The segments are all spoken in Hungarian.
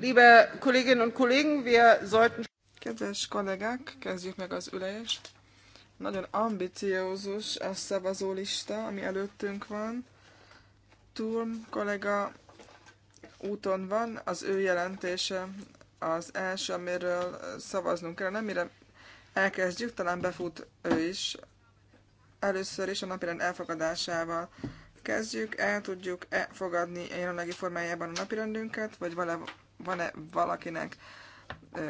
Liebe Kolleginnen und Kollegen, wir sollten... Kedves kollégák, kezdjük meg az ülést. Nagyon ambiciózus a szavazólista, ami előttünk van. Turm kollega úton van, az ő jelentése az első, amiről szavaznunk kell. Nem, mire elkezdjük, talán befut ő is. Először is a napirend elfogadásával kezdjük, el tudjuk -e fogadni a jelenlegi formájában a napirendünket, vagy van van-e valakinek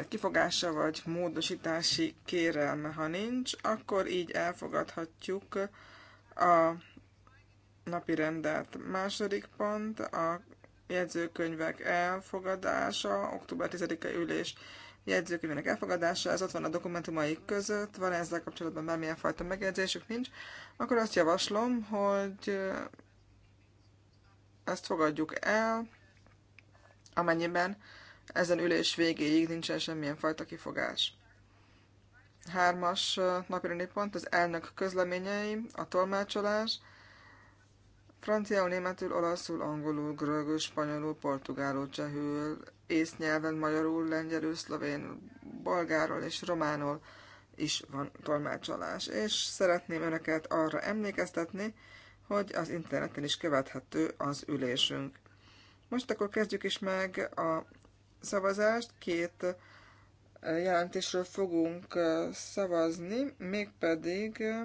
kifogása vagy módosítási kérelme. Ha nincs, akkor így elfogadhatjuk a napi rendet. Második pont a jegyzőkönyvek elfogadása, október 10-e ülés jegyzőkönyvének elfogadása, ez ott van a dokumentumaik között, van -e ezzel kapcsolatban bármilyen fajta megjegyzésük nincs, akkor azt javaslom, hogy ezt fogadjuk el, amennyiben ezen ülés végéig nincsen semmilyen fajta kifogás. Hármas napirendi pont az elnök közleményei, a tolmácsolás, franciául, németül, olaszul, angolul, görögül, spanyolul, portugálul, csehül, észnyelven, magyarul, lengyelül, szlovén, bolgárul és románul is van tolmácsolás. És szeretném önöket arra emlékeztetni, hogy az interneten is követhető az ülésünk. Most akkor kezdjük is meg a szavazást. Két eh, jelentésről fogunk eh, szavazni, mégpedig eh,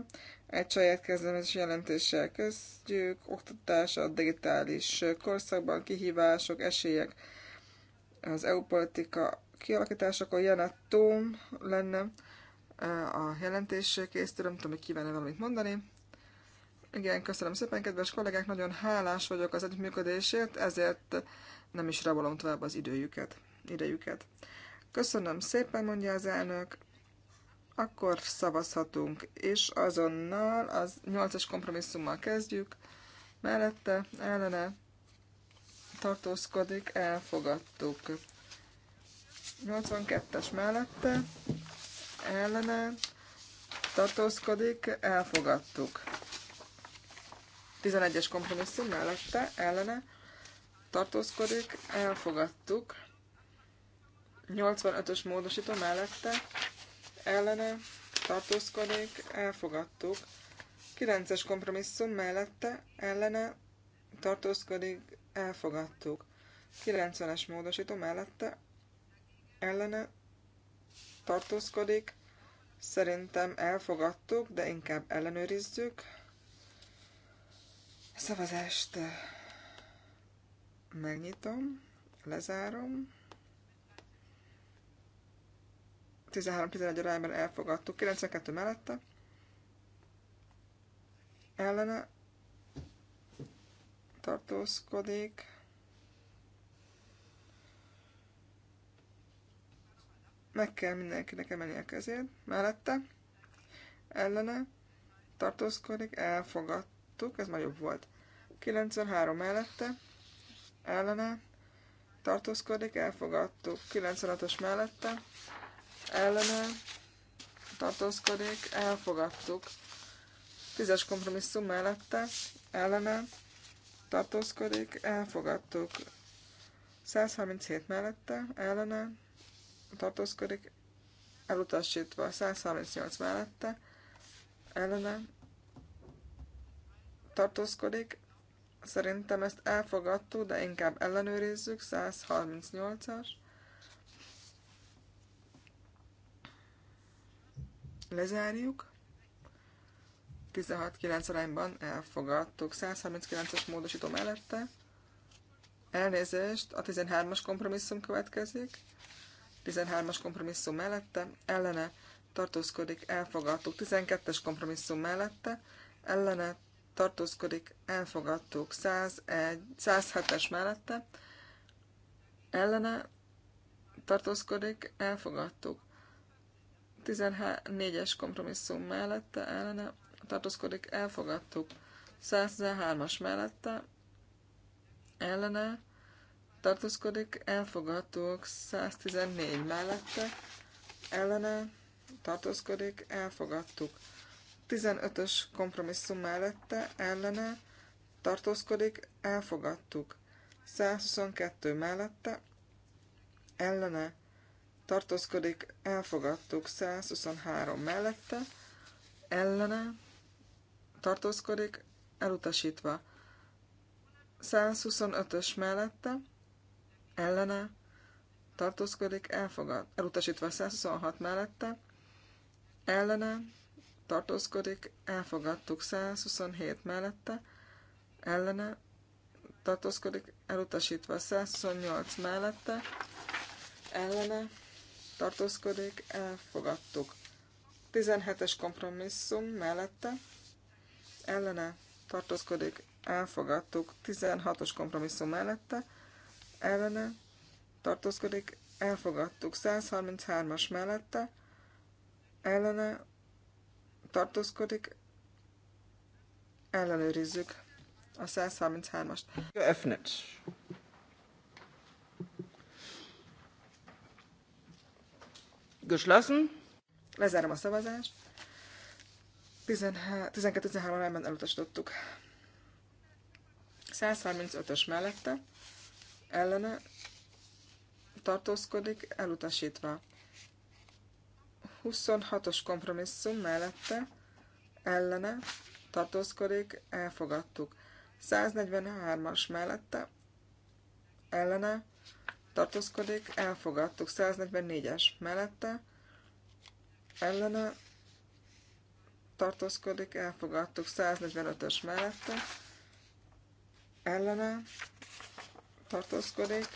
egy saját kezdeményezés jelentéssel kezdjük, oktatás a digitális korszakban, kihívások, esélyek, az EU politika kialakításakor a Tóm lenne a jelentés készítő, nem tudom, hogy kívánna valamit mondani. Igen, köszönöm szépen, kedves kollégák, nagyon hálás vagyok az együttműködésért, ezért nem is rabolom tovább az időjüket, idejüket. Köszönöm szépen, mondja az elnök. Akkor szavazhatunk, és azonnal az 8-as kompromisszummal kezdjük. Mellette, ellene tartózkodik, elfogadtuk. 82-es mellette, ellene tartózkodik, elfogadtuk. 11-es kompromisszum mellette, ellene tartózkodik, elfogadtuk. 85-ös módosító mellette, ellene tartózkodik, elfogadtuk. 9-es kompromisszum mellette, ellene tartózkodik, elfogadtuk. 90-es módosító mellette, ellene tartózkodik, szerintem elfogadtuk, de inkább ellenőrizzük. A szavazást megnyitom, lezárom. 13-11 arányban elfogadtuk, 92 mellette. Ellene tartózkodik. Meg kell mindenkinek emelni a kezét mellette. Ellene tartózkodik, elfogadt elfogadtuk, ez már jobb volt. 93 mellette, ellene, tartózkodik, elfogadtuk. 96-os mellette, ellene, tartózkodik, elfogadtuk. 10-es kompromisszum mellette, ellene, tartózkodik, elfogadtuk. 137 mellette, ellene, tartózkodik, elutasítva 138 mellette, ellene tartózkodik. Szerintem ezt elfogadtuk, de inkább ellenőrizzük. 138-as. Lezárjuk. 16-9 arányban elfogadtuk. 139-es módosító mellette. Elnézést, a 13-as kompromisszum következik. 13-as kompromisszum mellette, ellene tartózkodik, elfogadtuk. 12-es kompromisszum mellette, ellene tartózkodik, elfogadtuk 101, 107-es mellette, ellene tartózkodik, elfogadtuk 14-es kompromisszum mellette, ellene tartózkodik, elfogadtuk 113-as mellette, ellene tartózkodik, elfogadtuk 114 mellette, ellene tartózkodik, elfogadtuk 15-ös kompromisszum mellette ellene tartózkodik, elfogadtuk. 122 mellette ellene tartózkodik, elfogadtuk. 123 mellette ellene tartózkodik, elutasítva. 125-ös mellette ellene tartózkodik, elfogad, elutasítva 126 mellette, ellene tartózkodik, elfogadtuk 127 mellette, ellene tartózkodik, elutasítva 128 mellette, ellene tartózkodik, elfogadtuk. 17-es kompromisszum mellette, ellene tartózkodik, elfogadtuk. 16-os kompromisszum mellette, ellene tartózkodik, elfogadtuk. 133-as mellette, ellene tartózkodik, ellenőrizzük a 133-ast. Öffnet. Geschlossen. Lezárom a szavazást. 12-13 elment elutasítottuk. 135-ös mellette ellene tartózkodik, elutasítva. 26-os kompromisszum mellette ellene tartózkodik, elfogadtuk. 143-as mellette ellene tartózkodik, elfogadtuk. 144-es mellette ellene tartózkodik, elfogadtuk. 145-ös mellette ellene tartózkodik,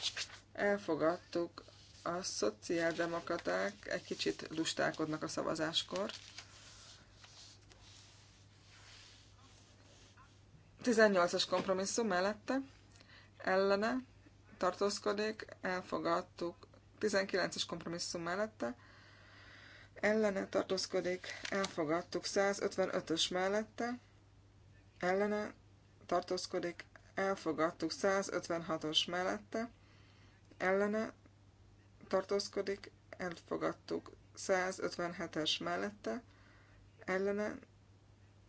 elfogadtuk. A szociáldemokraták egy kicsit lustálkodnak a szavazáskor. 18-as kompromisszum mellette, ellene, tartózkodik, elfogadtuk. 19-es kompromisszum mellette, ellene tartózkodik, elfogadtuk. 155-ös mellette, ellene tartózkodik, elfogadtuk. 156-os mellette, ellene tartózkodik, elfogadtuk. 157-es mellette, ellene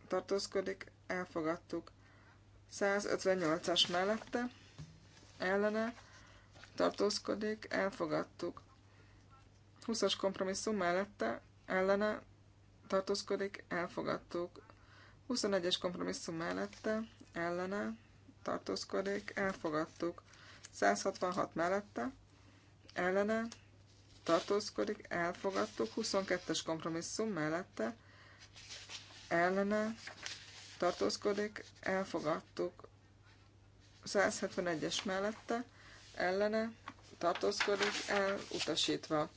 tartózkodik, elfogadtuk. 158-as mellette, ellene tartózkodik, elfogadtuk. 20-as kompromisszum mellette, ellene tartózkodik, elfogadtuk. 21-es kompromisszum mellette, ellene tartózkodik, elfogadtuk. 166 mellette, ellene tartózkodik, elfogadtuk. 22-es kompromisszum mellette ellene tartózkodik, elfogadtuk. 171-es mellette ellene tartózkodik, elutasítva.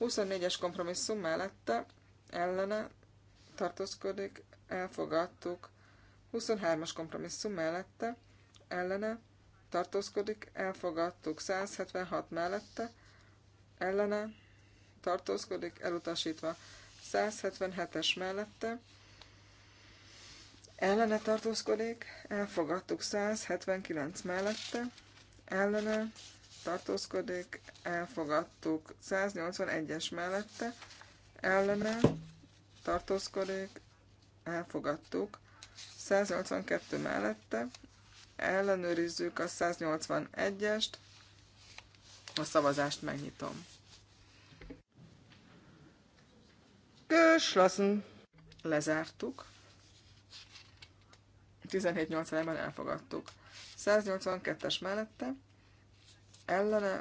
24-es kompromisszum mellette ellene tartózkodik, elfogadtuk. 23-as kompromisszum mellette ellene tartózkodik, elfogadtuk 176 mellette, ellene, tartózkodik, elutasítva 177-es mellette, ellene tartózkodik, elfogadtuk 179 mellette, ellene tartózkodik, elfogadtuk 181-es mellette, ellene tartózkodik, elfogadtuk 182 mellette, ellenőrizzük a 181-est, a szavazást megnyitom. Köszönöm! Lezártuk. 17-8 ben elfogadtuk. 182-es mellette ellene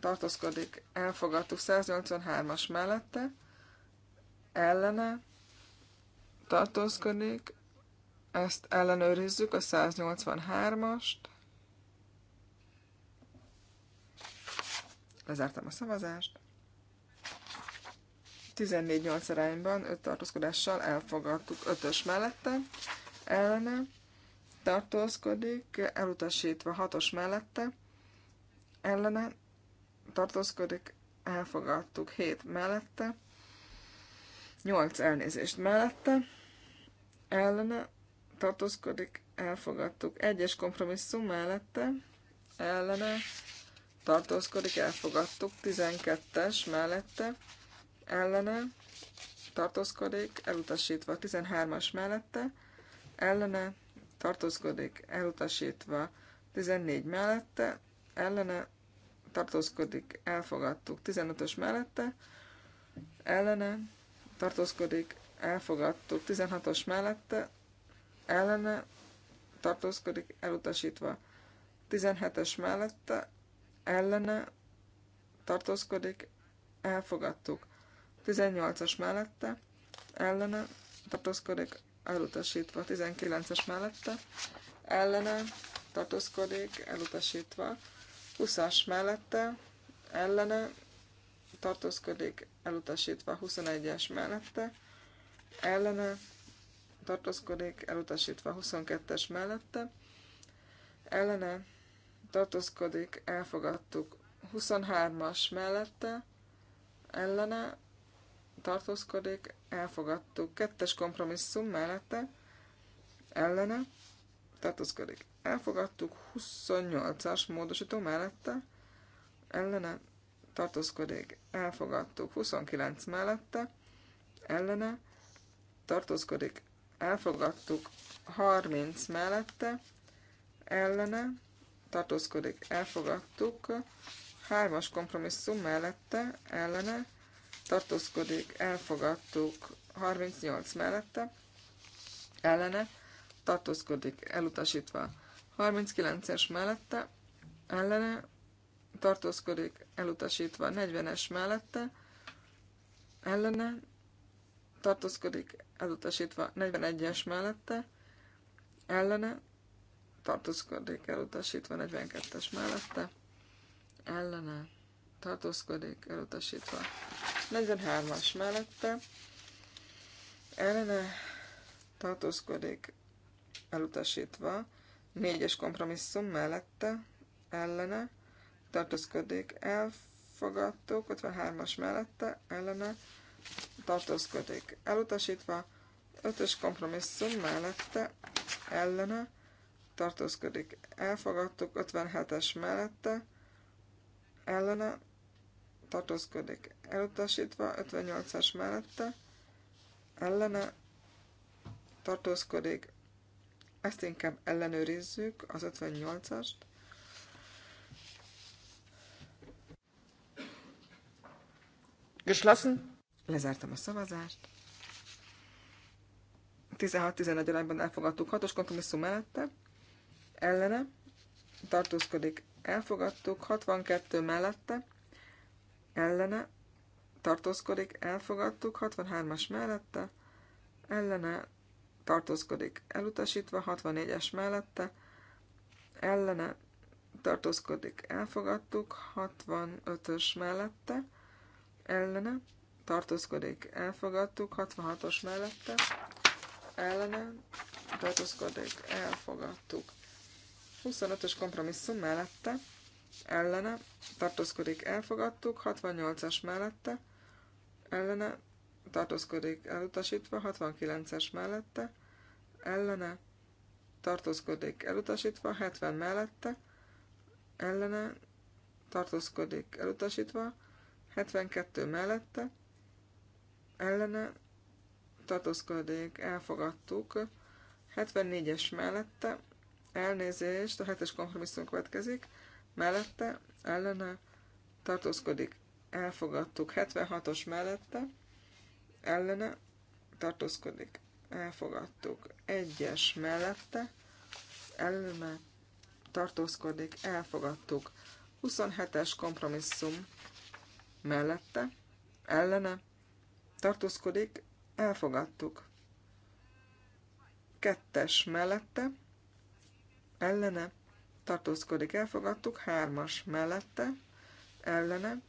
tartózkodik, elfogadtuk 183-as mellette, ellene tartózkodik, ezt ellenőrizzük, a 183-ast. Lezártam a szavazást. 14-8 arányban 5 tartózkodással elfogadtuk 5-ös mellette, ellene tartózkodik, elutasítva 6-os mellette, ellene tartózkodik, elfogadtuk 7 mellette, 8 elnézést mellette, ellene tartózkodik, elfogadtuk. Egyes kompromisszum mellette, ellene, tartózkodik, elfogadtuk. 12-es mellette, ellene, tartózkodik, elutasítva. 13-as mellette, ellene, tartózkodik, elutasítva. 14 mellette, ellene, tartózkodik, elfogadtuk. 15-ös mellette, ellene, tartózkodik, elfogadtuk. 16-os mellette, ellene tartózkodik elutasítva. 17-es mellette ellene tartózkodik elfogadtuk. 18-as mellette ellene tartózkodik elutasítva. 19-es mellette ellene tartózkodik elutasítva. 20-as mellette ellene tartózkodik elutasítva. 21-es mellette ellene tartózkodik, elutasítva 22-es mellette, ellene tartózkodik, elfogadtuk 23-as mellette, ellene tartózkodik, elfogadtuk kettes kompromisszum mellette, ellene tartózkodik, elfogadtuk 28-as módosító mellette, ellene tartózkodik, elfogadtuk 29 mellette, ellene tartózkodik, elfogadtuk 30 mellette, ellene, tartózkodik, elfogadtuk, 3-as kompromisszum mellette, ellene, tartózkodik, elfogadtuk, 38 mellette, ellene, tartózkodik, elutasítva, 39-es mellette, ellene, tartózkodik, elutasítva, 40-es mellette, ellene, tartózkodik, elutasítva 41-es mellette, ellene, tartózkodik elutasítva 42-es mellette, ellene, tartózkodik elutasítva 43-as mellette, ellene, tartózkodik elutasítva 4-es kompromisszum mellette, ellene, tartózkodik elfogadtuk, 53-as mellette, ellene, tartózkodik elutasítva, ötös kompromisszum mellette, ellene, tartózkodik elfogadtuk, 57-es mellette, ellene, tartózkodik elutasítva, 58-as mellette, ellene, tartózkodik, ezt inkább ellenőrizzük, az 58-ast, Geschlossen? Lezártam a szavazást. 16-11 arányban elfogadtuk. Hatos kompromisszum mellette. Ellene. Tartózkodik. Elfogadtuk. 62 mellette. Ellene. Tartózkodik. Elfogadtuk. 63-as mellette. Ellene. Tartózkodik. Elutasítva. 64-es mellette. Ellene. Tartózkodik. Elfogadtuk. 65-ös mellette. Ellene tartózkodik, elfogadtuk, 66-os mellette, ellene, tartózkodik, elfogadtuk. 25-ös kompromisszum mellette, ellene, tartózkodik, elfogadtuk, 68-as mellette, ellene, tartózkodik, elutasítva, 69-es mellette, ellene, tartózkodik, elutasítva, 70 mellette, ellene, tartózkodik, elutasítva, 72 mellette, ellene tartózkodik, elfogadtuk. 74-es mellette, elnézést, a 7-es kompromisszum következik, mellette, ellene tartózkodik, elfogadtuk. 76-os mellette, ellene tartózkodik, elfogadtuk. 1-es mellette, ellene tartózkodik, elfogadtuk. 27-es kompromisszum mellette, ellene tartózkodik, elfogadtuk. Kettes mellette, ellene, tartózkodik, elfogadtuk. Hármas mellette, ellene,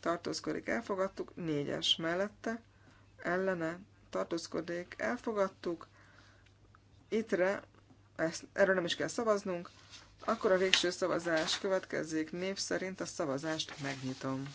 tartózkodik, elfogadtuk. Négyes mellette, ellene, tartózkodik, elfogadtuk. Itre, ezt, erről nem is kell szavaznunk, akkor a végső szavazás következik, név szerint a szavazást megnyitom.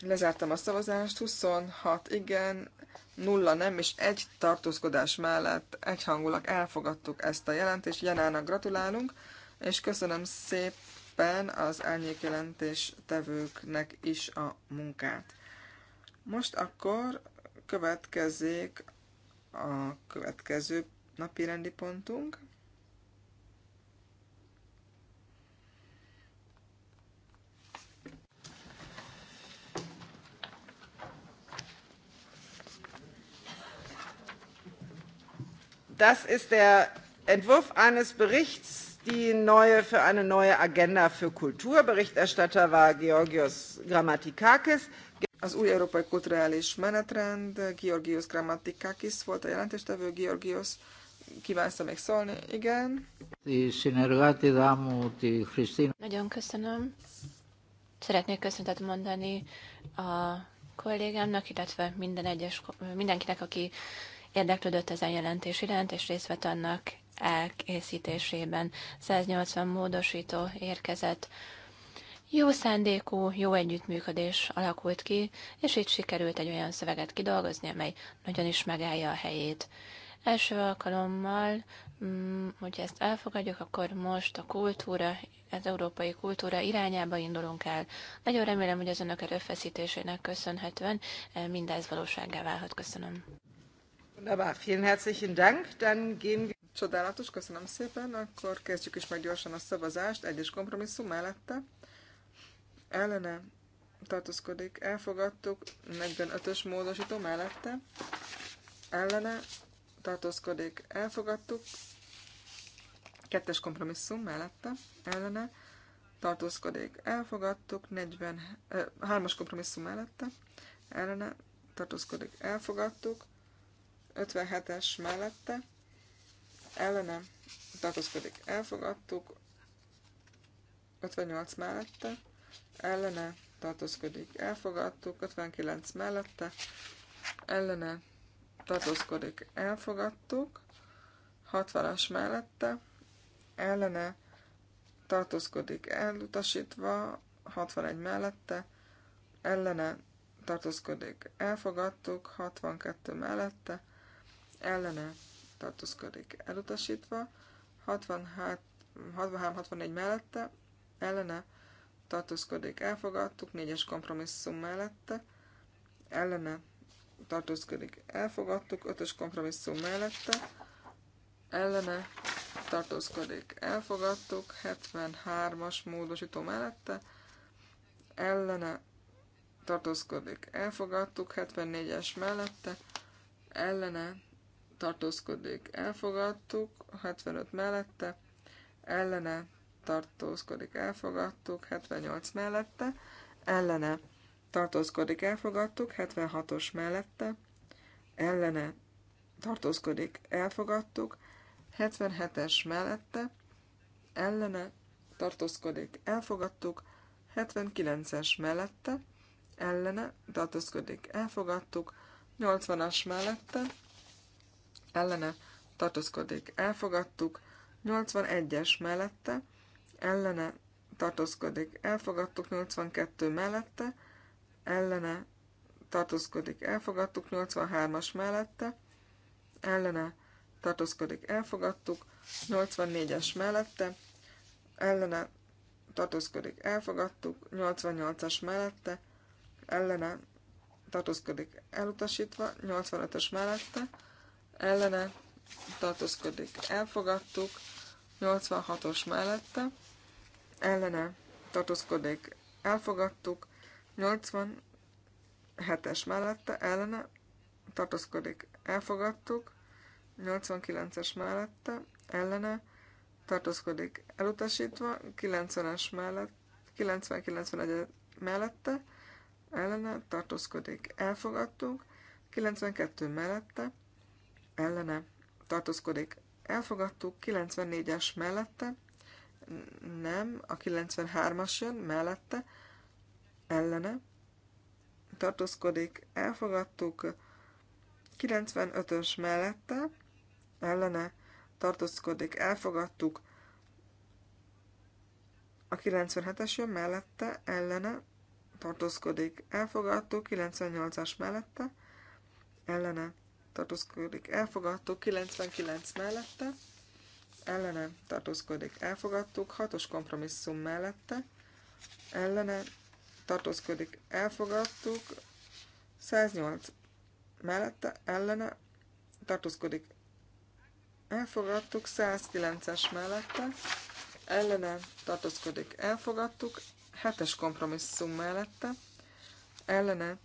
Lezártam a szavazást, 26 igen, 0 nem, és egy tartózkodás mellett egyhangulag elfogadtuk ezt a jelentést. Janának gratulálunk, és köszönöm szépen az jelentés tevőknek is a munkát. Most akkor következik a következő napi rendi pontunk. das ist der entwurf eines berichts die neue, für eine neue agenda für kultur. berichterstatter war georgios grammatikakis. Az új európai kulturális menetrend, Georgios Grammatikakis volt a jelentéstevő, Georgios kívánsz még szólni? Igen. Nagyon köszönöm. Szeretnék köszöntet mondani a kollégámnak, illetve minden egyes, mindenkinek, aki érdeklődött ezen jelentés iránt, és részt vett annak elkészítésében. 180 módosító érkezett. Jó szándékú, jó együttműködés alakult ki, és így sikerült egy olyan szöveget kidolgozni, amely nagyon is megállja a helyét. Első alkalommal, mm, hogyha ezt elfogadjuk, akkor most a kultúra, az európai kultúra irányába indulunk el. Nagyon remélem, hogy az önök erőfeszítésének köszönhetően mindez valósággá válhat. Köszönöm. Wunderbar, vielen herzlichen Dank. Dann gehen wir... Csodálatos, köszönöm szépen. Akkor kezdjük is meg gyorsan a szavazást. Egyes kompromisszum mellette. Ellene tartózkodik. Elfogadtuk. 45-ös módosító mellette. Ellene tartózkodik. Elfogadtuk. Kettes kompromisszum mellette. Ellene tartózkodik. Elfogadtuk. 40, eh, hármas kompromisszum mellette. Ellene tartózkodik. Elfogadtuk. 57-es mellette ellene tartózkodik. Elfogadtuk. 58 mellette ellene tartózkodik. Elfogadtuk. 59 mellette ellene tartózkodik. Elfogadtuk. 60-as mellette ellene tartózkodik. Elutasítva. 61 mellette ellene tartózkodik. Elfogadtuk, 62 mellette, ellene tartózkodik elutasítva, 63, 64 mellette ellene tartózkodik elfogadtuk, 4-es kompromisszum mellette ellene tartózkodik elfogadtuk, 5-ös kompromisszum mellette ellene tartózkodik elfogadtuk, 73-as módosító mellette ellene tartózkodik elfogadtuk, 74-es mellette ellene tartózkodik, elfogadtuk, 75 mellette, ellene tartózkodik, elfogadtuk, 78 mellette, ellene tartózkodik, elfogadtuk, 76-os mellette, ellene tartózkodik, elfogadtuk, 77-es mellette, ellene tartózkodik, elfogadtuk, 79-es mellette, ellene tartózkodik, elfogadtuk, 80-as mellette, ellene tartózkodik. Elfogadtuk. 81-es mellette ellene tartózkodik. Elfogadtuk. 82 mellette ellene tartózkodik. Elfogadtuk. 83-as mellette ellene tartózkodik. Elfogadtuk. 84-es mellette ellene tartózkodik. Elfogadtuk. 88-as mellette ellene tartózkodik elutasítva, 85-ös mellette, ellene tartózkodik. Elfogadtuk. 86-os mellette ellene tartózkodik. Elfogadtuk. 87-es mellette ellene tartózkodik. Elfogadtuk. 89-es mellette ellene tartózkodik. Elutasítva. 90-es mellett 90-91 mellette ellene tartózkodik. Elfogadtuk. 92 mellette ellene tartózkodik. Elfogadtuk 94-es mellette, nem, a 93-as jön mellette, ellene tartózkodik. Elfogadtuk 95-ös mellette, ellene tartózkodik. Elfogadtuk a 97-es jön mellette, ellene tartózkodik. Elfogadtuk 98-as mellette, ellene tartózkodik, elfogadtuk, 99 mellette, ellene tartózkodik, elfogadtuk, 6-os kompromisszum mellette, ellene tartózkodik, elfogadtuk, 108 mellette, ellene tartózkodik, elfogadtuk, 109-es mellette, ellene tartózkodik, elfogadtuk, 7-es kompromisszum mellette, ellene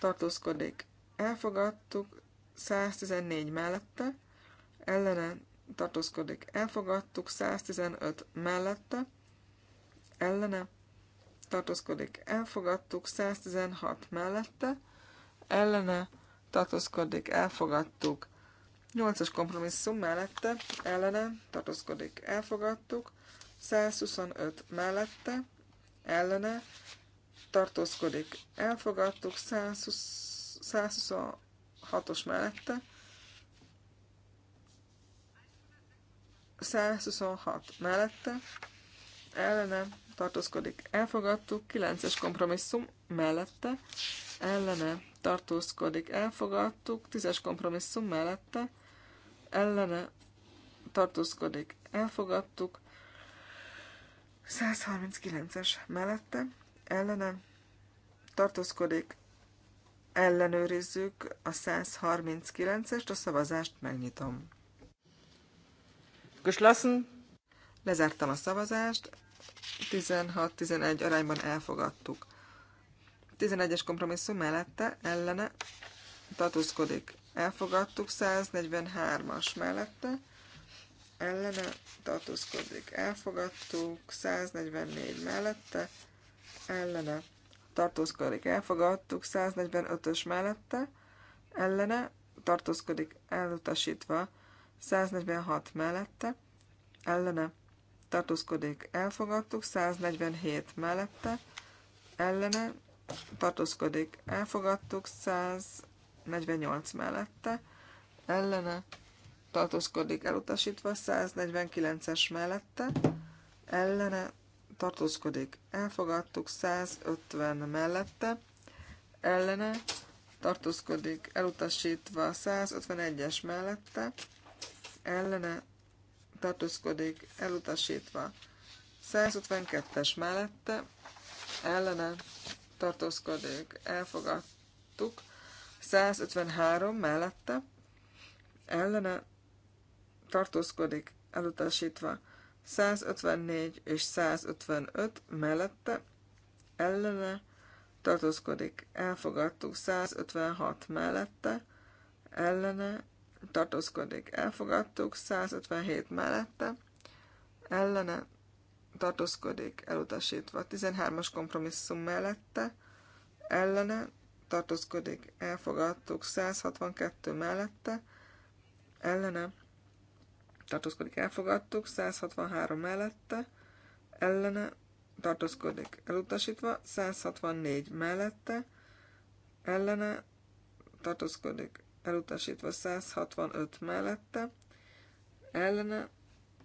tartózkodik, elfogadtuk, 114 mellette, ellene tartózkodik. Elfogadtuk 115 mellette, ellene tartózkodik. Elfogadtuk 116 mellette, ellene tartózkodik. Elfogadtuk 8-as kompromisszum mellette, ellene tartózkodik. Elfogadtuk 125 mellette, ellene tartózkodik. Elfogadtuk 120, 120 hatos mellette. 126 mellette. Ellene tartózkodik. Elfogadtuk. 9-es kompromisszum mellette. Ellene tartózkodik. Elfogadtuk. 10-es kompromisszum mellette. Ellene tartózkodik. Elfogadtuk. 139-es mellette. Ellene tartózkodik ellenőrizzük a 139-est, a szavazást megnyitom. Geschlossen. Lezártam a szavazást, 16-11 arányban elfogadtuk. 11-es kompromisszum mellette, ellene tartózkodik. Elfogadtuk 143-as mellette, ellene tartózkodik. Elfogadtuk 144 mellette, ellene tartózkodik, elfogadtuk, 145-ös mellette, ellene, tartózkodik, elutasítva, 146 mellette, ellene, tartózkodik, elfogadtuk, 147 mellette, ellene, tartózkodik, elfogadtuk, 148 mellette, ellene, tartózkodik, elutasítva, 149-es mellette, ellene, tartózkodik. Elfogadtuk 150 mellette, ellene tartózkodik, elutasítva 151-es mellette, ellene tartózkodik, elutasítva 152-es mellette, ellene tartózkodik, elfogadtuk 153 mellette, ellene tartózkodik, elutasítva 154 és 155 mellette ellene tartózkodik. Elfogadtuk 156 mellette ellene tartózkodik. Elfogadtuk 157 mellette ellene tartózkodik elutasítva. 13-as kompromisszum mellette ellene tartózkodik. Elfogadtuk 162 mellette ellene tartózkodik, elfogadtuk, 163 mellette, ellene tartózkodik, elutasítva, 164 mellette, ellene tartózkodik, elutasítva, 165 mellette, ellene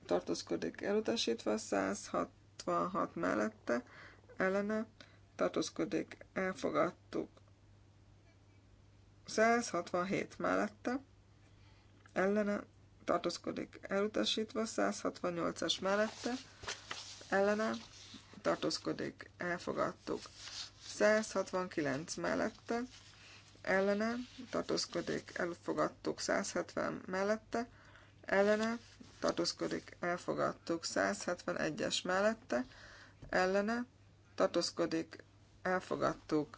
tartózkodik, elutasítva, 166 mellette, ellene tartózkodik, elfogadtuk, 167 mellette, ellene tartózkodik elutasítva, 168-as mellette ellene tartózkodik, elfogadtuk. 169 mellette ellene tartózkodik, elfogadtuk. 170 mellette ellene tartózkodik, elfogadtuk. 171-es mellette ellene tartózkodik, elfogadtuk.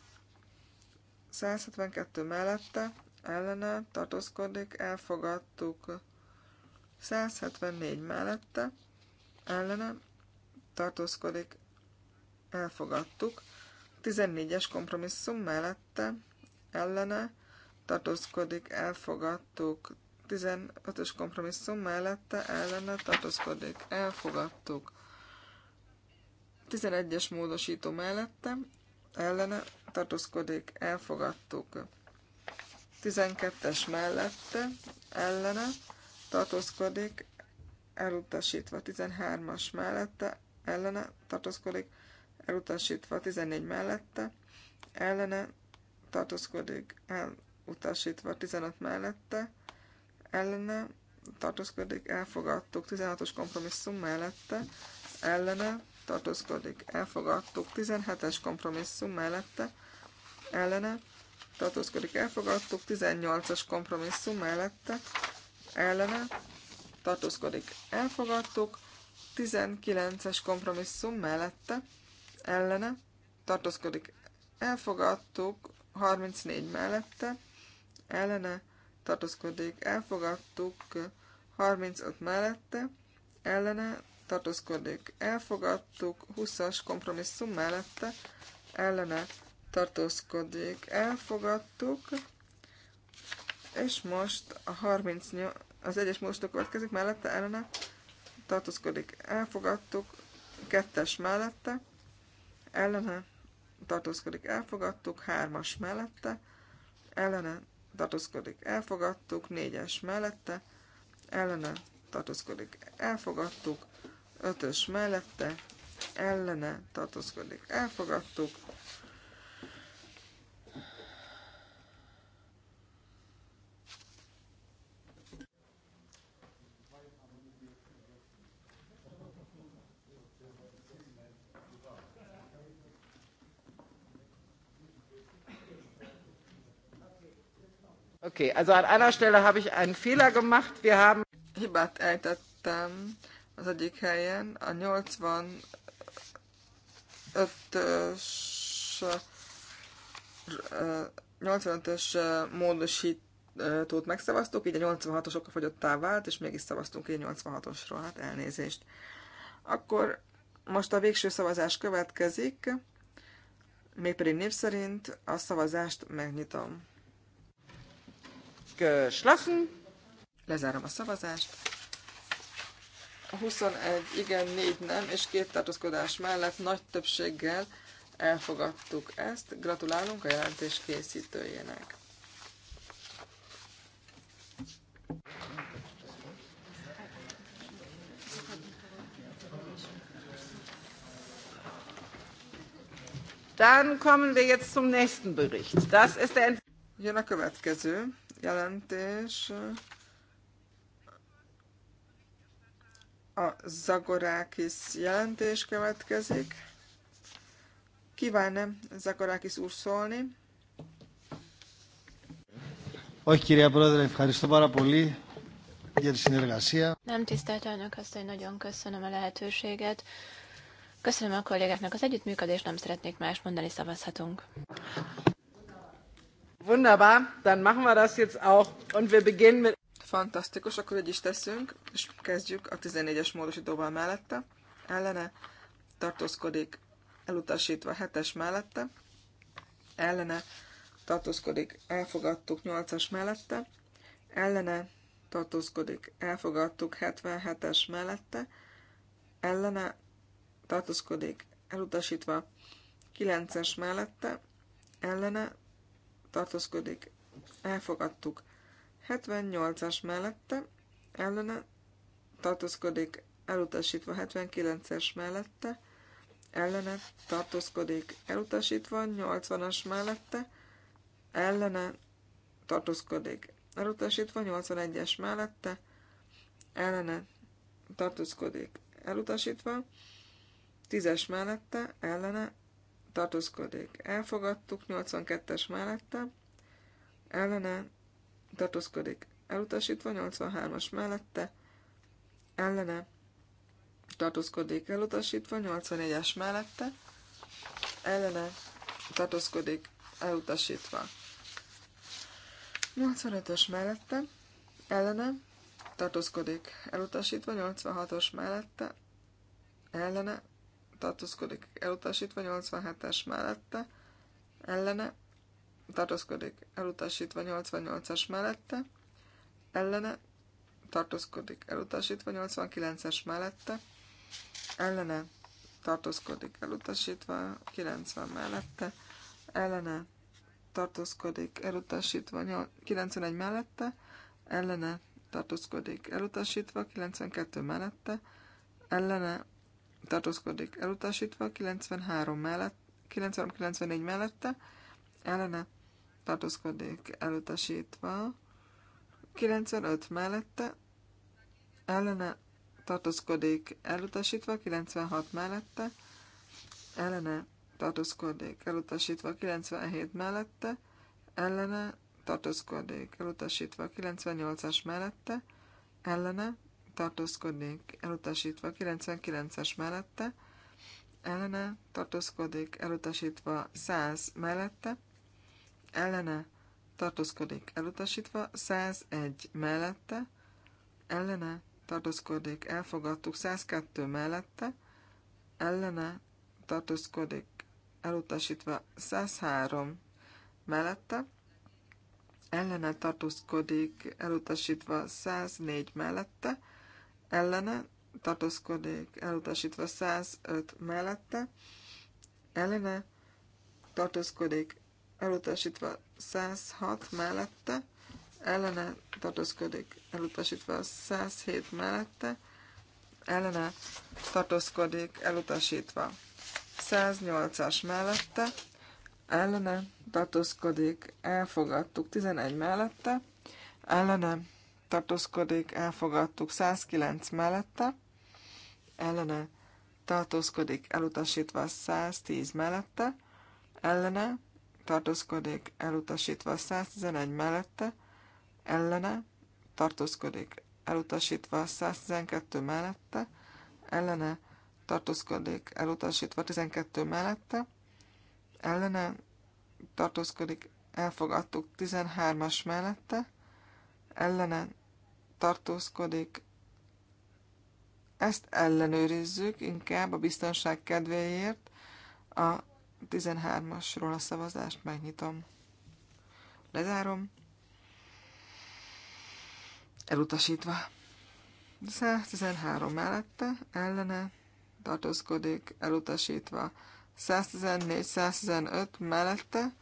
172 mellette ellene tartózkodik, elfogadtuk. 174 mellette ellene tartózkodik, elfogadtuk. 14-es kompromisszum mellette ellene tartózkodik, elfogadtuk. 15-ös kompromisszum mellette ellene tartózkodik, elfogadtuk. 11-es módosító mellette ellene tartózkodik, elfogadtuk. 12-es mellette ellene tartózkodik, elutasítva 13-as mellette, ellene tartózkodik, elutasítva 14 mellette, ellene tartózkodik, elutasítva 15 mellette, ellene tartózkodik, elfogadtuk 16-os kompromisszum mellette, ellene tartózkodik, elfogadtuk 17-es kompromisszum mellette, ellene tartózkodik, elfogadtuk 18-as kompromisszum mellette, ellene tartózkodik, elfogadtuk. 19-es kompromisszum mellette ellene tartózkodik, elfogadtuk. 34 mellette ellene tartózkodik, elfogadtuk. 35 mellette ellene tartózkodik, elfogadtuk. 20-as kompromisszum mellette ellene tartózkodik, elfogadtuk. És most a 38, az egyes módosító következik mellette, ellene tartózkodik. Elfogadtuk. Kettes mellette, ellene tartózkodik. Elfogadtuk. Hármas mellette, ellene tartózkodik. Elfogadtuk. Négyes mellette, ellene tartózkodik. Elfogadtuk. Ötös mellette, ellene tartózkodik. Elfogadtuk. Okay, also an einer Stelle habe ich einen Fehler gemacht. Wir haben... Hibat ejtettem az egyik helyen, a 85-ös 85-ös módosítót megszavaztuk, így a 86-os okafogyottá vált, és mégis szavaztunk így a 86-osról, hát elnézést. Akkor most a végső szavazás következik, mégpedig név szerint a szavazást megnyitom geschlossen. Lezárom a szavazást. A 21 igen, 4 nem, és két tartózkodás mellett nagy többséggel elfogadtuk ezt. Gratulálunk a jelentés készítőjének. Dann kommen wir jetzt zum nächsten Bericht. Das ist der Jön a következő jelentés a Zagorákis jelentés következik. Kívánne Zagorákis úr szólni. Όχι κυρία Πρόεδρε, ευχαριστώ Nem tisztelt elnök azt, hogy nagyon köszönöm a lehetőséget. Köszönöm a kollégáknak az együttműködést, nem szeretnék más mondani, szavazhatunk. Wunderbar, dann machen wir das jetzt auch, und wir beginnen mit... Fantasztikus, akkor egy is teszünk, és kezdjük a 14-es módosítóval mellette. Ellene tartózkodik, elutasítva 7-es mellette. Ellene tartózkodik, elfogadtuk 8-as mellette. Ellene tartózkodik, elfogadtuk 77-es mellette. Ellene tartózkodik, elutasítva 9-es mellette. Ellene tartózkodik, elfogadtuk. 78-as mellette, ellene tartózkodik, elutasítva 79-es mellette, ellene tartózkodik, elutasítva 80-as mellette, ellene tartózkodik, elutasítva 81-es mellette, ellene tartózkodik, elutasítva 10-es mellette, ellene tartózkodik, elfogadtuk, 82-es mellette, ellene tartózkodik, elutasítva, 83-as mellette, ellene tartózkodik, elutasítva, 84-es mellette, ellene tartózkodik, elutasítva. 85-ös mellette, ellene tartózkodik, elutasítva, 86-os mellette, ellene tartózkodik elutasítva, 87-es mellette, ellene, tartózkodik elutasítva, 88-as mellette, ellene, tartózkodik elutasítva, 89-es mellette, ellene, tartózkodik elutasítva, 90 mellette, ellene, tartózkodik elutasítva, 91 mellette, ellene, tartózkodik elutasítva, 92 mellette, ellene tartózkodik elutasítva, 93 mellett, 9394 94 mellette, ellene tartózkodik elutasítva, 95 mellette, ellene tartózkodik elutasítva, 96 mellette, ellene tartózkodik elutasítva, 97 mellette, ellene tartózkodik elutasítva, 98-as mellette, ellene tartózkodik, elutasítva 99-es mellette, ellene tartózkodik, elutasítva 100 mellette, ellene tartózkodik, elutasítva 101 mellette, ellene tartózkodik, elfogadtuk 102 mellette, ellene tartózkodik, elutasítva 103 mellette, ellene tartózkodik, elutasítva 104 mellette, ellene, tartózkodik elutasítva 105 mellette, ellene, tartózkodik elutasítva 106 mellette, ellene tartózkodik elutasítva 107 mellette, ellene tartózkodik elutasítva 108-as mellette, ellene tartózkodik elfogadtuk 11 mellette, ellene tartózkodik, elfogadtuk 109 mellette, ellene tartózkodik, elutasítva 110 mellette, ellene tartózkodik, elutasítva 111 mellette, ellene tartózkodik, elutasítva 112 mellette, ellene tartózkodik, elutasítva 12 mellette, ellene tartózkodik, elfogadtuk 13-as mellette, ellene tartózkodik. Ezt ellenőrizzük inkább a biztonság kedvéért. A 13-asról a szavazást megnyitom. Lezárom. Elutasítva. 113 mellette, ellene, tartózkodik, elutasítva. 114-115 mellette,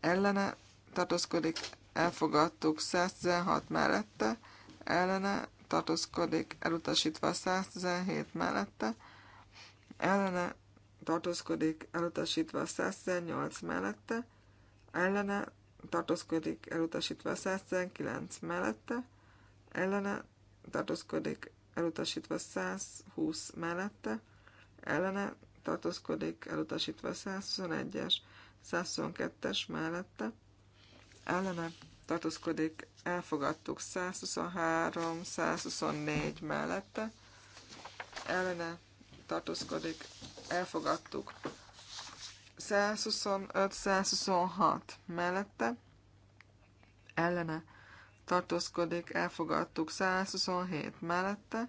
ellene, tartózkodik, elfogadtuk 116 mellette, ellene tartózkodik, elutasítva 117 mellette, ellene tartózkodik, elutasítva 118 mellette, ellene tartózkodik, elutasítva 119 mellette, ellene tartózkodik, elutasítva 120 mellette, ellene tartózkodik, elutasítva 121-es, 122-es mellette, ellene tartózkodik, elfogadtuk 123, 124 mellette, ellene tartózkodik, elfogadtuk 125, 126 mellette, ellene tartózkodik, elfogadtuk 127 mellette,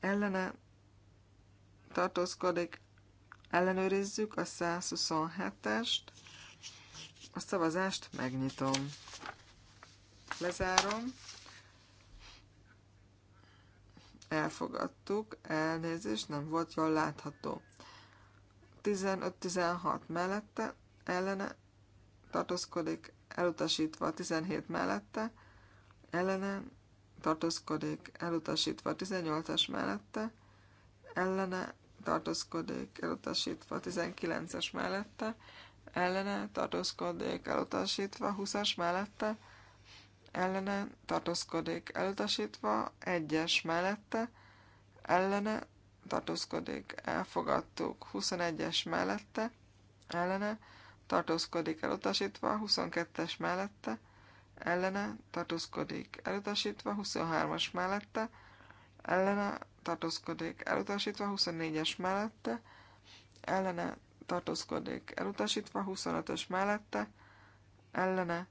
ellene tartózkodik, ellenőrizzük a 127-est, a szavazást megnyitom. Lezárom. Elfogadtuk. Elnézést, nem volt jól látható. 15-16 mellette, ellene tartózkodik, elutasítva 17 mellette, ellene tartózkodik, elutasítva 18-as mellette, ellene tartózkodik, elutasítva 19-es mellette, ellene tartózkodik elutasítva, 20-as mellette ellene tartózkodik elutasítva, 1-es mellette ellene tartózkodik elfogadtuk, 21-es mellette ellene tartózkodik elutasítva, 22-es mellette ellene tartózkodik elutasítva, 23-as mellette ellene tartózkodik elutasítva, 24-es mellette ellene tartózkodik elutasítva, 25-ös mellette, ellene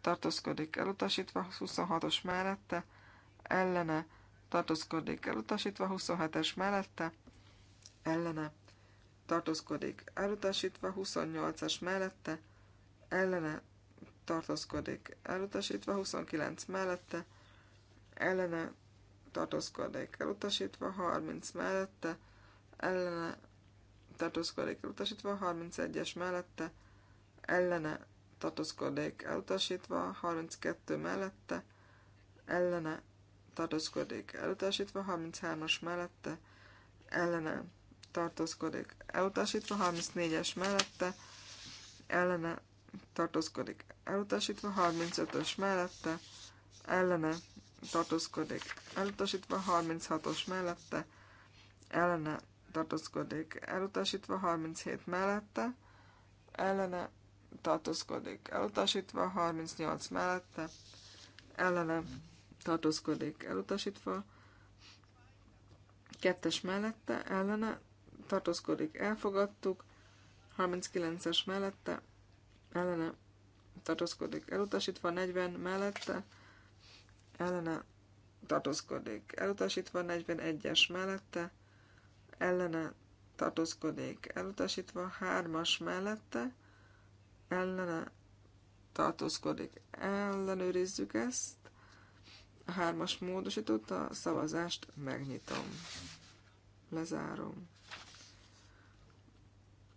tartózkodik elutasítva, 26-os mellette, ellene tartózkodik elutasítva, 27-es mellette, ellene tartózkodik elutasítva, 28-as mellette, ellene tartózkodik elutasítva, 29 mellette, ellene tartózkodik elutasítva, 30 mellette, ellene tartózkodik elutasítva, 31-es mellette ellene tartózkodik elutasítva, 32 mellette ellene tartózkodik elutasítva, 33-as mellette ellene tartózkodik elutasítva, 34-es mellette ellene tartózkodik elutasítva, 35-ös mellette ellene tartózkodik elutasítva, 36-os mellette ellene tartózkodik elutasítva, 37 mellette, ellene tartózkodik elutasítva, 38 mellette, ellene tartózkodik elutasítva, kettes mellette, ellene tartózkodik elfogadtuk, 39-es mellette, ellene tartózkodik elutasítva, 40 mellette, ellene tartózkodik elutasítva, 41-es mellette, ellene tartózkodik elutasítva, hármas mellette ellene tartózkodik. Ellenőrizzük ezt. A hármas módosított a szavazást megnyitom. Lezárom.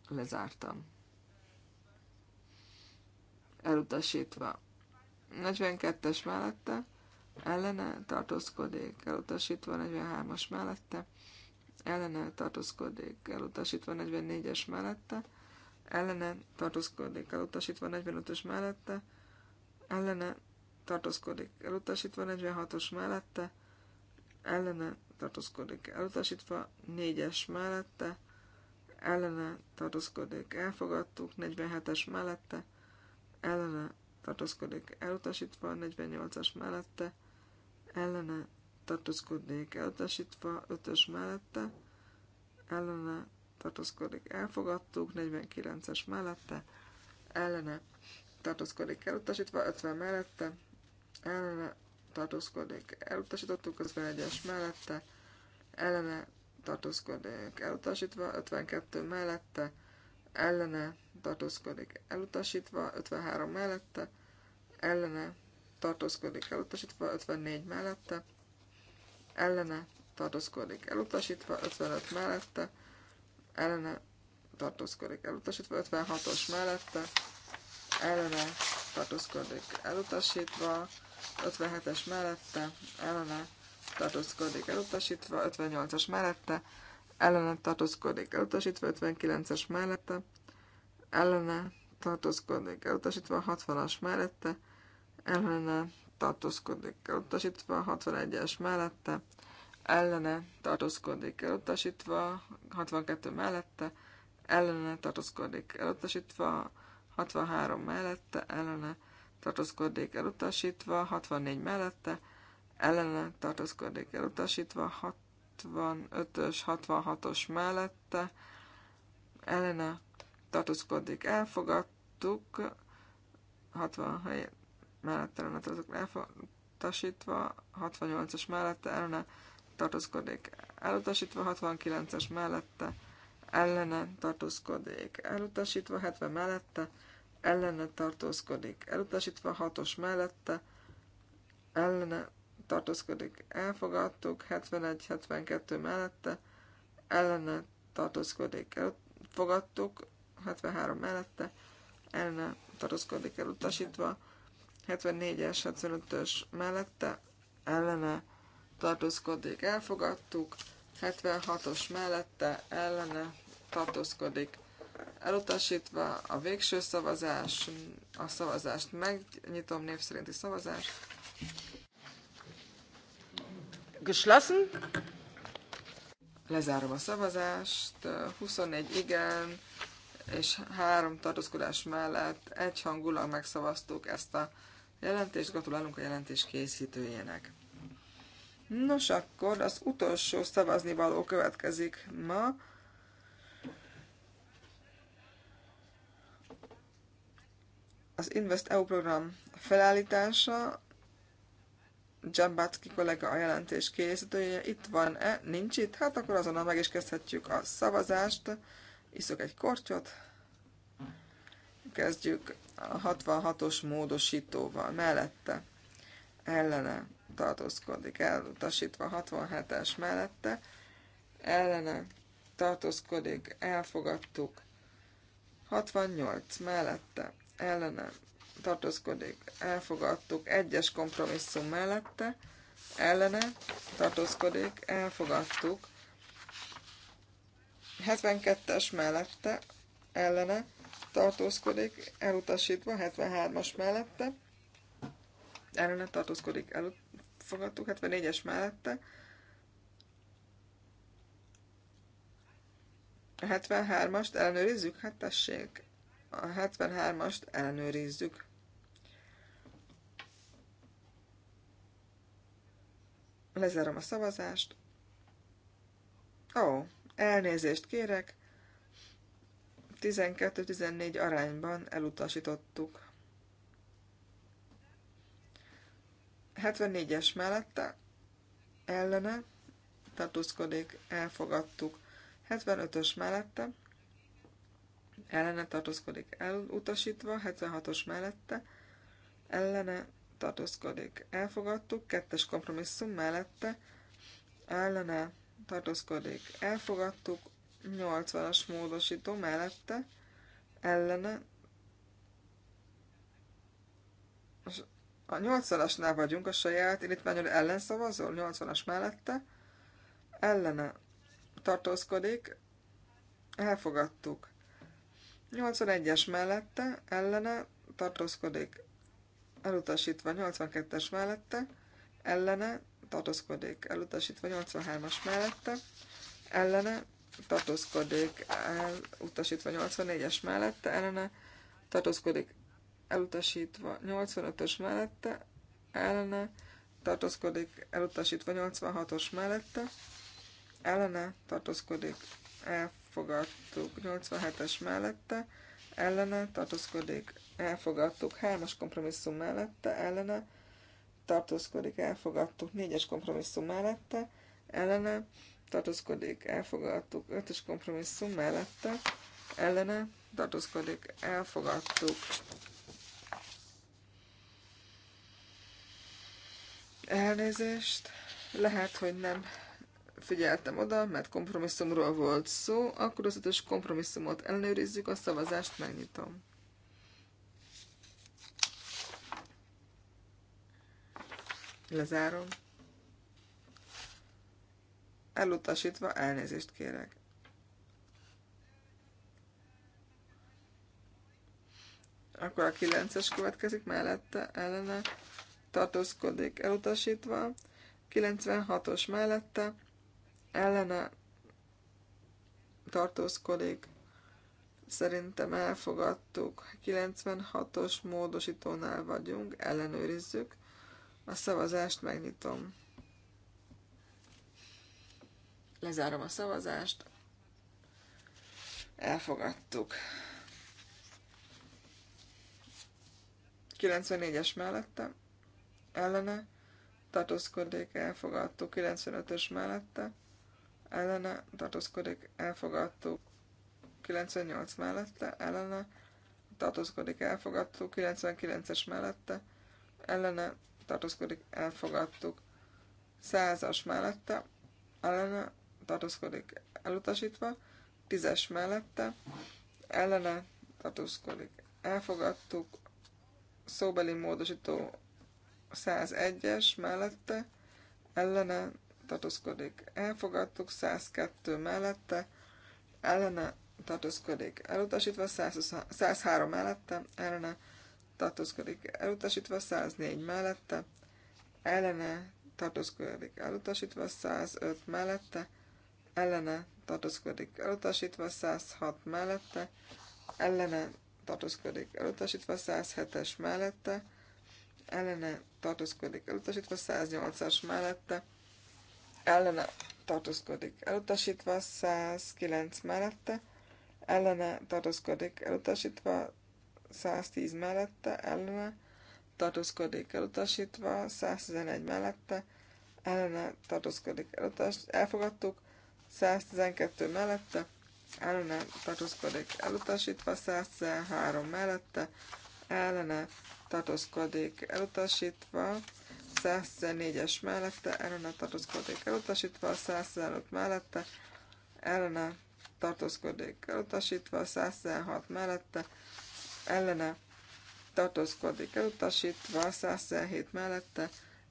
Lezártam. Elutasítva. 42-es mellette ellene tartózkodik. Elutasítva 43-as mellette ellene tartózkodik elutasítva 44-es mellette, ellene tartózkodik elutasítva 45-ös mellette, ellene tartózkodik elutasítva 46-os mellette, ellene tartózkodik elutasítva 4-es mellette, ellene tartózkodik elfogadtuk 47-es mellette, ellene tartózkodik elutasítva 48-as mellette, ellene tartózkodnék elutasítva, 5-ös mellette, ellene tartózkodik elfogadtuk, 49-es mellette, ellene tartózkodik elutasítva, 50 mellette, ellene tartózkodik elutasítottuk, 51-es mellette, ellene tartózkodik elutasítva, 52 mellette, ellene tartózkodik elutasítva, 53 mellette, ellene tartózkodik elutasítva, 54 mellette, ellene tartózkodik elutasítva, 55 mellette ellene tartózkodik elutasítva, 56-os mellette ellene tartózkodik elutasítva, 57-es mellette ellene tartózkodik elutasítva, 58-as mellette ellene tartózkodik elutasítva, 59-es mellette ellene tartózkodik elutasítva, 60-as mellette ellene tartózkodik elutasítva, 61-es mellette, ellene tartózkodik elutasítva, 62 mellette, ellene tartózkodik elutasítva, 63 mellette, ellene tartózkodik elutasítva, 64 mellette, ellene tartózkodik elutasítva, 65-ös, 66-os mellette, ellene tartózkodik elfogadtuk, 60 mellette ellene tartozók elutasítva, 68-as mellette ellene tartózkodik elutasítva, 69-es mellette ellene tartózkodik elutasítva, 70 mellette ellene tartózkodik elutasítva, 6-os mellette ellene tartózkodik elfogadtuk, 71-72 mellette ellene tartózkodik elfogadtuk, 73 mellette ellene tartózkodik elutasítva, 74-es, 75-ös mellette ellene tartózkodik, elfogadtuk, 76-os mellette ellene tartózkodik, elutasítva a végső szavazás, a szavazást megnyitom név szerinti szavazást. Geschlossen. Lezárom a szavazást. 24 igen, és három tartózkodás mellett egyhangulag megszavaztuk ezt a jelentést, gratulálunk a jelentés készítőjének. Nos, akkor az utolsó szavazni való következik ma. Az Invest EU program felállítása, Dzsambacki kollega a jelentés készítője. Itt van-e? Nincs itt? Hát akkor azonnal meg is kezdhetjük a szavazást. Iszok egy kortyot. Kezdjük a 66-os módosítóval mellette ellene tartózkodik, elutasítva 67-es mellette ellene tartózkodik, elfogadtuk 68 mellette ellene tartózkodik, elfogadtuk egyes kompromisszum mellette ellene tartózkodik, elfogadtuk 72-es mellette ellene tartózkodik, elutasítva, 73-as mellette, ellene tartózkodik, elfogadtuk, 74-es mellette, a 73-ast ellenőrizzük? Hát tessék, a 73-ast ellenőrizzük. Lezárom a szavazást. Ó, elnézést kérek. 12-14 arányban elutasítottuk. 74-es mellette ellene tartózkodik, elfogadtuk. 75-ös mellette ellene tartózkodik, elutasítva. 76-os mellette ellene tartózkodik, elfogadtuk. Kettes kompromisszum mellette ellene tartózkodik, elfogadtuk. 80-as módosító mellette ellene a 80-asnál vagyunk a saját indítványról ellenszavazol, 80-as mellette ellene tartózkodik, elfogadtuk. 81-es mellette ellene tartózkodik, elutasítva 82-es mellette ellene tartózkodik, elutasítva 83-as mellette ellene tartózkodik elutasítva 84-es mellette, ellene tartózkodik elutasítva 85-ös mellette, ellene tartózkodik elutasítva 86-os mellette, ellene tartózkodik elfogadtuk 87-es mellette, ellene tartózkodik elfogadtuk 3-as kompromisszum mellette, ellene tartózkodik elfogadtuk 4-es kompromisszum mellette, ellene tartózkodik, elfogadtuk. ötös kompromisszum mellette, ellene tartózkodik, elfogadtuk. Elnézést, lehet, hogy nem figyeltem oda, mert kompromisszumról volt szó, akkor az ötös kompromisszumot ellenőrizzük, a szavazást megnyitom. Lezárom elutasítva elnézést kérek. Akkor a 9-es következik, mellette ellene tartózkodik elutasítva. 96-os mellette ellene tartózkodik. Szerintem elfogadtuk. 96-os módosítónál vagyunk, ellenőrizzük. A szavazást megnyitom. Lezárom a szavazást. Elfogadtuk. 94-es mellette, ellene, tartózkodik, elfogadtuk. 95-ös mellette, ellene, tartózkodik, elfogadtuk. 98 mellette, ellene, tartózkodik, elfogadtuk. 99-es mellette, ellene, tartózkodik, elfogadtuk. 100-as mellette, ellene tartózkodik elutasítva, tízes mellette, ellene tartózkodik elfogadtuk, szóbeli módosító 101-es mellette, ellene tartózkodik elfogadtuk, 102 mellette, ellene tartózkodik elutasítva, 103 mellette, ellene tartózkodik elutasítva, 104 mellette, ellene tartózkodik elutasítva, 105 mellette, ellene tartózkodik elutasítva, 106 mellette, ellene tartózkodik elutasítva, 107-es mellette, ellene tartózkodik elutasítva, 108-as mellette, ellene tartózkodik elutasítva, 109 mellette, ellene tartózkodik elutasítva, 110 mellette, ellene tartózkodik elutasítva, 111 mellette, ellene tartózkodik elutasítva, elfogadtuk, 112 mellette, ellene tartózkodik elutasítva, 113 mellette, ellene tartózkodik elutasítva, 114-es mellette, ellene tartózkodik elutasítva, 115 mellette, ellene tartózkodik elutasítva, 116 mellette, ellene tartózkodik elutasítva, 117 mellette,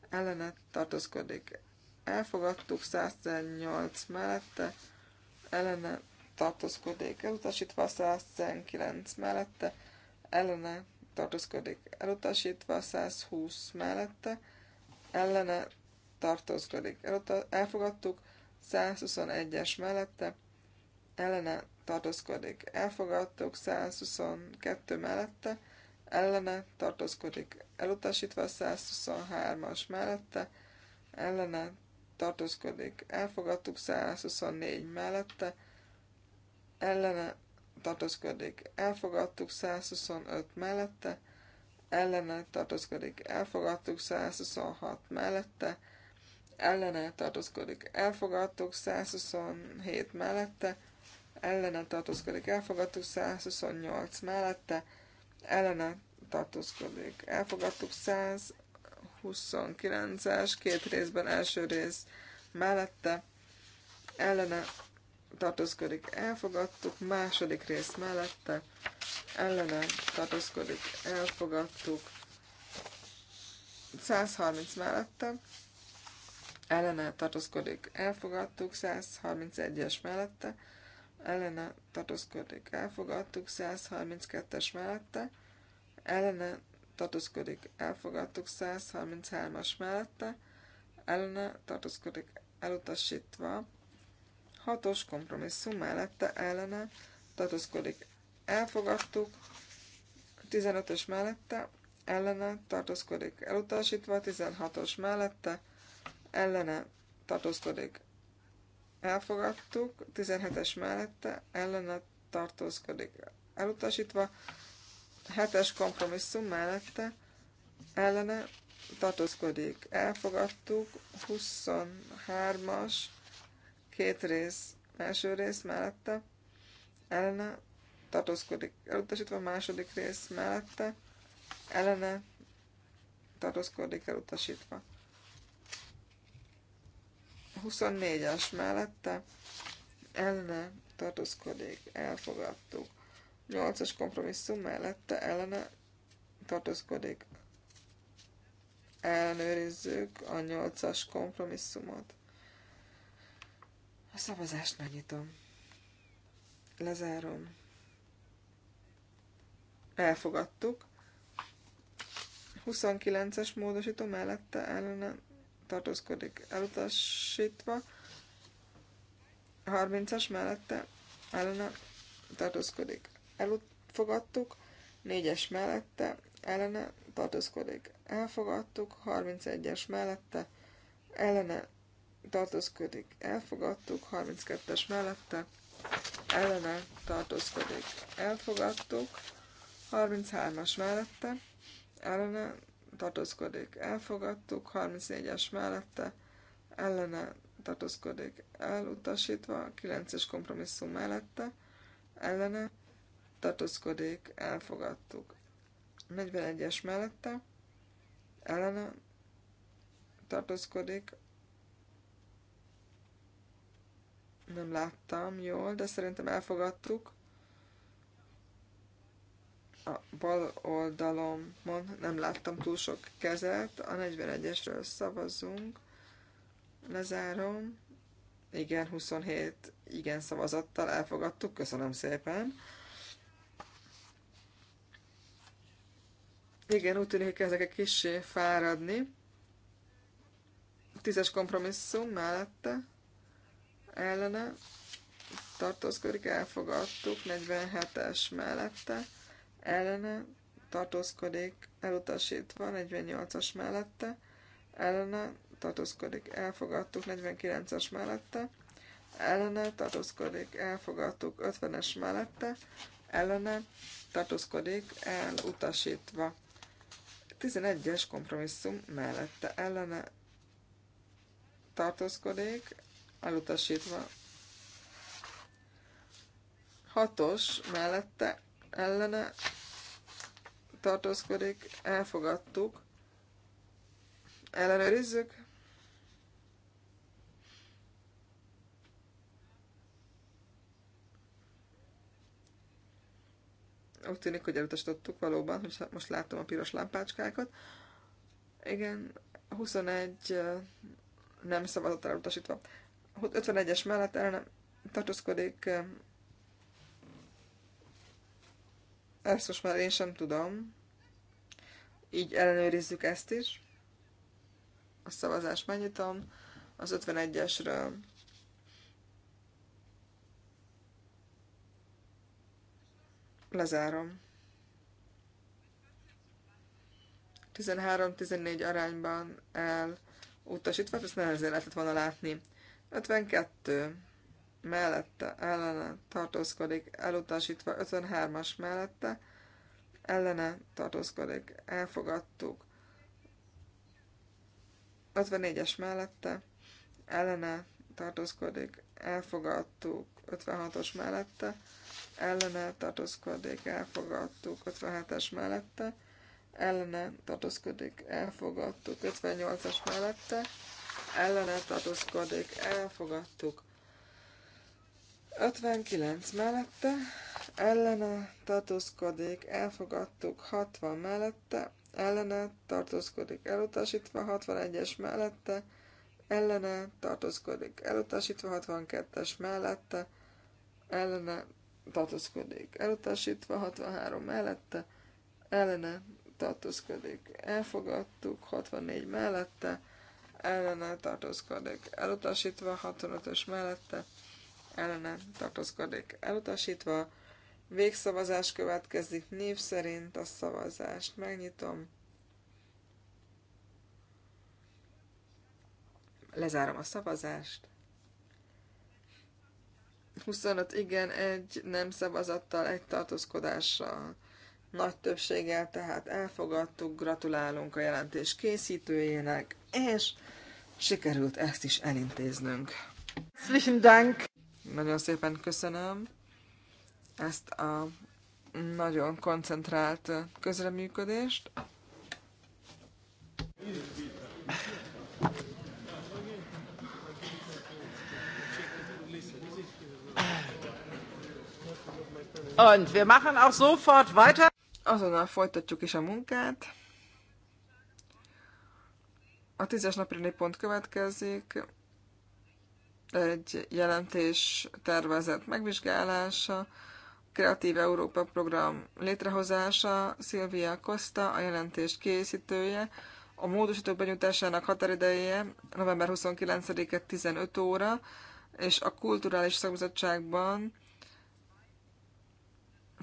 ellene tartózkodik elfogadtuk 118 mellette, ellene tartózkodik elutasítva, 119 mellette, ellene tartózkodik elutasítva, 120 mellette, ellene tartózkodik elfogadtuk, 121-es mellette, ellene tartózkodik elfogadtuk, 122 mellette, ellene tartózkodik elutasítva, 123-as mellette, ellene tartózkodik, elfogadtuk 124 mellette, ellene tartózkodik, elfogadtuk 125 mellette, ellene tartózkodik, elfogadtuk 126 mellette, ellene tartózkodik, elfogadtuk 127 mellette, ellene tartózkodik, elfogadtuk 128 mellette, ellene tartózkodik, elfogadtuk 100 29-es, két részben első rész mellette, ellene tartózkodik, elfogadtuk, második rész mellette, ellene tartózkodik, elfogadtuk, 130 mellette, ellene tartózkodik, elfogadtuk, 131-es mellette, ellene tartózkodik, elfogadtuk, 132-es mellette, ellene tartózkodik, elfogadtuk 133-as mellette, ellene tartózkodik, elutasítva, 6-os kompromisszum mellette, ellene tartózkodik, elfogadtuk, 15-ös mellette, ellene tartózkodik, elutasítva, 16-os mellette, ellene tartózkodik, elfogadtuk, 17-es mellette, ellene tartózkodik, elutasítva, Hetes kompromisszum mellette ellene tartózkodik. Elfogadtuk 23-as két rész első rész mellette ellene tartózkodik. Elutasítva második rész mellette ellene tartózkodik elutasítva. 24-es mellette ellene tartózkodik, elfogadtuk. Nyolcas as kompromisszum mellette ellene tartózkodik. Ellenőrizzük a nyolcas as kompromisszumot. A szavazást megnyitom. Lezárom. Elfogadtuk. 29-es módosító mellette ellene tartózkodik elutasítva. 30-as mellette ellene tartózkodik elfogadtuk, négyes mellette ellene tartózkodik, elfogadtuk, 31-es mellette ellene tartózkodik, elfogadtuk, 32-es mellette ellene tartózkodik, elfogadtuk, 33-as mellette ellene tartózkodik, elfogadtuk, 34-es mellette ellene tartózkodik, elutasítva, 9-es kompromisszum mellette ellene tartózkodik, elfogadtuk. 41-es mellette ellene tartózkodik, nem láttam jól, de szerintem elfogadtuk. A bal oldalomon nem láttam túl sok kezet, a 41-esről szavazzunk. Lezárom. Igen, 27 igen szavazattal elfogadtuk, köszönöm szépen. Igen, úgy tűnik, hogy kezdek egy kicsi fáradni. Tízes kompromisszum mellette, ellene, tartózkodik, elfogadtuk, 47-es mellette, ellene, tartózkodik, elutasítva, 48-as mellette, ellene, tartózkodik, elfogadtuk, 49-es mellette, ellene, tartózkodik, elfogadtuk, 50-es mellette, ellene, tartózkodik, elutasítva. 11-es kompromisszum mellette ellene tartózkodik, elutasítva. 6-os mellette ellene tartózkodik, elfogadtuk, ellenőrizzük. Úgy tűnik, hogy elutasítottuk valóban, hogy most látom a piros lámpácskákat. Igen, 21 nem szavazott elutasítva. 51-es mellett el nem tartózkodik. Ezt most már én sem tudom. Így ellenőrizzük ezt is. A szavazás megnyitom. Az 51-esről Lezárom. 13-14 arányban el utasítva, ezt nehezen lehetett volna látni. 52 mellette ellene tartózkodik, elutasítva 53-as mellette ellene tartózkodik, elfogadtuk. 54-es mellette ellene tartózkodik, elfogadtuk 56-os mellette ellene tartózkodik, elfogadtuk 57-es mellette, ellene tartózkodik, elfogadtuk 58-as mellette, ellene tartózkodik, elfogadtuk 59 mellette, ellene tartózkodik, elfogadtuk 60 mellette, ellene tartózkodik, elutasítva 61-es mellette, ellene tartózkodik, elutasítva 62-es mellette, ellene tartózkodik elutasítva, 63 mellette, ellene tartózkodik elfogadtuk, 64 mellette, ellene tartózkodik elutasítva, 65-ös mellette, ellene tartózkodik elutasítva, Végszavazás következik név szerint a szavazást. Megnyitom. Lezárom a szavazást. 25 igen, egy nem szavazattal, egy tartózkodással. Nagy többséggel tehát elfogadtuk, gratulálunk a jelentés készítőjének, és sikerült ezt is elintéznünk. Dank! Nagyon szépen köszönöm ezt a nagyon koncentrált közreműködést. Und wir machen auch sofort weiter. Azonnal folytatjuk is a munkát. A tízes napi pont következik. Egy jelentés tervezett megvizsgálása, Kreatív Európa program létrehozása, Szilvia Costa, a jelentés készítője, a módosítók benyújtásának határideje november 29-e 15 óra, és a Kulturális Szakbizottságban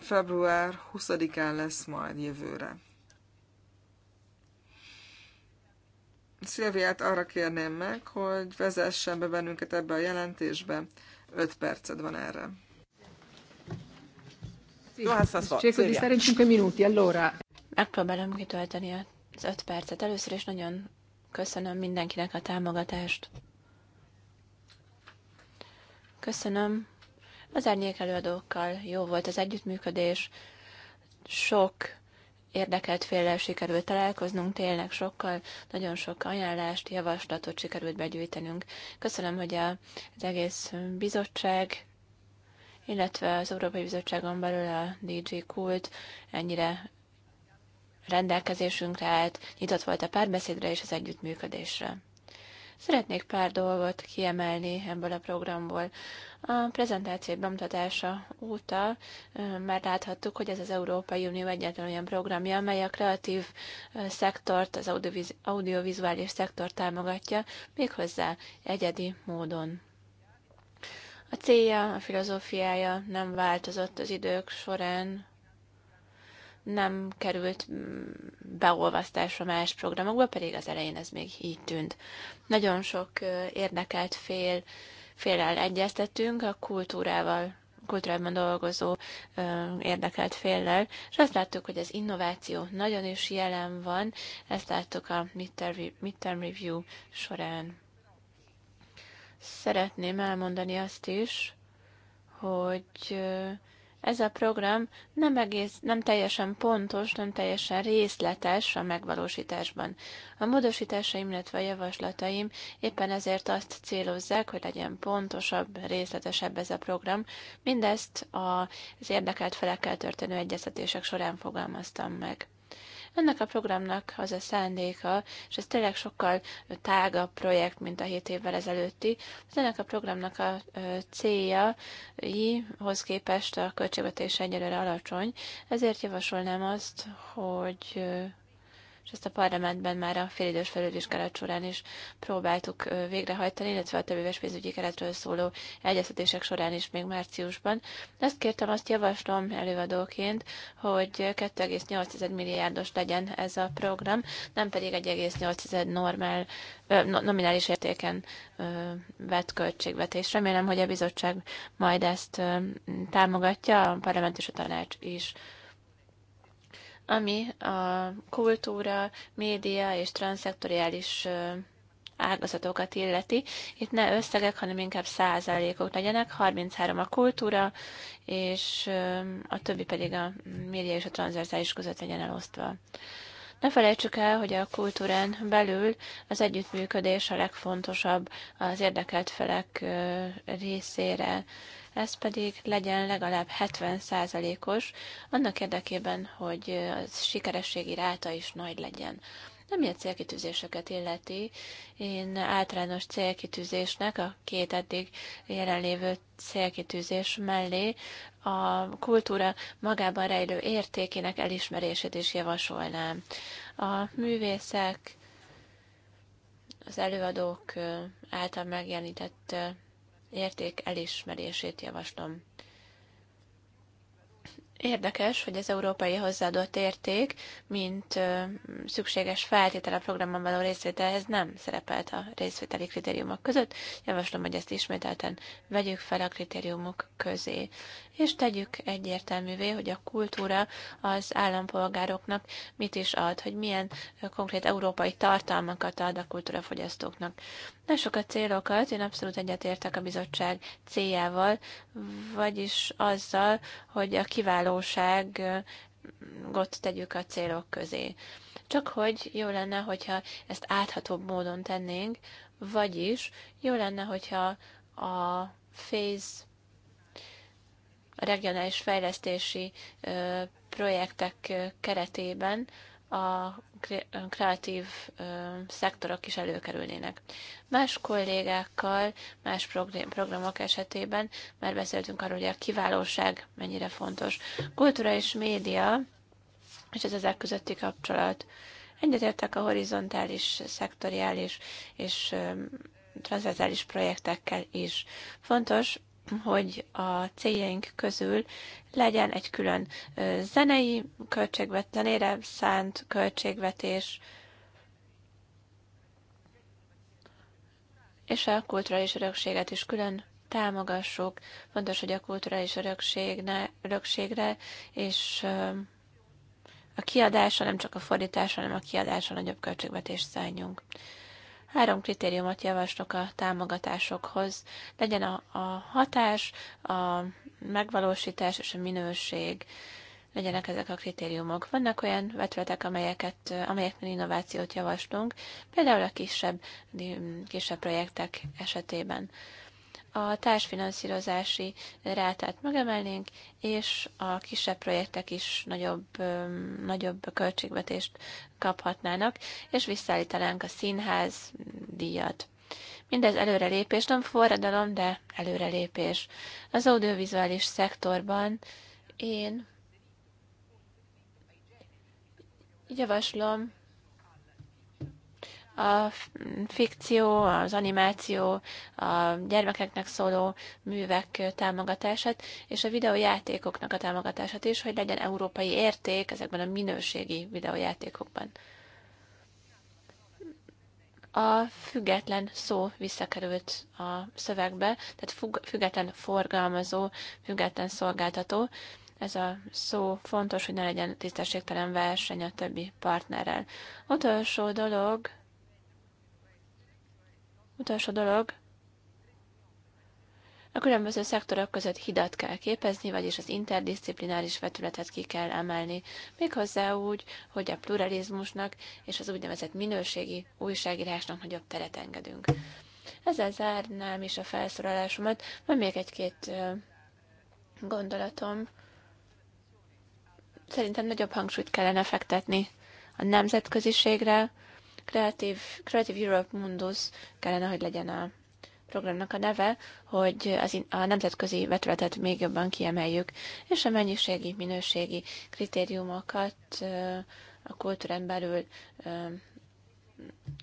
február 20-án lesz majd jövőre. Szilviát arra kérném meg, hogy vezessen be bennünket ebbe a jelentésbe. 5 perced van erre. Cerco di stare 5 minuti, allora. Megpróbálom kitölteni az 5 percet. Először is nagyon köszönöm mindenkinek a támogatást. Köszönöm az árnyék előadókkal jó volt az együttműködés, sok érdekelt félrel sikerült találkoznunk, tényleg sokkal, nagyon sok ajánlást, javaslatot sikerült begyűjtenünk. Köszönöm, hogy a, az egész bizottság, illetve az Európai Bizottságon belül a DG Kult ennyire rendelkezésünkre állt, nyitott volt a párbeszédre és az együttműködésre. Szeretnék pár dolgot kiemelni ebből a programból. A prezentáció bemutatása óta már láthattuk, hogy ez az Európai Unió egyetlen olyan programja, amely a kreatív szektort, az audiovizuális szektort támogatja, méghozzá egyedi módon. A célja, a filozófiája nem változott az idők során, nem került mm, beolvasztásra más programokba, pedig az elején ez még így tűnt. Nagyon sok érdekelt fél, félrel egyeztettünk a kultúrával kultúrában dolgozó érdekelt féllel, és azt láttuk, hogy az innováció nagyon is jelen van, ezt láttuk a midterm review során. Szeretném elmondani azt is, hogy ez a program nem, egész, nem teljesen pontos, nem teljesen részletes a megvalósításban. A módosításaim, illetve a javaslataim éppen ezért azt célozzák, hogy legyen pontosabb, részletesebb ez a program. Mindezt az érdekelt felekkel történő egyeztetések során fogalmaztam meg. Ennek a programnak az a szándéka, és ez tényleg sokkal tágabb projekt, mint a 7 évvel ezelőtti, az ennek a programnak a célja, hoz képest a költségvetés egyelőre alacsony, ezért javasolnám azt, hogy és ezt a parlamentben már a félidős felülvizsgálat során is próbáltuk végrehajtani, illetve a többéves pénzügyi keretről szóló egyeztetések során is még márciusban. Ezt kértem, azt javaslom előadóként, hogy 2,8 milliárdos legyen ez a program, nem pedig 1,8 normál, nominális értéken vett költségvetés. Remélem, hogy a bizottság majd ezt támogatja, a parlament és a tanács is ami a kultúra, média és transzektoriális ágazatokat illeti. Itt ne összegek, hanem inkább százalékok legyenek. 33 a kultúra, és a többi pedig a média és a transzverzális között legyen elosztva. Ne felejtsük el, hogy a kultúrán belül az együttműködés a legfontosabb az érdekelt felek részére. Ez pedig legyen legalább 70%-os, annak érdekében, hogy a sikerességi ráta is nagy legyen ami a célkitűzéseket illeti, én általános célkitűzésnek a két eddig jelenlévő célkitűzés mellé a kultúra magában rejlő értékének elismerését is javasolnám. A művészek, az előadók által megjelenített érték elismerését javaslom. Érdekes, hogy az európai hozzáadott érték, mint ö, szükséges feltétel a programban való részvételhez nem szerepelt a részvételi kritériumok között. Javaslom, hogy ezt ismételten vegyük fel a kritériumok közé és tegyük egyértelművé, hogy a kultúra az állampolgároknak mit is ad, hogy milyen konkrét európai tartalmakat ad a kultúrafogyasztóknak. sok a célokat, én abszolút egyetértek a bizottság céljával, vagyis azzal, hogy a kiválóságot tegyük a célok közé. Csak hogy jó lenne, hogyha ezt áthatóbb módon tennénk, vagyis jó lenne, hogyha a phase a regionális fejlesztési projektek keretében a kreatív szektorok is előkerülnének. Más kollégákkal, más programok esetében már beszéltünk arról, hogy a kiválóság mennyire fontos. Kultúra és média, és az ezek közötti kapcsolat. Egyetértek a horizontális, szektoriális és transzverzális projektekkel is. Fontos, hogy a céljaink közül legyen egy külön zenei költségvet, zenére szánt költségvetés, és a kulturális örökséget is külön támogassuk. Fontos, hogy a kulturális örökségre és a kiadásra, nem csak a fordításra, hanem a kiadásra nagyobb költségvetést szálljunk. Három kritériumot javaslok a támogatásokhoz. Legyen a, a hatás, a megvalósítás és a minőség legyenek ezek a kritériumok. Vannak olyan vetületek, amelyeket, amelyeknél innovációt javaslunk, például a kisebb, kisebb projektek esetében a társfinanszírozási rátát megemelnénk, és a kisebb projektek is nagyobb, nagyobb költségvetést kaphatnának, és visszaállítanánk a színház díjat. Mindez előrelépés, nem forradalom, de előrelépés. Az audiovizuális szektorban én javaslom a fikció, az animáció, a gyermekeknek szóló művek támogatását, és a videójátékoknak a támogatását is, hogy legyen európai érték ezekben a minőségi videójátékokban. A független szó visszakerült a szövegbe, tehát független forgalmazó, független szolgáltató, ez a szó fontos, hogy ne legyen tisztességtelen verseny a többi partnerrel. Utolsó dolog, utolsó dolog, a különböző szektorok között hidat kell képezni, vagyis az interdisziplináris vetületet ki kell emelni, méghozzá úgy, hogy a pluralizmusnak és az úgynevezett minőségi újságírásnak nagyobb teret engedünk. Ezzel zárnám is a felszólalásomat, van még egy-két gondolatom. Szerintem nagyobb hangsúlyt kellene fektetni a nemzetköziségre, Creative, Creative Europe Mundus kellene, hogy legyen a programnak a neve, hogy az, a nemzetközi vetületet még jobban kiemeljük, és a mennyiségi, minőségi kritériumokat a kultúrán belül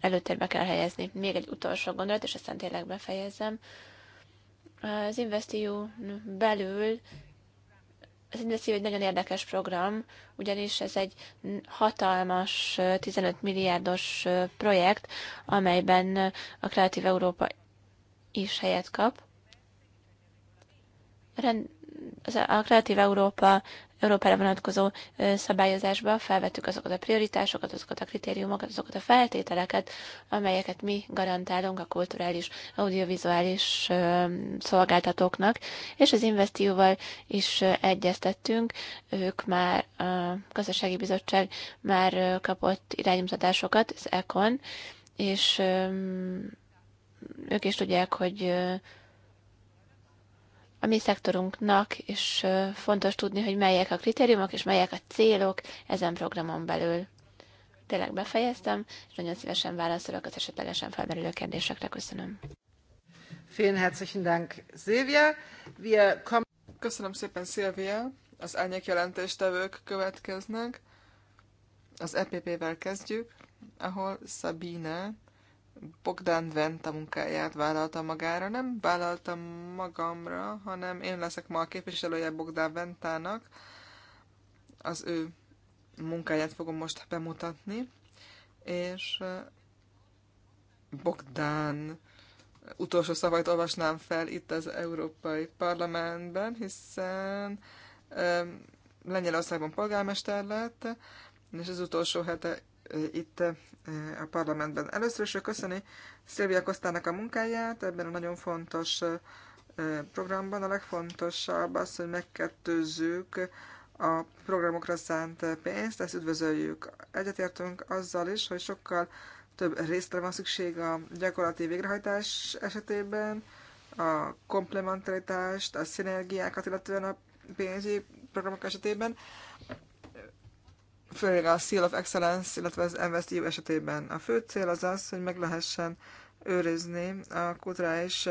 előtérbe kell helyezni. Még egy utolsó gondolat, és aztán tényleg befejezem. Az InvestEU belül ez egy egy nagyon érdekes program, ugyanis ez egy hatalmas 15 milliárdos projekt, amelyben a Kreatív Európa is helyet kap. A Kreatív Európa Európára vonatkozó szabályozásba felvettük azokat a prioritásokat, azokat a kritériumokat, azokat a feltételeket, amelyeket mi garantálunk a kulturális, audiovizuális szolgáltatóknak, és az Investióval is egyeztettünk, ők már a gazdasági bizottság már kapott iránymutatásokat, az ECON, és ők is tudják, hogy a mi szektorunknak is fontos tudni, hogy melyek a kritériumok és melyek a célok ezen programon belül. Tényleg befejeztem, és nagyon szívesen válaszolok az esetlegesen felmerülő kérdésekre. Köszönöm. Vielen herzlichen Dank, Silvia. Wir kommen... Köszönöm szépen, Silvia. Az elnyek jelentéstevők következnek. Az EPP-vel kezdjük, ahol Sabine Bogdan Venta munkáját vállalta magára. Nem vállaltam magamra, hanem én leszek ma a képviselője Bogdan Ventának. Az ő munkáját fogom most bemutatni. És eh, Bogdan eh, utolsó szavait olvasnám fel itt az Európai Parlamentben, hiszen eh, Lengyelországban polgármester lett, és az utolsó hete itt eh, a parlamentben. Először is köszöni Szilvia Kosztának a munkáját ebben a nagyon fontos eh, programban. A legfontosabb az, hogy megkettőzzük a programokra szánt eh, pénzt, ezt üdvözöljük. Egyetértünk azzal is, hogy sokkal több részre van szükség a gyakorlati végrehajtás esetében, a komplementaritást, a szinergiákat, illetően a pénzügyi programok esetében főleg a Seal of Excellence, illetve az MSZTU esetében. A fő cél az az, hogy meg lehessen őrizni a kulturális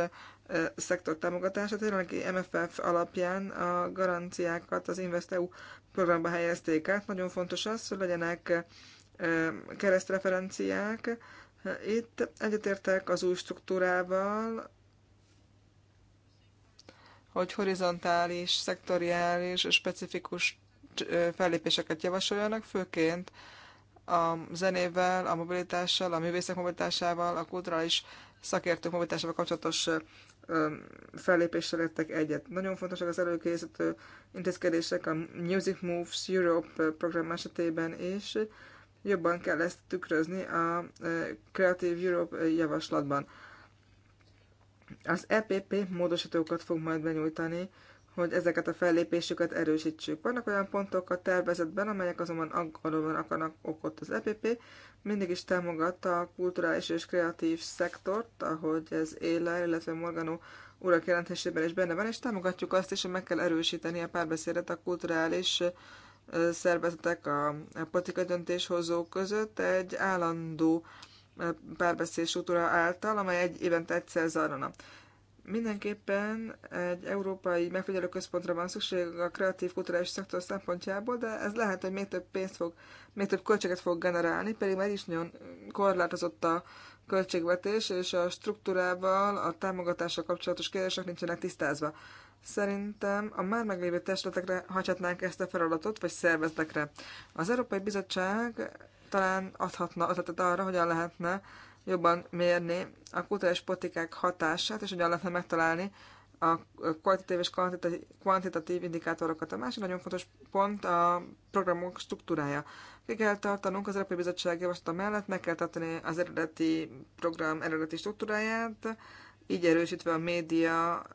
szektor támogatását. Jelenlegi MFF alapján a garanciákat az InvestEU programba helyezték át. Nagyon fontos az, hogy legyenek keresztreferenciák. Itt egyetértek az új struktúrával, hogy horizontális, szektoriális, specifikus fellépéseket javasoljanak, főként a zenével, a mobilitással, a művészek mobilitásával, a kulturális szakértők mobilitásával kapcsolatos fellépéssel értek egyet. Nagyon fontosak az előkészítő intézkedések a Music Moves Europe program esetében és jobban kell ezt tükrözni a Creative Europe javaslatban. Az EPP módosítókat fog majd benyújtani hogy ezeket a fellépésüket erősítsük. Vannak olyan pontok a tervezetben, amelyek azonban aggodalomban akarnak okot az EPP, mindig is támogatta a kulturális és kreatív szektort, ahogy ez éle, illetve Morganó urak jelentésében is benne van, és támogatjuk azt is, hogy meg kell erősíteni a párbeszédet a kulturális szervezetek, a politikai döntéshozók között egy állandó párbeszéd struktúra által, amely egy évente egyszer zajlana. Mindenképpen egy európai megfigyelő központra van szükség a kreatív kulturális szektor szempontjából, de ez lehet, hogy még több pénzt fog, még több költséget fog generálni, pedig már is nagyon korlátozott a költségvetés, és a struktúrával, a támogatással kapcsolatos kérdések nincsenek tisztázva. Szerintem a már meglévő testületekre hagyhatnánk ezt a feladatot, vagy szervezetekre. Az Európai Bizottság talán adhatna ötletet arra, hogyan lehetne jobban mérni a kulturális politikák hatását, és hogyan lehetne megtalálni a kvalitatív és kvantitatív indikátorokat. A másik nagyon fontos pont a programok struktúrája. Ki kell tartanunk az Európai Bizottság javaslata mellett, meg kell tartani az eredeti program eredeti struktúráját, így erősítve a média,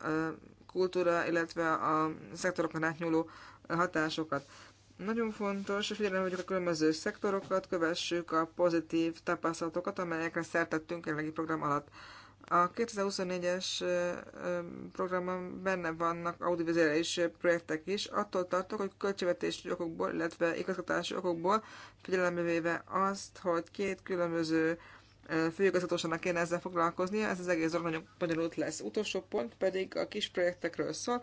kultúra, illetve a szektorokon átnyúló hatásokat. Nagyon fontos, hogy figyelem hogy a különböző szektorokat, kövessük a pozitív tapasztalatokat, amelyekre szertettünk jelenlegi program alatt. A 2024-es programban benne vannak audiovizuális projektek is. Attól tartok, hogy költségvetési okokból, illetve igazgatási okokból figyelembe véve azt, hogy két különböző főigazgatósának kéne ezzel foglalkoznia, ez az egész dolog nagyon bonyolult lesz. Utolsó pont pedig a kis projektekről szól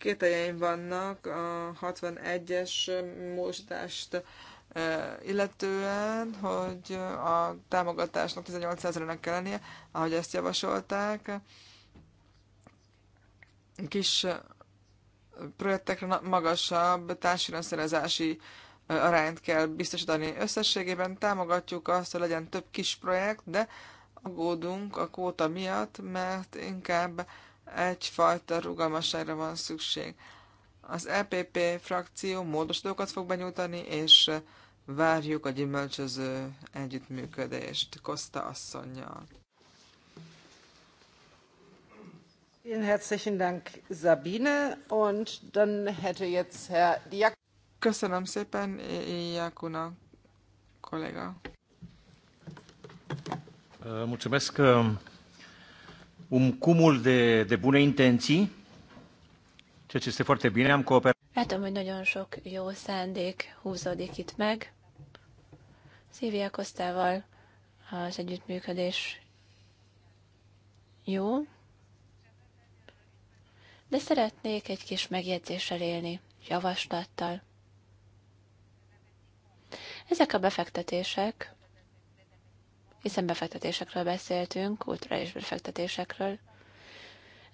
kételjeim vannak a 61-es módosítást illetően, hogy a támogatásnak 18%-nak kell lennie, ahogy ezt javasolták. Kis projektekre magasabb társadalmi arányt kell biztosítani. Összességében támogatjuk azt, hogy legyen több kis projekt, de aggódunk a kóta miatt, mert inkább egyfajta rugalmasságra van szükség. Az EPP frakció módosítókat fog benyújtani, és várjuk a gyümölcsöző együttműködést Kosta asszonynal. Vielen herzlichen Dank, Sabine. Und dann hätte jetzt Herr Diak. Köszönöm szépen, Iacuna kollega. Mulțumesc un cumul de, de bune intenții, ceea ce este foarte bine, am cooperat. Látom, hogy nagyon sok jó szándék húzódik itt meg. Szívia Kosztával az együttműködés jó, de szeretnék egy kis megjegyzéssel élni, javaslattal. Ezek a befektetések hiszen befektetésekről beszéltünk, kulturális befektetésekről.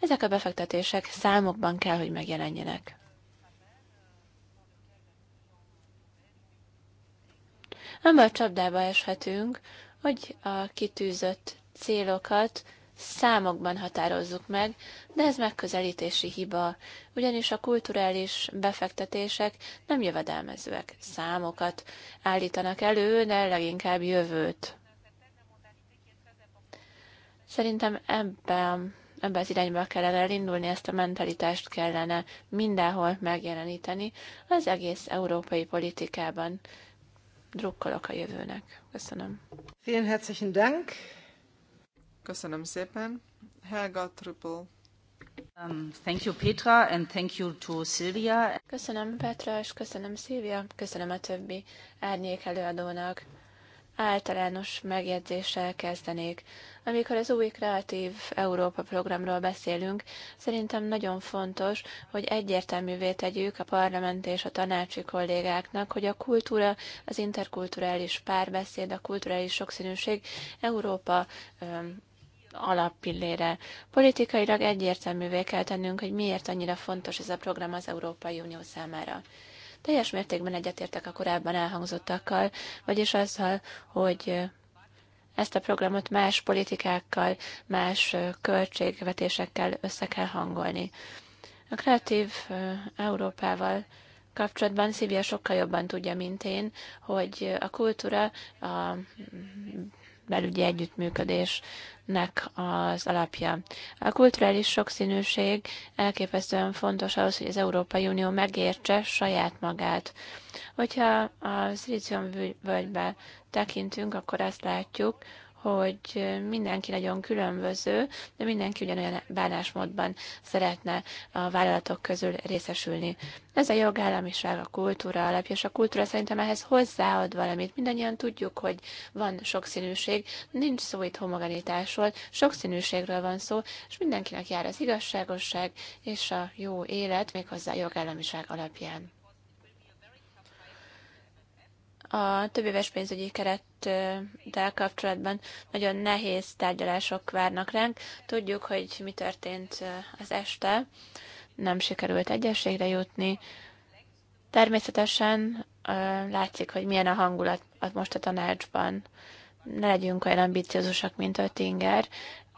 Ezek a befektetések számokban kell, hogy megjelenjenek. Abba a csapdába eshetünk, hogy a kitűzött célokat számokban határozzuk meg, de ez megközelítési hiba, ugyanis a kulturális befektetések nem jövedelmezőek. Számokat állítanak elő, de leginkább jövőt. Szerintem ebben ebbe az irányba kellene elindulni, ezt a mentalitást kellene mindenhol megjeleníteni az egész európai politikában. Drukkolok a jövőnek. Köszönöm. Vielen herzlichen Dank. Köszönöm szépen. Helga Trüppel. Um, thank you, Petra, and thank you to Sylvia. Köszönöm, Petra, és köszönöm, Szilvia, köszönöm a többi árnyék előadónak általános megjegyzéssel kezdenék. Amikor az új Kreatív Európa programról beszélünk, szerintem nagyon fontos, hogy egyértelművé tegyük a parlament és a tanácsi kollégáknak, hogy a kultúra, az interkulturális párbeszéd, a kulturális sokszínűség Európa alappillére. Politikailag egyértelművé kell tennünk, hogy miért annyira fontos ez a program az Európai Unió számára. Teljes mértékben egyetértek a korábban elhangzottakkal, vagyis azzal, hogy ezt a programot más politikákkal, más költségvetésekkel össze kell hangolni. A kreatív Európával kapcsolatban Szívia sokkal jobban tudja, mint én, hogy a kultúra, a belügyi együttműködésnek az alapja. A kulturális sokszínűség elképesztően fontos ahhoz, hogy az Európai Unió megértse saját magát. Hogyha a Szilícium völgybe tekintünk, akkor azt látjuk, hogy mindenki nagyon különböző, de mindenki ugyanolyan bánásmódban szeretne a vállalatok közül részesülni. Ez a jogállamiság, a kultúra alapja, és a kultúra szerintem ehhez hozzáad valamit. Mindannyian tudjuk, hogy van sokszínűség, nincs szó itt homogenitásról, sokszínűségről van szó, és mindenkinek jár az igazságosság és a jó élet, méghozzá a jogállamiság alapján. A több éves pénzügyi kerettel kapcsolatban nagyon nehéz tárgyalások várnak ránk. Tudjuk, hogy mi történt az este. Nem sikerült egyességre jutni. Természetesen látszik, hogy milyen a hangulat most a tanácsban. Ne legyünk olyan ambiciózusak, mint Öttinger,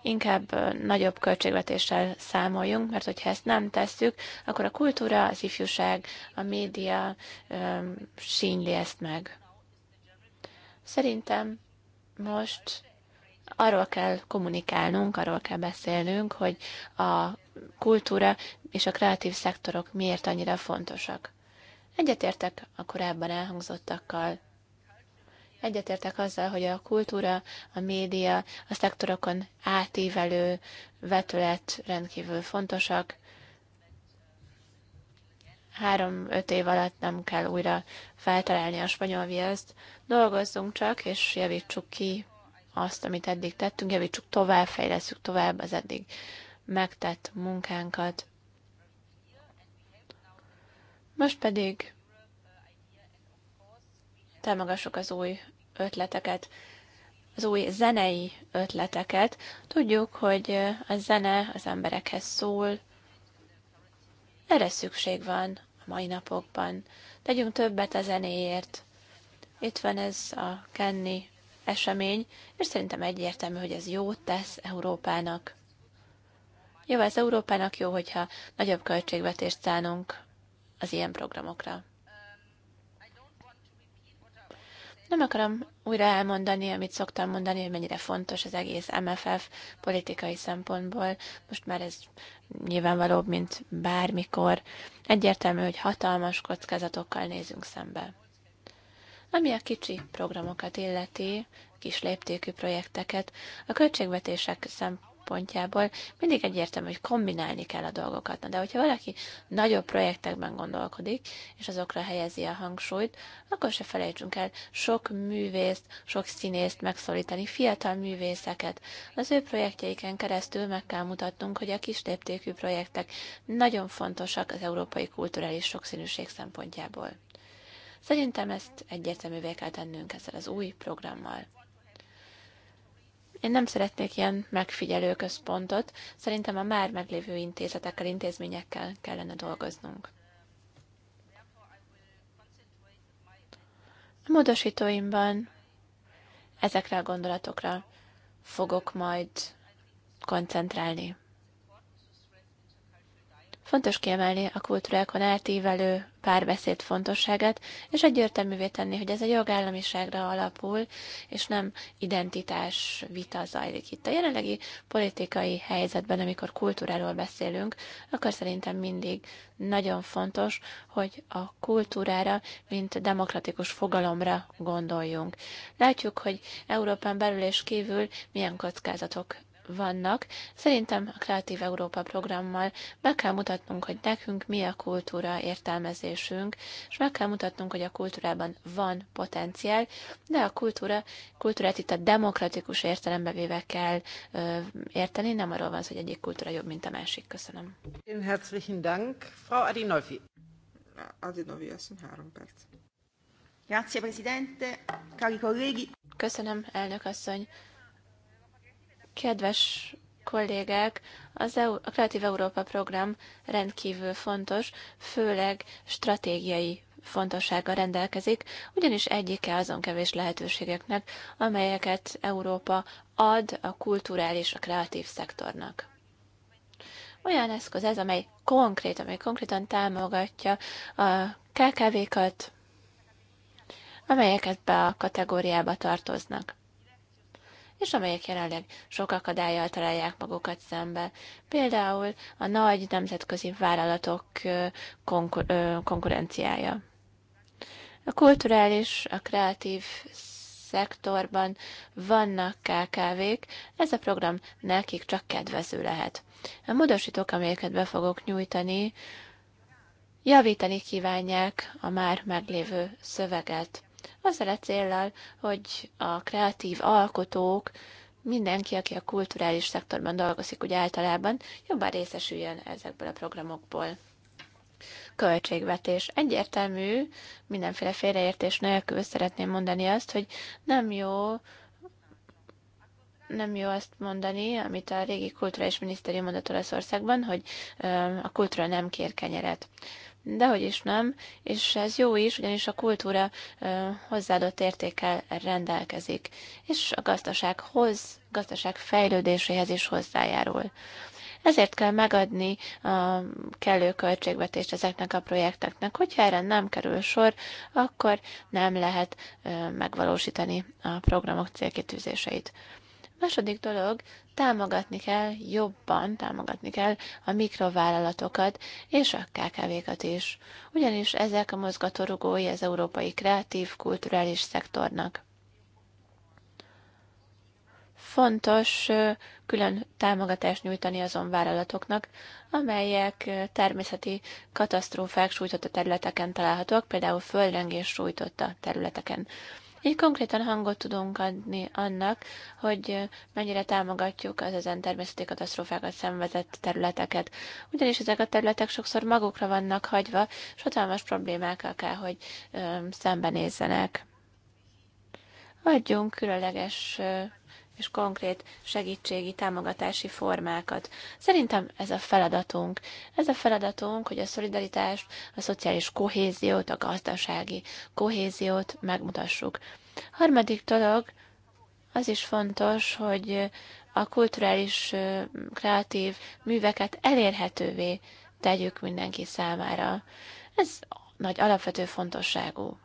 inkább nagyobb költségvetéssel számoljunk, mert hogyha ezt nem tesszük, akkor a kultúra, az ifjúság, a média sínyli sínli ezt meg. Szerintem most arról kell kommunikálnunk, arról kell beszélnünk, hogy a kultúra és a kreatív szektorok miért annyira fontosak. Egyetértek a korábban elhangzottakkal. Egyetértek azzal, hogy a kultúra, a média, a szektorokon átívelő vetület rendkívül fontosak. Három-öt év alatt nem kell újra feltalálni a spanyol viaszt. Dolgozzunk csak, és javítsuk ki azt, amit eddig tettünk, javítsuk tovább, fejleszünk tovább az eddig megtett munkánkat. Most pedig támogassuk az új ötleteket, az új zenei ötleteket. Tudjuk, hogy a zene az emberekhez szól, erre szükség van a mai napokban. Tegyünk többet a zenéért. Itt van ez a Kenny esemény, és szerintem egyértelmű, hogy ez jót tesz Európának. Jó, ez Európának jó, hogyha nagyobb költségvetést szánunk az ilyen programokra. Nem akarom újra elmondani, amit szoktam mondani, hogy mennyire fontos az egész MFF politikai szempontból. Most már ez nyilvánvalóbb, mint bármikor. Egyértelmű, hogy hatalmas kockázatokkal nézünk szembe. Ami a kicsi programokat illeti, kis léptékű projekteket, a költségvetések szempontból szempontjából mindig egyértelmű, hogy kombinálni kell a dolgokat. Na, de hogyha valaki nagyobb projektekben gondolkodik, és azokra helyezi a hangsúlyt, akkor se felejtsünk el sok művészt, sok színészt megszólítani, fiatal művészeket. Az ő projektjeiken keresztül meg kell mutatnunk, hogy a kis léptékű projektek nagyon fontosak az európai kulturális sokszínűség szempontjából. Szerintem ezt egyértelművé kell tennünk ezzel az új programmal. Én nem szeretnék ilyen megfigyelő központot, szerintem a már meglévő intézetekkel, intézményekkel kellene dolgoznunk. A módosítóimban ezekre a gondolatokra fogok majd koncentrálni. Fontos kiemelni a kultúrákon átívelő párbeszéd fontosságát, és egyértelművé tenni, hogy ez a jogállamiságra alapul, és nem identitás vita zajlik itt. A jelenlegi politikai helyzetben, amikor kultúráról beszélünk, akkor szerintem mindig nagyon fontos, hogy a kultúrára, mint demokratikus fogalomra gondoljunk. Látjuk, hogy Európán belül és kívül milyen kockázatok vannak. Szerintem a Kreatív Európa programmal meg kell mutatnunk, hogy nekünk mi a kultúra értelmezésünk, és meg kell mutatnunk, hogy a kultúrában van potenciál, de a kultúra, kultúrát itt a demokratikus értelembe véve kell ö, érteni, nem arról van szó, hogy egyik kultúra jobb, mint a másik. Köszönöm. Herzlichen Dank, Frau Adinovi. Adinovi, azt három perc. Grazie, Presidente, cari colleghi. Köszönöm, elnök asszony. Kedves kollégák, az EU, a Kreatív Európa program rendkívül fontos, főleg stratégiai fontossága rendelkezik, ugyanis egyike azon kevés lehetőségeknek, amelyeket Európa ad a kulturális, a kreatív szektornak. Olyan eszköz ez, amely konkrét, amely konkrétan támogatja a KKV-kat, amelyeket be a kategóriába tartoznak és amelyek jelenleg sok akadályjal találják magukat szembe. Például a nagy nemzetközi vállalatok konkur- konkurenciája. A kulturális, a kreatív szektorban vannak KKV-k, ez a program nekik csak kedvező lehet. A módosítók, amelyeket be fogok nyújtani, javítani kívánják a már meglévő szöveget azzal a célral, hogy a kreatív alkotók, mindenki, aki a kulturális szektorban dolgozik, úgy általában jobban részesüljön ezekből a programokból. Költségvetés. Egyértelmű, mindenféle félreértés nélkül szeretném mondani azt, hogy nem jó nem jó azt mondani, amit a régi kulturális minisztérium mondott Olaszországban, hogy a kultúra nem kér kenyeret. Dehogy is nem, és ez jó is, ugyanis a kultúra hozzáadott értékkel rendelkezik, és a gazdasághoz, gazdaság fejlődéséhez is hozzájárul. Ezért kell megadni a kellő költségvetést ezeknek a projekteknek. Hogyha erre nem kerül sor, akkor nem lehet megvalósítani a programok célkitűzéseit. Második dolog, támogatni kell, jobban támogatni kell a mikrovállalatokat és a KKV-kat is, ugyanis ezek a mozgatórugói az európai kreatív, kulturális szektornak. Fontos külön támogatást nyújtani azon vállalatoknak, amelyek természeti katasztrófák sújtotta területeken találhatók, például földrengés sújtotta területeken. Így konkrétan hangot tudunk adni annak, hogy mennyire támogatjuk az ezen természeti katasztrófákat szenvedett területeket. Ugyanis ezek a területek sokszor magukra vannak hagyva, és hatalmas problémákkal kell, hogy szembenézzenek. Adjunk különleges és konkrét segítségi, támogatási formákat. Szerintem ez a feladatunk. Ez a feladatunk, hogy a szolidaritást, a szociális kohéziót, a gazdasági kohéziót megmutassuk. Harmadik dolog, az is fontos, hogy a kulturális, kreatív műveket elérhetővé tegyük mindenki számára. Ez nagy alapvető fontosságú.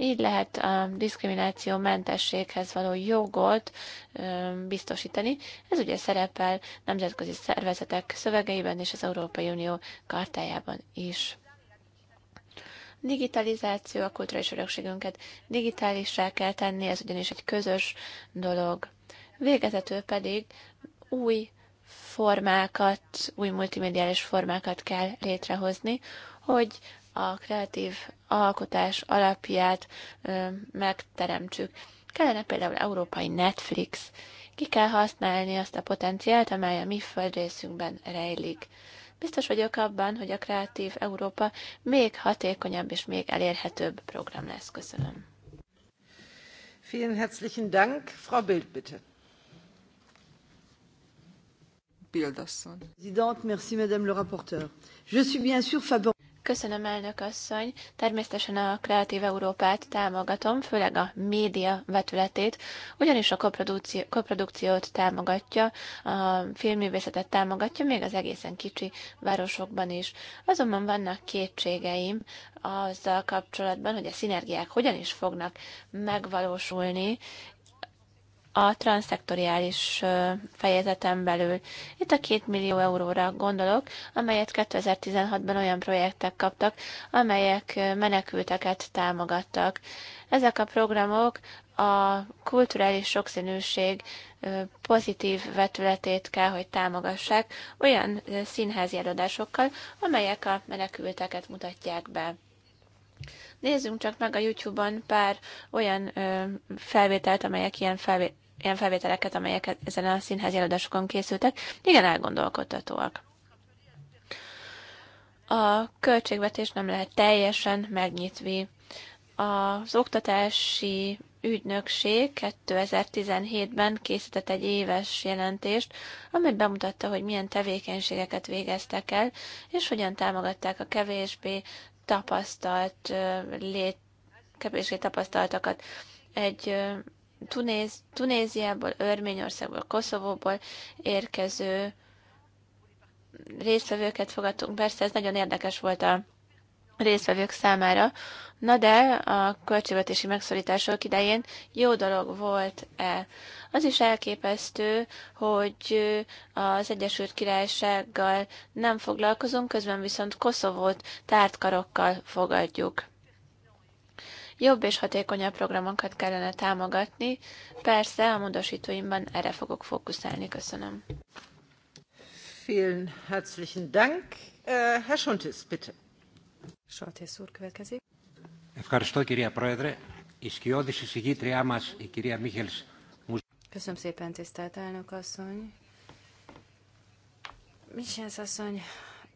Így lehet a diszkrimináció mentességhez való jogot biztosítani. Ez ugye szerepel nemzetközi szervezetek szövegeiben és az Európai Unió kartájában is digitalizáció, a kulturális örökségünket digitálissá kell tenni, ez ugyanis egy közös dolog. Végezetül pedig új formákat, új multimédiális formákat kell létrehozni, hogy a kreatív alkotás alapját ö, megteremtsük. Kellene például európai Netflix. Ki kell használni azt a potenciált, amely a mi földrészünkben rejlik. Biztos vagyok abban, hogy a Kreatív Európa még hatékonyabb és még elérhetőbb program lesz. Köszönöm. Vielen herzlichen Dank. Frau Bild, bitte. Bild asszony. merci Madame le rapporteur. Je suis bien sûr favorable. Köszönöm, elnök asszony. Természetesen a Kreatív Európát támogatom, főleg a média vetületét, ugyanis a koprodukció, koprodukciót támogatja, a filmművészetet támogatja, még az egészen kicsi városokban is. Azonban vannak kétségeim azzal kapcsolatban, hogy a szinergiák hogyan is fognak megvalósulni, a transzektoriális fejezeten belül. Itt a két millió euróra gondolok, amelyet 2016-ban olyan projektek kaptak, amelyek menekülteket támogattak. Ezek a programok a kulturális sokszínűség pozitív vetületét kell, hogy támogassák olyan színházi előadásokkal, amelyek a menekülteket mutatják be. Nézzünk csak meg a YouTube-on pár olyan ö, felvételt, amelyek ilyen felvételt, ilyen felvételeket, amelyek ezen a színházi előadásokon készültek, igen elgondolkodtatóak. A költségvetés nem lehet teljesen megnyitvi. Az oktatási ügynökség 2017-ben készített egy éves jelentést, amely bemutatta, hogy milyen tevékenységeket végeztek el, és hogyan támogatták a kevésbé tapasztalt lét, kevésbé tapasztaltakat. Egy Tunéz, Tunéziából, Örményországból, Koszovóból érkező résztvevőket fogadtunk. Persze ez nagyon érdekes volt a résztvevők számára. Na de a költségvetési megszorítások idején jó dolog volt-e? Az is elképesztő, hogy az Egyesült Királysággal nem foglalkozunk, közben viszont Koszovót tártkarokkal fogadjuk. Jobb és hatékonyabb programokat kellene támogatni. Persze a módosítóimban erre fogok fókuszálni. Köszönöm. Vielen herzlichen Dank. Äh, Herr Schontes, bitte. Schontes úr következik. Ευχαριστώ κυρία Πρόεδρε. Η σκιώδης εισηγήτριά μας, η κυρία Μίχελς, Köszönöm szépen, tisztelt elnök asszony. Michels asszony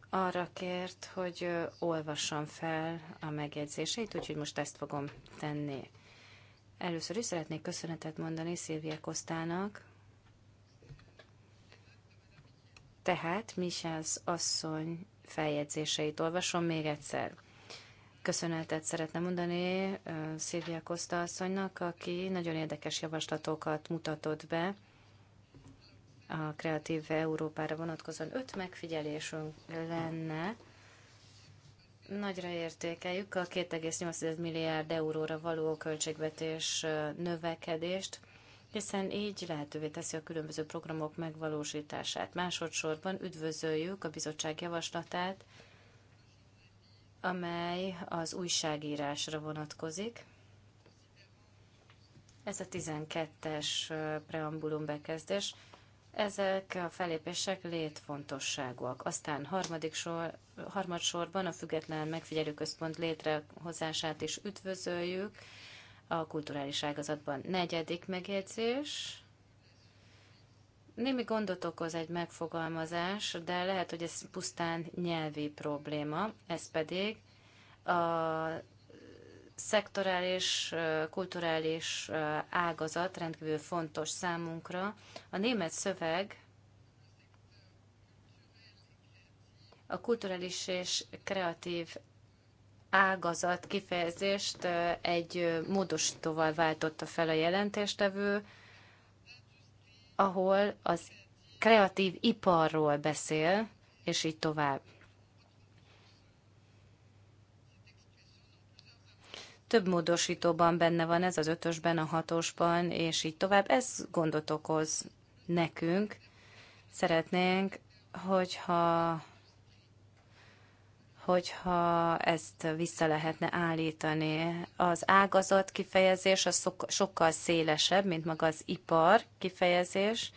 arra kért, hogy olvassam fel a megjegyzéseit, úgyhogy most ezt fogom tenni. Először is szeretnék köszönetet mondani Szilvia Kosztának, tehát Michels asszony feljegyzéseit olvasom még egyszer. Köszönetet szeretne mondani Szilvia Koszta asszonynak, aki nagyon érdekes javaslatokat mutatott be a kreatív Európára vonatkozóan öt megfigyelésünk lenne. Nagyra értékeljük a 2,8 milliárd euróra való költségvetés növekedést, hiszen így lehetővé teszi a különböző programok megvalósítását. Másodszorban üdvözöljük a bizottság javaslatát, amely az újságírásra vonatkozik. Ez a 12-es preambulum bekezdés. Ezek a felépések létfontosságúak. Aztán harmadik sor, harmadsorban a független megfigyelőközpont létrehozását is üdvözöljük a kulturális ágazatban. Negyedik megjegyzés. Némi gondot okoz egy megfogalmazás, de lehet, hogy ez pusztán nyelvi probléma. Ez pedig a szektorális, kulturális ágazat rendkívül fontos számunkra. A német szöveg a kulturális és kreatív ágazat kifejezést egy módosítóval váltotta fel a jelentéstevő, ahol az kreatív iparról beszél, és így tovább. Több módosítóban benne van ez az ötösben, a hatosban, és így tovább. Ez gondot okoz nekünk. Szeretnénk, hogyha hogyha ezt vissza lehetne állítani. Az ágazat kifejezés az sokkal szélesebb, mint maga az ipar kifejezés,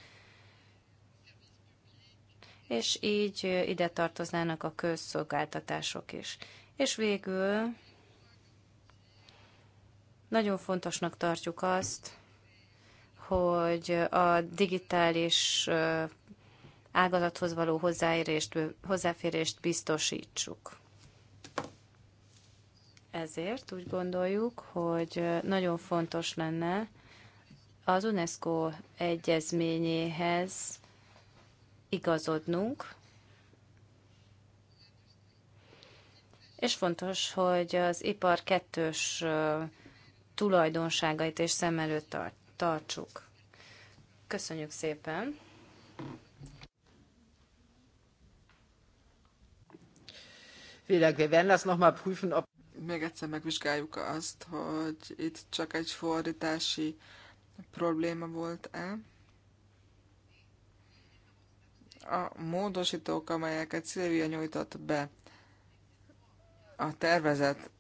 és így ide tartoznának a közszolgáltatások is. És végül nagyon fontosnak tartjuk azt, hogy a digitális ágazathoz való hozzáérést, hozzáférést biztosítsuk. Ezért úgy gondoljuk, hogy nagyon fontos lenne az UNESCO egyezményéhez igazodnunk, és fontos, hogy az ipar kettős tulajdonságait és szem előtt tart, tartsuk. Köszönjük szépen! Még egyszer megvizsgáljuk azt, hogy itt csak egy fordítási probléma volt-e. A módosítók, amelyeket Szilvia nyújtott be a tervezet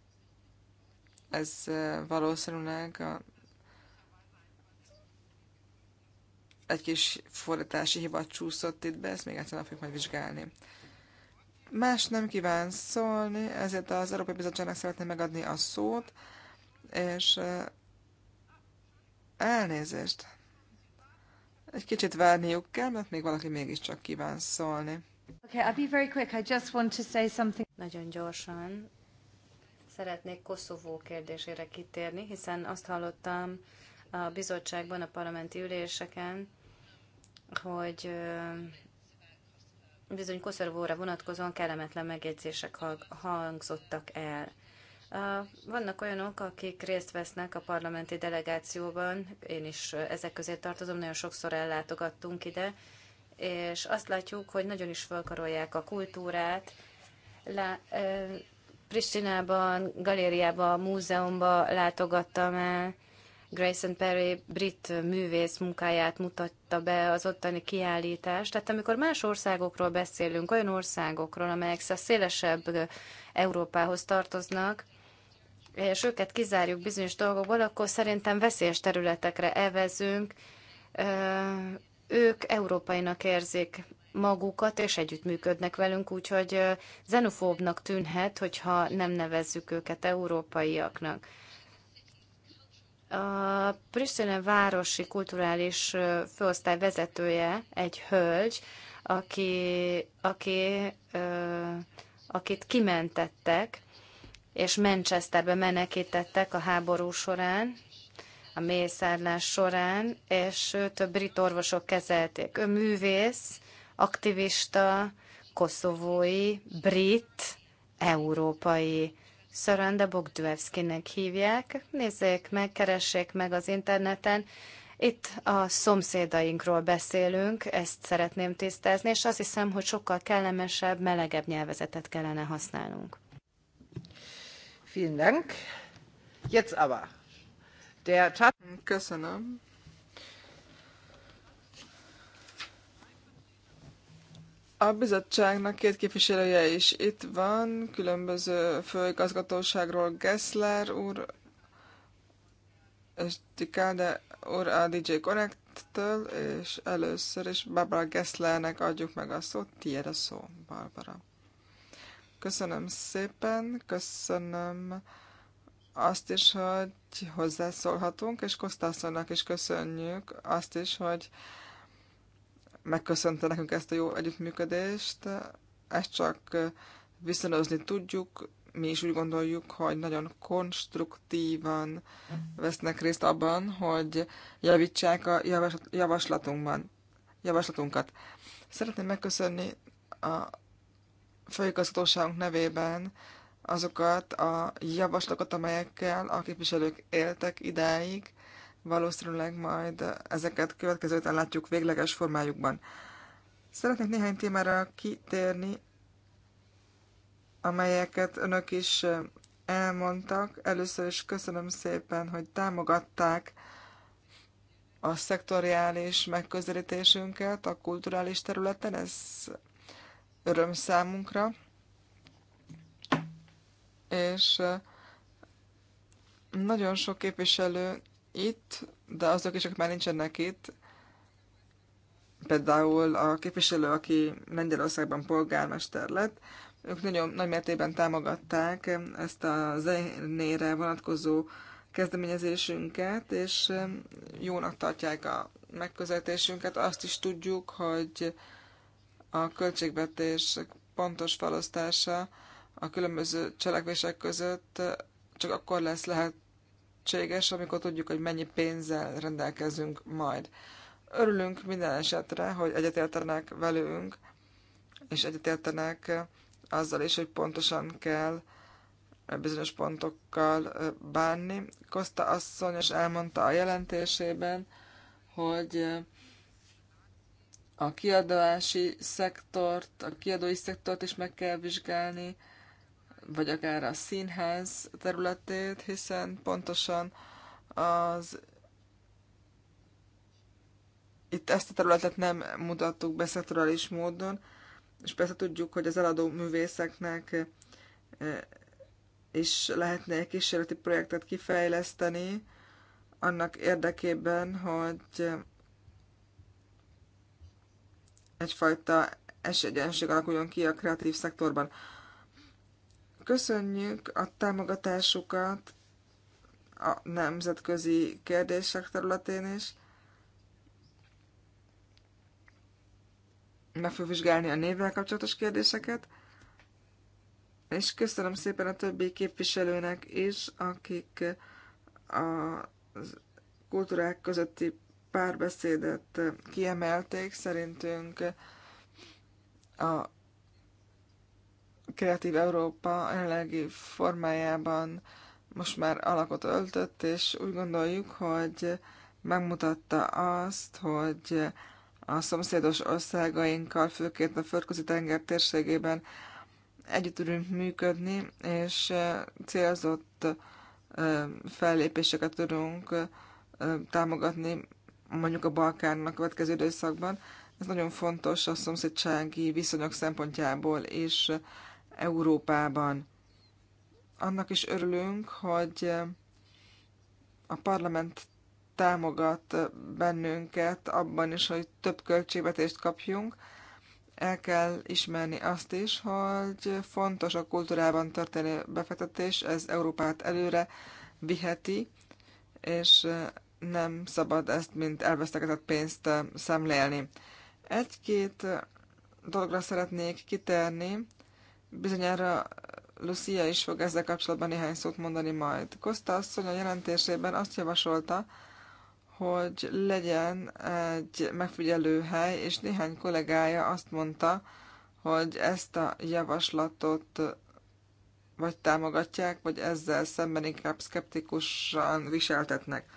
ez valószínűleg a, egy kis fordítási hiba csúszott itt be, ezt még egyszer nem fogjuk majd vizsgálni. Más nem kíván szólni, ezért az Európai Bizottságnak szeretném megadni a szót, és elnézést. Egy kicsit várniuk kell, mert még valaki mégiscsak kíván szólni. Okay, I'll be very quick. I just want to say something. Nagyon gyorsan Szeretnék Koszovó kérdésére kitérni, hiszen azt hallottam a bizottságban, a parlamenti üléseken, hogy bizony Koszovóra vonatkozóan kellemetlen megjegyzések hangzottak el. Vannak olyanok, akik részt vesznek a parlamenti delegációban, én is ezek közé tartozom, nagyon sokszor ellátogattunk ide, és azt látjuk, hogy nagyon is felkarolják a kultúrát, Pristinában, galériában, múzeumban látogattam el. Grayson Perry brit művész munkáját mutatta be az ottani kiállítást. Tehát amikor más országokról beszélünk, olyan országokról, amelyek szélesebb Európához tartoznak, és őket kizárjuk bizonyos dolgokból, akkor szerintem veszélyes területekre evezünk. Ők európainak érzik magukat, és együttműködnek velünk, úgyhogy xenofóbnak tűnhet, hogyha nem nevezzük őket európaiaknak. A Pristina városi kulturális főosztály vezetője egy hölgy, aki, aki, akit kimentettek, és Manchesterbe menekítettek a háború során, a mészárlás során, és őt a brit orvosok kezelték. Ő művész, aktivista, koszovói, brit, európai. Szaranda Bogdvevszkinek hívják. Nézzék meg, keressék meg az interneten. Itt a szomszédainkról beszélünk, ezt szeretném tisztázni, és azt hiszem, hogy sokkal kellemesebb, melegebb nyelvezetet kellene használnunk. Vielen Dank. Jetzt aber. Der Köszönöm. A bizottságnak két képviselője is itt van, különböző főigazgatóságról Gessler úr, és Tikáde úr a DJ Connect-től, és először is Barbara Gesslernek adjuk meg a szót. Tiéd a szó, Barbara. Köszönöm szépen, köszönöm azt is, hogy hozzászólhatunk, és Kosztászonnak is köszönjük azt is, hogy megköszönte nekünk ezt a jó együttműködést. Ezt csak viszonyozni tudjuk, mi is úgy gondoljuk, hogy nagyon konstruktívan vesznek részt abban, hogy javítsák a javaslatunkban, javaslatunkat. Szeretném megköszönni a főigazgatóságunk nevében azokat a javaslatokat, amelyekkel a képviselők éltek idáig, valószínűleg majd ezeket következő héten látjuk végleges formájukban. Szeretnék néhány témára kitérni, amelyeket önök is elmondtak. Először is köszönöm szépen, hogy támogatták a szektoriális megközelítésünket a kulturális területen, ez öröm számunkra. És eh, nagyon sok képviselő itt, de azok is, akik már nincsenek itt, például a képviselő, aki Lengyelországban polgármester lett, ők nagyon nagy mértékben támogatták ezt a zenére vonatkozó kezdeményezésünket, és jónak tartják a megközelítésünket. Azt is tudjuk, hogy a költségvetés pontos felosztása a különböző cselekvések között csak akkor lesz lehet lehetséges, amikor tudjuk, hogy mennyi pénzzel rendelkezünk majd. Örülünk minden esetre, hogy egyetértenek velünk, és egyetértenek azzal is, hogy pontosan kell bizonyos pontokkal bánni. Kosta asszony is elmondta a jelentésében, hogy a kiadási szektort, a kiadói szektort is meg kell vizsgálni, vagy akár a színház területét, hiszen pontosan az itt ezt a területet nem mutattuk be szektorális módon, és persze tudjuk, hogy az eladó művészeknek eh, is lehetne egy kísérleti projektet kifejleszteni annak érdekében, hogy egyfajta esélyegyenség alakuljon ki a kreatív szektorban. Köszönjük a támogatásukat a nemzetközi kérdések területén is. Meg fog vizsgálni a névvel kapcsolatos kérdéseket. És köszönöm szépen a többi képviselőnek is, akik a kultúrák közötti párbeszédet kiemelték. Szerintünk a Kreatív Európa jelenlegi formájában most már alakot öltött, és úgy gondoljuk, hogy megmutatta azt, hogy a szomszédos országainkkal, főként a földközi tenger térségében együtt tudunk működni, és célzott fellépéseket tudunk támogatni mondjuk a Balkánnak a következő időszakban. Ez nagyon fontos a szomszédsági viszonyok szempontjából, és Európában. Annak is örülünk, hogy eh, a parlament támogat eh, bennünket abban is, hogy több költségvetést kapjunk. El kell ismerni azt is, hogy fontos a kultúrában történő befektetés, ez Európát előre viheti, és eh, nem szabad ezt, mint elvesztegetett pénzt szemlélni. Egy-két dologra szeretnék kitérni, Bizonyára Lucia is fog ezzel kapcsolatban néhány szót mondani majd. Kosta asszony a jelentésében azt javasolta, hogy legyen egy megfigyelő hely, és néhány kollégája azt mondta, hogy ezt a javaslatot vagy támogatják, vagy ezzel szemben inkább szkeptikusan viseltetnek.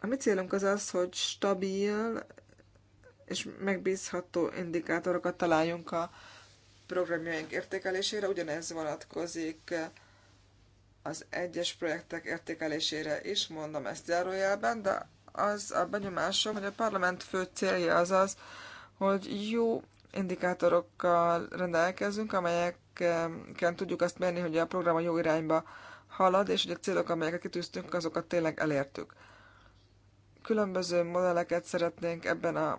A mi célunk az az, hogy stabil és megbízható indikátorokat találjunk a programjaink értékelésére. Ugyanez vonatkozik az egyes projektek értékelésére is, mondom ezt zárójelben, de az a benyomásom, hogy a parlament fő célja az az, hogy jó indikátorokkal rendelkezünk, amelyeken tudjuk azt mérni, hogy a program a jó irányba halad, és hogy a célok, amelyeket kitűztünk, azokat tényleg elértük. Különböző modelleket szeretnénk ebben a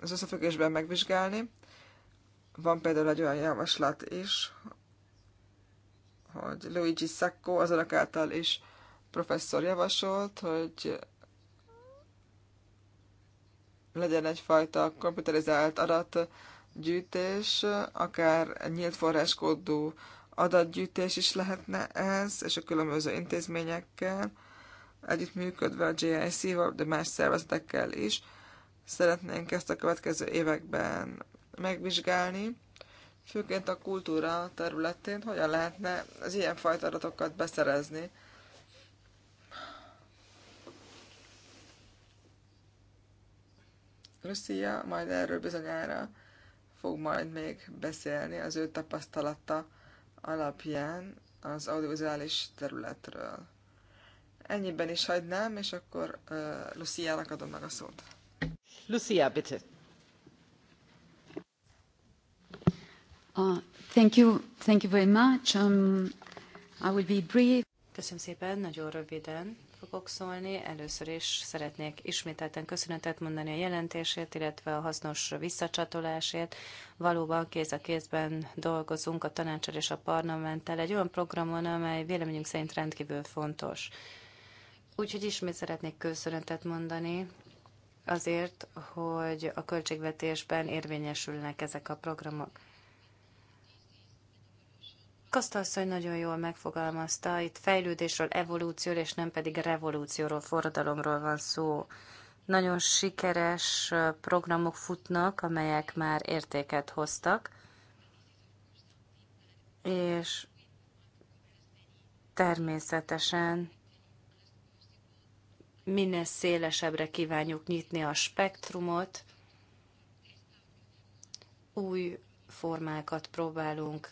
az összefüggésben megvizsgálni. Van például egy olyan javaslat is, hogy Luigi Sacco az önök által is professzor javasolt, hogy legyen egyfajta komputerizált adatgyűjtés, akár nyílt forráskódú adatgyűjtés is lehetne ez, és a különböző intézményekkel, együttműködve a GIC-val, de más szervezetekkel is, szeretnénk ezt a következő években megvizsgálni, főként a kultúra területén, hogyan lehetne az ilyenfajta adatokat beszerezni. Lucia majd erről bizonyára fog majd még beszélni az ő tapasztalata alapján az audiovizuális területről. Ennyiben is hagynám, és akkor uh, Lucia-nak adom meg a szót. Uh, um, Köszönöm szépen, nagyon röviden fogok szólni. Először is szeretnék ismételten köszönetet mondani a jelentésért, illetve a hasznos visszacsatolásért. Valóban kéz a kézben dolgozunk a tanácsal és a parlamenttel egy olyan programon, amely véleményünk szerint rendkívül fontos. Úgyhogy ismét szeretnék köszönetet mondani azért, hogy a költségvetésben érvényesülnek ezek a programok. Kosta nagyon jól megfogalmazta, itt fejlődésről, evolúcióról és nem pedig revolúcióról, forradalomról van szó. Nagyon sikeres programok futnak, amelyek már értéket hoztak, és természetesen minél szélesebbre kívánjuk nyitni a spektrumot, új formákat próbálunk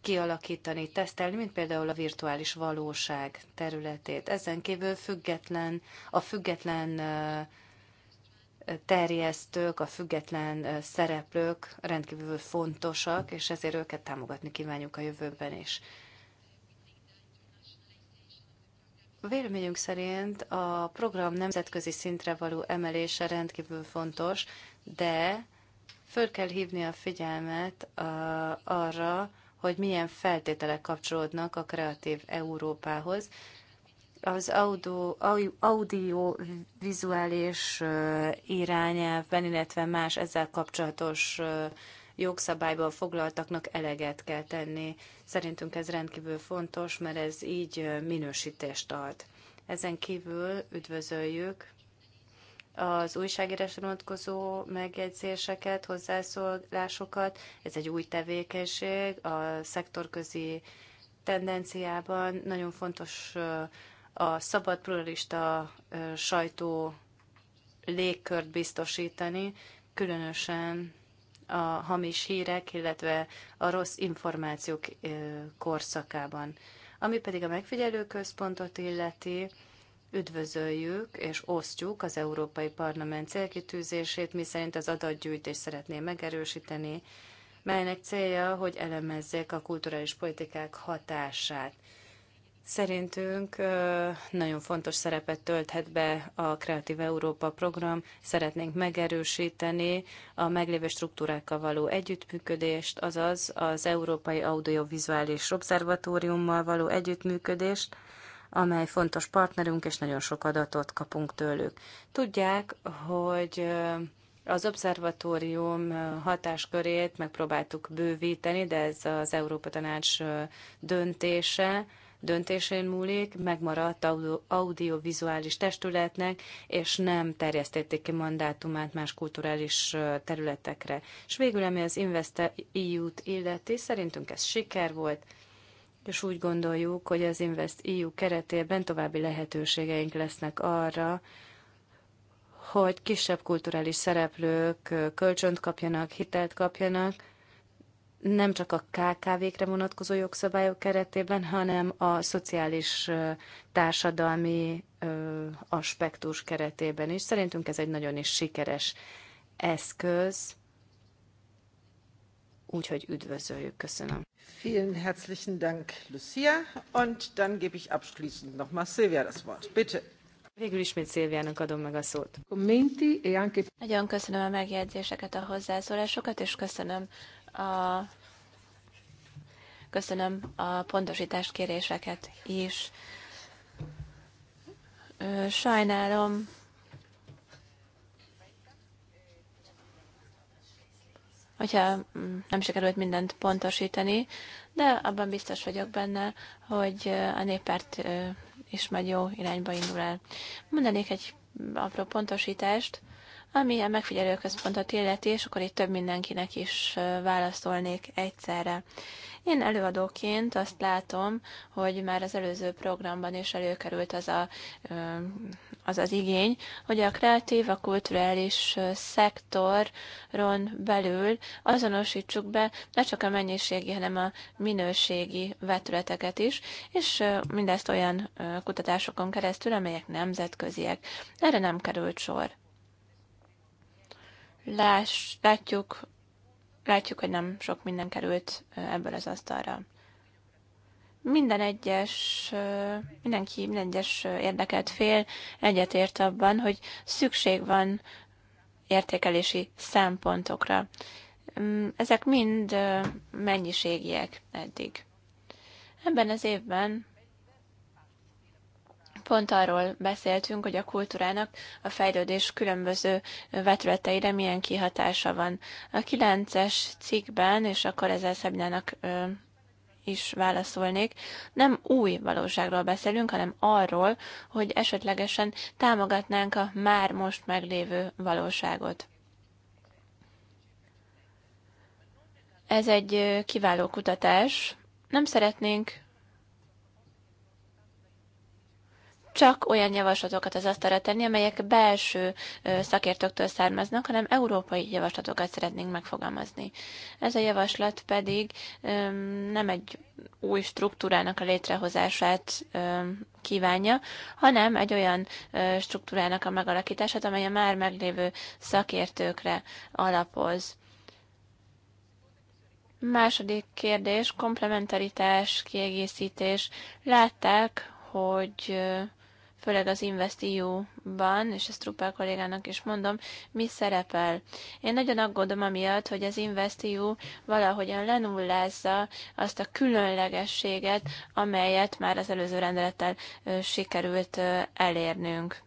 kialakítani, tesztelni, mint például a virtuális valóság területét. Ezen kívül független, a független terjesztők, a független szereplők rendkívül fontosak, és ezért őket támogatni kívánjuk a jövőben is. véleményünk szerint a program nemzetközi szintre való emelése rendkívül fontos, de föl kell hívni a figyelmet arra, hogy milyen feltételek kapcsolódnak a kreatív Európához. Az audio, audiovizuális irányelvben, illetve más ezzel kapcsolatos jogszabályban foglaltaknak eleget kell tenni. Szerintünk ez rendkívül fontos, mert ez így minősítést ad. Ezen kívül üdvözöljük az újságírásra vonatkozó megjegyzéseket, hozzászólásokat. Ez egy új tevékenység a szektorközi tendenciában. Nagyon fontos a szabad pluralista sajtó légkört biztosítani, különösen a hamis hírek, illetve a rossz információk korszakában. Ami pedig a megfigyelő központot illeti, üdvözöljük és osztjuk az Európai Parlament célkitűzését, miszerint az adatgyűjtést szeretné megerősíteni, melynek célja, hogy elemezzék a kulturális politikák hatását. Szerintünk nagyon fontos szerepet tölthet be a Kreatív Európa program. Szeretnénk megerősíteni a meglévő struktúrákkal való együttműködést, azaz az Európai Audiovizuális Obszervatóriummal való együttműködést, amely fontos partnerünk, és nagyon sok adatot kapunk tőlük. Tudják, hogy az obszervatórium hatáskörét megpróbáltuk bővíteni, de ez az Európa Tanács döntése, döntésén múlik, megmaradt audiovizuális testületnek, és nem terjesztették ki mandátumát más kulturális területekre. És végül, ami az Investe EU-t illeti, szerintünk ez siker volt, és úgy gondoljuk, hogy az Invest EU keretében további lehetőségeink lesznek arra, hogy kisebb kulturális szereplők kölcsönt kapjanak, hitelt kapjanak, nem csak a KKV-kre vonatkozó jogszabályok keretében, hanem a szociális társadalmi aspektus keretében is. Szerintünk ez egy nagyon is sikeres eszköz, úgyhogy üdvözöljük, köszönöm. Vielen herzlichen Dank, Lucia. Und dann gebe ich abschließend nochmal Silvia das Wort. Bitte. Végül ismét Szilviának adom meg a szót. E nagyon köszönöm a megjegyzéseket, a hozzászólásokat, és köszönöm a köszönöm a pontosítást kéréseket is. Sajnálom, hogyha mm, nem sikerült mindent pontosítani, de abban biztos vagyok benne, hogy a néppárt is majd jó irányba indul el. Mondanék egy apró pontosítást. Ami a megfigyelőközpontot illeti, és akkor itt több mindenkinek is válaszolnék egyszerre. Én előadóként azt látom, hogy már az előző programban is előkerült az a, az, az igény, hogy a kreatív, a kulturális szektoron belül azonosítsuk be ne csak a mennyiségi, hanem a minőségi vetületeket is, és mindezt olyan kutatásokon keresztül, amelyek nemzetköziek. Erre nem került sor. Láss, látjuk, látjuk, hogy nem sok minden került ebből az asztalra. Minden egyes, mindenki, minden egyes érdekelt fél egyetért abban, hogy szükség van értékelési szempontokra. Mm, ezek mind mennyiségiek eddig. Ebben az évben Pont arról beszéltünk, hogy a kultúrának a fejlődés különböző vetületeire milyen kihatása van. A kilences cikkben, és akkor ezzel Szabinának is válaszolnék, nem új valóságról beszélünk, hanem arról, hogy esetlegesen támogatnánk a már most meglévő valóságot. Ez egy kiváló kutatás. Nem szeretnénk csak olyan javaslatokat az asztalra tenni, amelyek belső szakértőktől származnak, hanem európai javaslatokat szeretnénk megfogalmazni. Ez a javaslat pedig nem egy új struktúrának a létrehozását kívánja, hanem egy olyan struktúrának a megalakítását, amely a már meglévő szakértőkre alapoz. Második kérdés, komplementaritás, kiegészítés. Látták, hogy főleg az InvestEU-ban, és ezt Truppel kollégának is mondom, mi szerepel. Én nagyon aggódom amiatt, hogy az InvestEU valahogyan lenullázza azt a különlegességet, amelyet már az előző rendelettel sikerült elérnünk.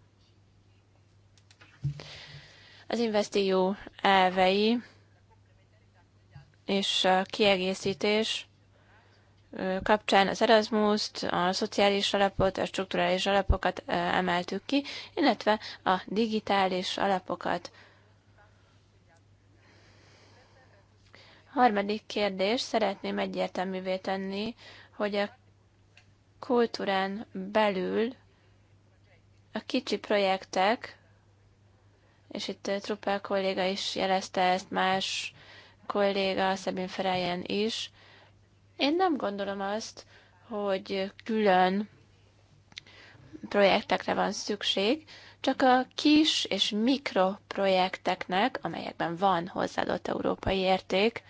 Az InvestEU elvei és a kiegészítés kapcsán az erasmus a szociális alapot, a strukturális alapokat emeltük ki, illetve a digitális alapokat. Harmadik kérdés, szeretném egyértelművé tenni, hogy a kultúrán belül a kicsi projektek, és itt Truppel kolléga is jelezte ezt, más kolléga, Szebin Ferejen is, én nem gondolom azt, hogy külön projektekre van szükség, csak a kis és mikroprojekteknek, amelyekben van hozzáadott európai érték,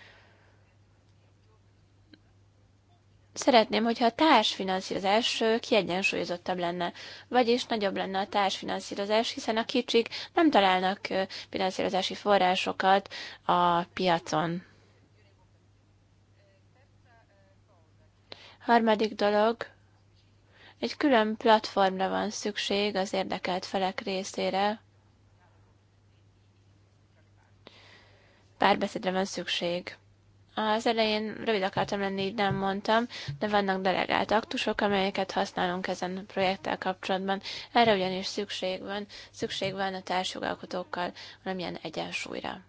szeretném, hogyha a társfinanszírozás kiegyensúlyozottabb lenne, vagyis nagyobb lenne a társfinanszírozás, hiszen a kicsik nem találnak finanszírozási forrásokat a piacon. Harmadik dolog, egy külön platformra van szükség az érdekelt felek részére. Párbeszédre van szükség. Az elején rövid akartam lenni, így nem mondtam, de vannak delegált aktusok, amelyeket használunk ezen a projekttel kapcsolatban. Erre ugyanis szükség van, szükség van a társjogalkotókkal valamilyen egyensúlyra.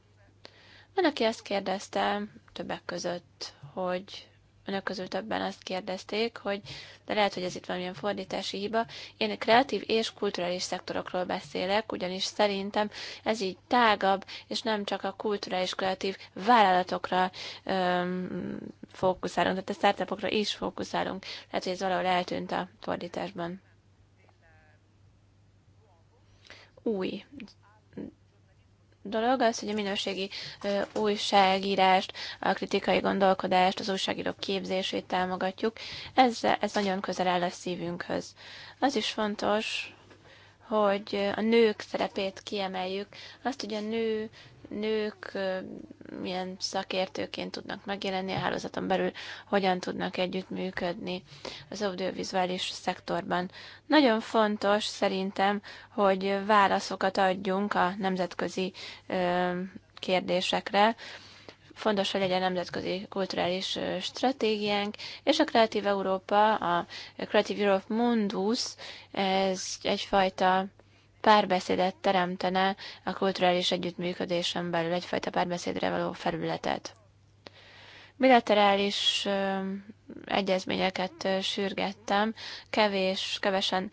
Van, aki azt kérdezte többek között, hogy önök közül többen azt kérdezték, hogy de lehet, hogy ez itt valamilyen fordítási hiba. Én a kreatív és kulturális szektorokról beszélek, ugyanis szerintem ez így tágabb, és nem csak a kulturális kreatív vállalatokra öm, fókuszálunk, tehát a startupokra is fókuszálunk. Lehet, hogy ez valahol eltűnt a fordításban. Új dolog az, hogy a minőségi újságírást, a kritikai gondolkodást, az újságírók képzését támogatjuk. Ez, ez nagyon közel áll a szívünkhöz. Az is fontos, hogy a nők szerepét kiemeljük, azt, hogy a nő nők milyen szakértőként tudnak megjelenni a hálózaton belül, hogyan tudnak együttműködni az audiovizuális szektorban. Nagyon fontos szerintem, hogy válaszokat adjunk a nemzetközi kérdésekre, fontos, hogy legyen nemzetközi kulturális stratégiánk, és a Kreatív Európa, a Creative Europe Mundus, ez egyfajta párbeszédet teremtene a kulturális együttműködésen belül, egyfajta párbeszédre való felületet. Bilaterális egyezményeket sürgettem, kevés, kevesen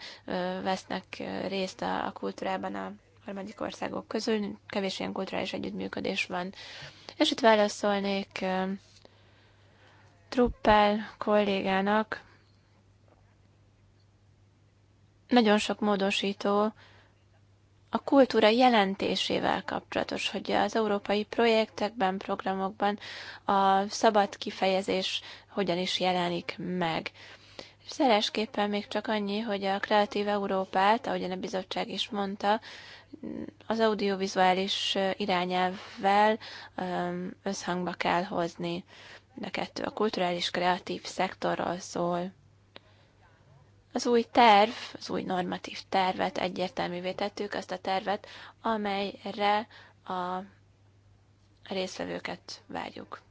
vesznek részt a, a kultúrában a harmadik országok közül, kevés ilyen kulturális együttműködés van. És itt válaszolnék Truppel kollégának, nagyon sok módosító a kultúra jelentésével kapcsolatos, hogy az európai projektekben, programokban a szabad kifejezés hogyan is jelenik meg. Szeresképpen még csak annyi, hogy a Kreatív Európát, ahogyan a bizottság is mondta, az audiovizuális irányelvvel összhangba kell hozni. De kettő a kulturális kreatív szektorról szól. Az új terv, az új normatív tervet egyértelművé tettük, azt a tervet, amelyre a részvevőket várjuk.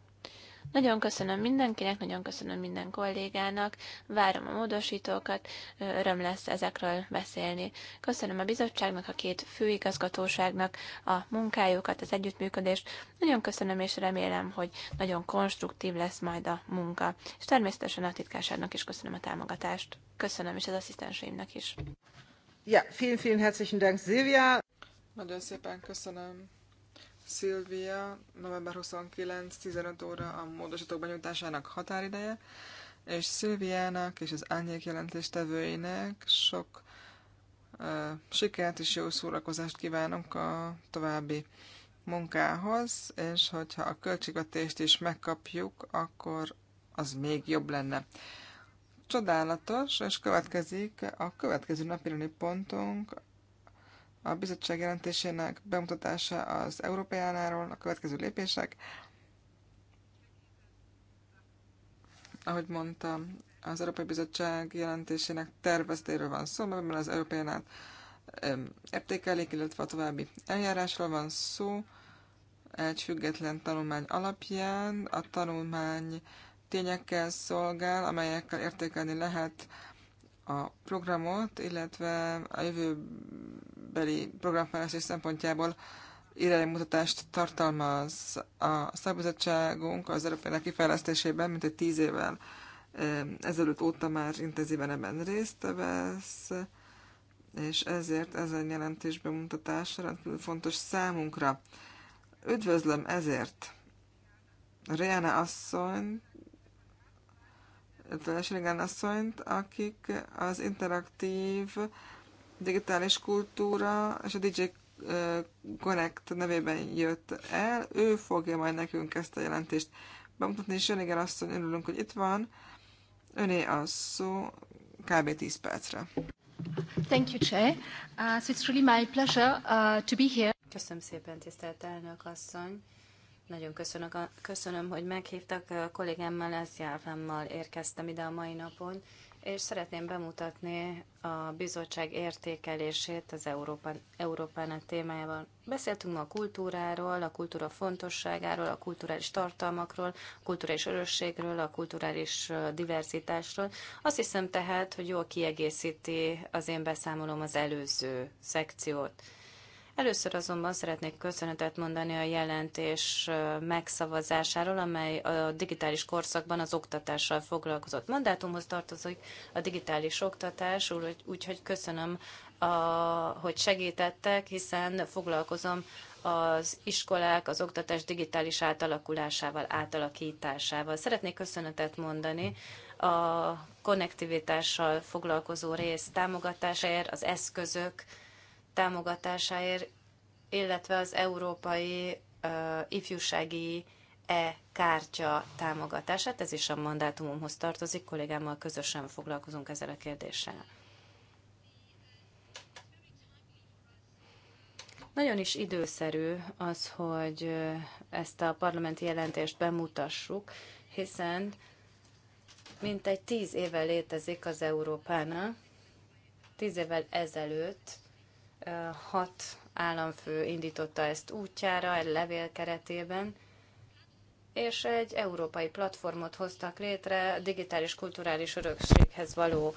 Nagyon köszönöm mindenkinek, nagyon köszönöm minden kollégának, várom a módosítókat, öröm lesz ezekről beszélni. Köszönöm a bizottságnak, a két főigazgatóságnak a munkájukat, az együttműködést. Nagyon köszönöm, és remélem, hogy nagyon konstruktív lesz majd a munka. És természetesen a titkárságnak is köszönöm a támogatást. Köszönöm, és az asszisztenseimnek is. Ja, vielen, vielen herzlichen Dank, Silvia. Nagyon szépen köszönöm Szilvia, november 29, 15 óra a módosítók benyújtásának határideje, és Szilviának és az Ányék jelentéstevőinek sok uh, sikert és jó szórakozást kívánunk a további munkához, és hogyha a költségvetést is megkapjuk, akkor az még jobb lenne. Csodálatos, és következik a következő napirani pontunk, a bizottság jelentésének bemutatása az Európájánáról, a következő lépések. Ahogy mondtam, az Európai Bizottság jelentésének tervezetéről van szó, mert az Európájánát értékelik, illetve a további eljárásról van szó egy független tanulmány alapján. A tanulmány tényekkel szolgál, amelyekkel értékelni lehet a programot, illetve a jövőbeli programfejlesztés szempontjából iránymutatást tartalmaz a szabadságunk az Európának kifejlesztésében, mint egy tíz évvel ezelőtt óta már intenzíven ebben részt vesz, és ezért ezen jelentés bemutatása rendkívül fontos számunkra. Üdvözlöm ezért Rihanna asszonyt, illetve asszonyt, akik az interaktív digitális kultúra és a DJ Connect nevében jött el. Ő fogja majd nekünk ezt a jelentést bemutatni, és Sinigan asszony, örülünk, hogy itt van. Öné a szó kb. 10 percre. Thank you, Che. Uh, so it's really my pleasure uh, to be here. Köszönöm szépen, tisztelt elnök asszony. Nagyon köszönök a, köszönöm, hogy meghívtak. A kollégámmal, Eszjárvámmal érkeztem ide a mai napon, és szeretném bemutatni a bizottság értékelését az Európa, Európának témájában. Beszéltünk ma a kultúráról, a kultúra fontosságáról, a kulturális tartalmakról, a kulturális örösségről, a kulturális diverzitásról. Azt hiszem tehát, hogy jól kiegészíti az én beszámolom az előző szekciót. Először azonban szeretnék köszönetet mondani a jelentés megszavazásáról, amely a digitális korszakban az oktatással foglalkozott mandátumhoz tartozik, a digitális oktatás, úgyhogy köszönöm, a, hogy segítettek, hiszen foglalkozom az iskolák, az oktatás digitális átalakulásával, átalakításával. Szeretnék köszönetet mondani a konnektivitással foglalkozó rész támogatásáért, az eszközök, támogatásáért, illetve az Európai Ifjúsági E-kártya támogatását. Ez is a mandátumomhoz tartozik, kollégámmal közösen foglalkozunk ezzel a kérdéssel. Nagyon is időszerű az, hogy ezt a parlamenti jelentést bemutassuk, hiszen mintegy tíz éve létezik az Európána. Tíz évvel ezelőtt hat államfő indította ezt útjára, egy levél keretében, és egy európai platformot hoztak létre digitális kulturális örökséghez való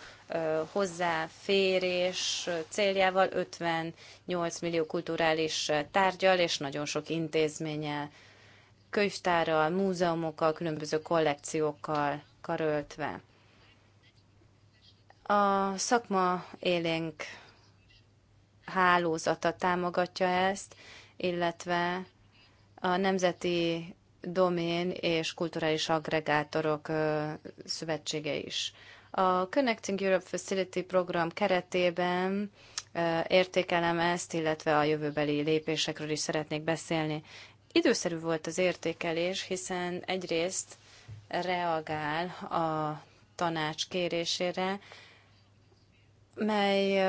hozzáférés céljával 58 millió kulturális tárgyal és nagyon sok intézménnyel, könyvtárral, múzeumokkal, különböző kollekciókkal karöltve. A szakma élénk hálózata támogatja ezt, illetve a Nemzeti Domén és Kulturális Aggregátorok Szövetsége is. A Connecting Europe Facility program keretében értékelem ezt, illetve a jövőbeli lépésekről is szeretnék beszélni. Időszerű volt az értékelés, hiszen egyrészt reagál a tanács kérésére, mely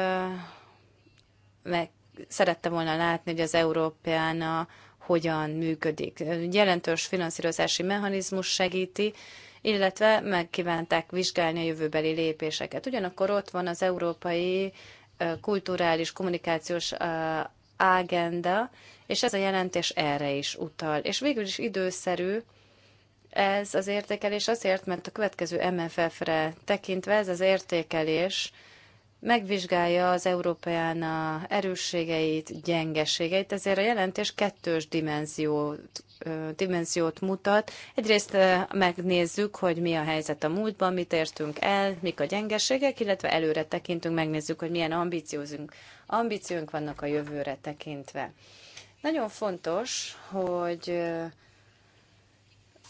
meg szerette volna látni, hogy az a, hogyan működik. Jelentős finanszírozási mechanizmus segíti, illetve megkívánták vizsgálni a jövőbeli lépéseket. Ugyanakkor ott van az európai kulturális kommunikációs ágenda, és ez a jelentés erre is utal. És végül is időszerű ez az értékelés azért, mert a következő MFF-re tekintve ez az értékelés megvizsgálja az Európeána erősségeit, gyengeségeit, ezért a jelentés kettős dimenziót, dimenziót mutat. Egyrészt megnézzük, hogy mi a helyzet a múltban, mit értünk el, mik a gyengeségek, illetve előre tekintünk, megnézzük, hogy milyen ambíciózunk, ambíciónk vannak a jövőre tekintve. Nagyon fontos, hogy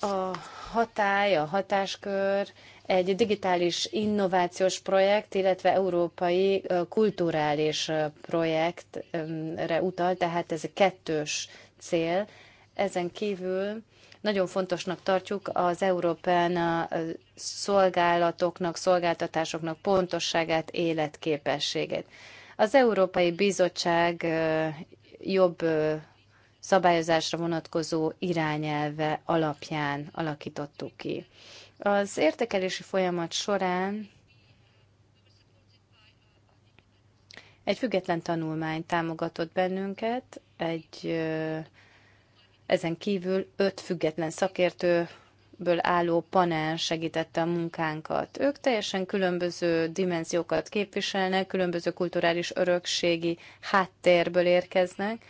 a hatály, a hatáskör egy digitális innovációs projekt, illetve európai kulturális projektre utal, tehát ez egy kettős cél. Ezen kívül nagyon fontosnak tartjuk az Európán a szolgálatoknak, szolgáltatásoknak pontosságát, életképességét. Az Európai Bizottság jobb szabályozásra vonatkozó irányelve alapján alakítottuk ki. Az értékelési folyamat során egy független tanulmány támogatott bennünket, egy ezen kívül öt független szakértőből álló panel segítette a munkánkat. Ők teljesen különböző dimenziókat képviselnek, különböző kulturális örökségi háttérből érkeznek,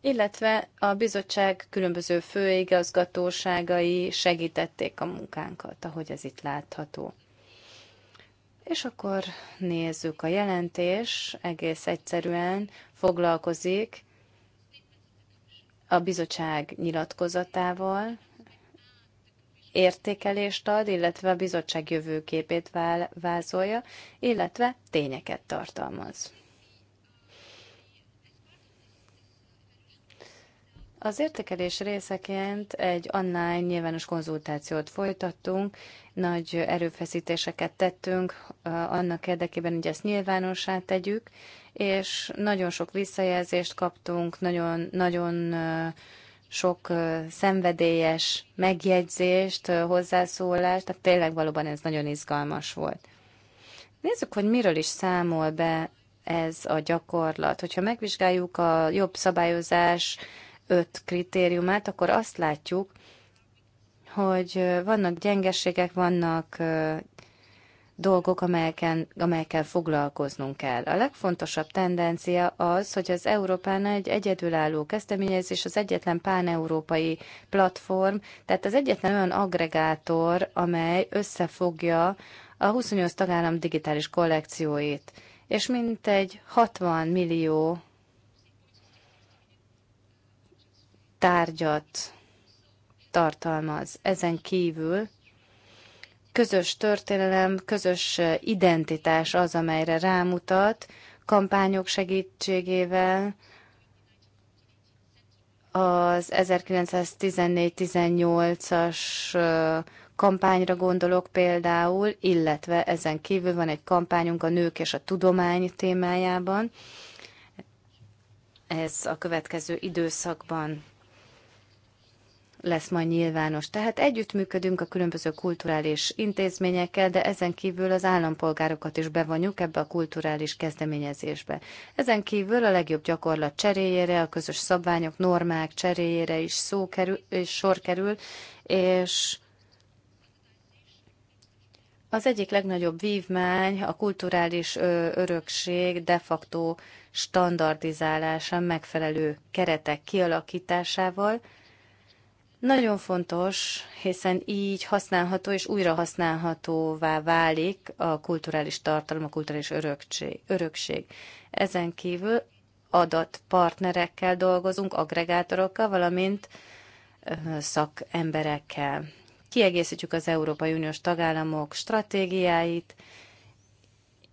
illetve a bizottság különböző főigazgatóságai segítették a munkánkat, ahogy ez itt látható. És akkor nézzük, a jelentés egész egyszerűen foglalkozik a bizottság nyilatkozatával, értékelést ad, illetve a bizottság jövőképét vázolja, illetve tényeket tartalmaz. Az értékelés részeként egy online nyilvános konzultációt folytattunk, nagy erőfeszítéseket tettünk annak érdekében, hogy ezt nyilvánossá tegyük, és nagyon sok visszajelzést kaptunk, nagyon, nagyon sok szenvedélyes megjegyzést, hozzászólást, tehát tényleg valóban ez nagyon izgalmas volt. Nézzük, hogy miről is számol be ez a gyakorlat. Hogyha megvizsgáljuk a jobb szabályozás, öt kritériumát, akkor azt látjuk, hogy vannak gyengeségek, vannak dolgok, amelyeken, amelyekkel foglalkoznunk kell. A legfontosabb tendencia az, hogy az Európán egy egyedülálló kezdeményezés, az egyetlen páneurópai platform, tehát az egyetlen olyan agregátor, amely összefogja a 28 tagállam digitális kollekcióit, és mintegy 60 millió tárgyat tartalmaz. Ezen kívül közös történelem, közös identitás az, amelyre rámutat, kampányok segítségével, az 1914-18-as kampányra gondolok például, illetve ezen kívül van egy kampányunk a nők és a tudomány témájában. Ez a következő időszakban lesz majd nyilvános. Tehát együttműködünk a különböző kulturális intézményekkel, de ezen kívül az állampolgárokat is bevonjuk ebbe a kulturális kezdeményezésbe. Ezen kívül a legjobb gyakorlat cseréjére, a közös szabványok, normák cseréjére is szó kerül, és sor kerül, és az egyik legnagyobb vívmány a kulturális örökség de facto standardizálása megfelelő keretek kialakításával, nagyon fontos, hiszen így használható és újra használhatóvá válik a kulturális tartalom, a kulturális örökség. örökség. Ezen kívül adatpartnerekkel dolgozunk, agregátorokkal, valamint szakemberekkel. Kiegészítjük az Európai Uniós tagállamok stratégiáit,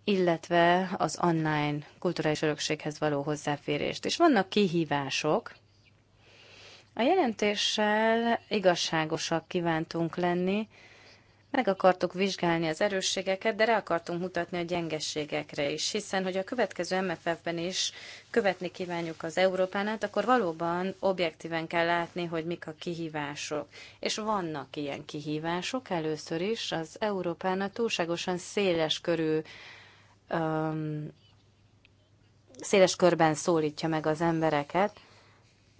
illetve az online kulturális örökséghez való hozzáférést. És vannak kihívások, a jelentéssel igazságosak kívántunk lenni, meg akartuk vizsgálni az erősségeket, de rá akartunk mutatni a gyengességekre is, hiszen hogy a következő MFF-ben is követni kívánjuk az Európánát, akkor valóban objektíven kell látni, hogy mik a kihívások. És vannak ilyen kihívások először is, az Európának túlságosan széles körű um, széles körben szólítja meg az embereket,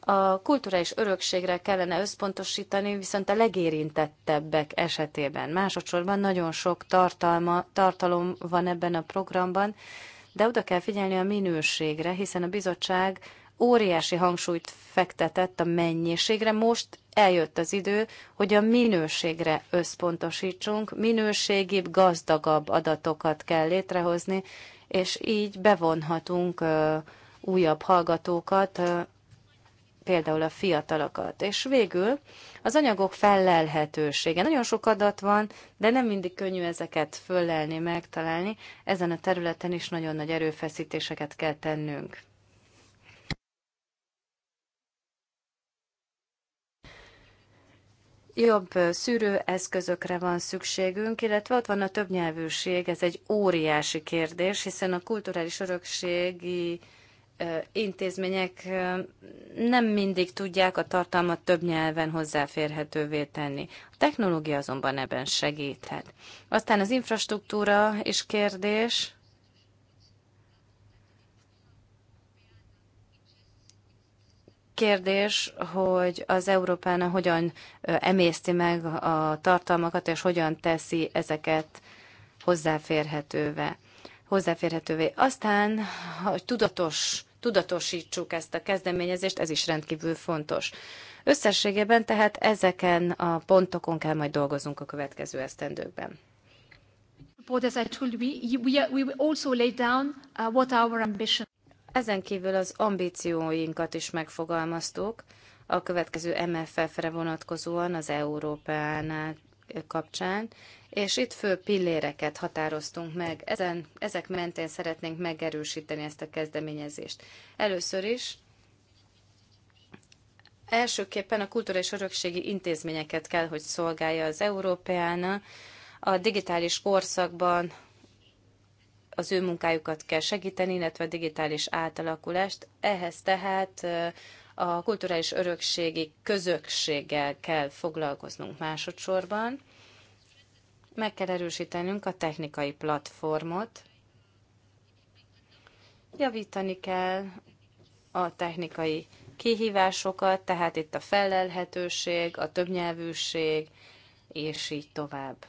a kulturális örökségre kellene összpontosítani, viszont a legérintettebbek esetében. Másodszorban nagyon sok tartalma, tartalom van ebben a programban, de oda kell figyelni a minőségre, hiszen a bizottság óriási hangsúlyt fektetett a mennyiségre, most eljött az idő, hogy a minőségre összpontosítsunk, minőségibb, gazdagabb adatokat kell létrehozni, és így bevonhatunk újabb hallgatókat például a fiatalokat. És végül az anyagok fellelhetősége. Nagyon sok adat van, de nem mindig könnyű ezeket föllelni, megtalálni. Ezen a területen is nagyon nagy erőfeszítéseket kell tennünk. jobb szűrőeszközökre van szükségünk, illetve ott van a többnyelvűség, ez egy óriási kérdés, hiszen a kulturális örökségi intézmények nem mindig tudják a tartalmat több nyelven hozzáférhetővé tenni. A technológia azonban ebben segíthet. Aztán az infrastruktúra is kérdés. Kérdés, hogy az Európán hogyan emészti meg a tartalmakat, és hogyan teszi ezeket hozzáférhetővé hozzáférhetővé. Aztán, hogy tudatos tudatosítsuk ezt a kezdeményezést, ez is rendkívül fontos. Összességében tehát ezeken a pontokon kell majd dolgozunk a következő esztendőkben. Uh, Ezen kívül az ambícióinkat is megfogalmaztuk a következő MFF-re vonatkozóan az Európánál kapcsán, és itt fő pilléreket határoztunk meg. Ezen, ezek mentén szeretnénk megerősíteni ezt a kezdeményezést. Először is Elsőképpen a kultúra és örökségi intézményeket kell, hogy szolgálja az Európeána. A digitális korszakban az ő munkájukat kell segíteni, illetve a digitális átalakulást. Ehhez tehát a kulturális örökségi közökséggel kell foglalkoznunk másodszorban. Meg kell erősítenünk a technikai platformot. Javítani kell a technikai kihívásokat, tehát itt a felelhetőség, a többnyelvűség, és így tovább.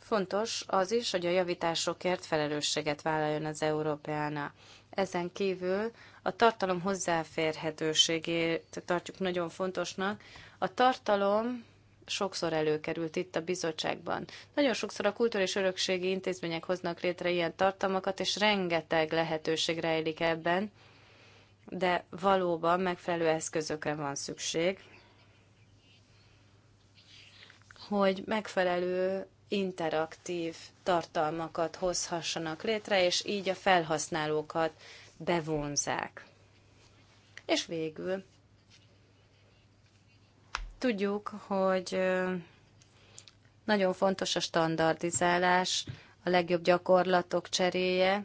Fontos az is, hogy a javításokért felelősséget vállaljon az Európeánál. Ezen kívül a tartalom hozzáférhetőségét tartjuk nagyon fontosnak. A tartalom sokszor előkerült itt a bizottságban. Nagyon sokszor a és örökségi intézmények hoznak létre ilyen tartalmakat, és rengeteg lehetőség rejlik ebben, de valóban megfelelő eszközökre van szükség, hogy megfelelő interaktív tartalmakat hozhassanak létre, és így a felhasználókat bevonzák. És végül tudjuk, hogy nagyon fontos a standardizálás, a legjobb gyakorlatok cseréje,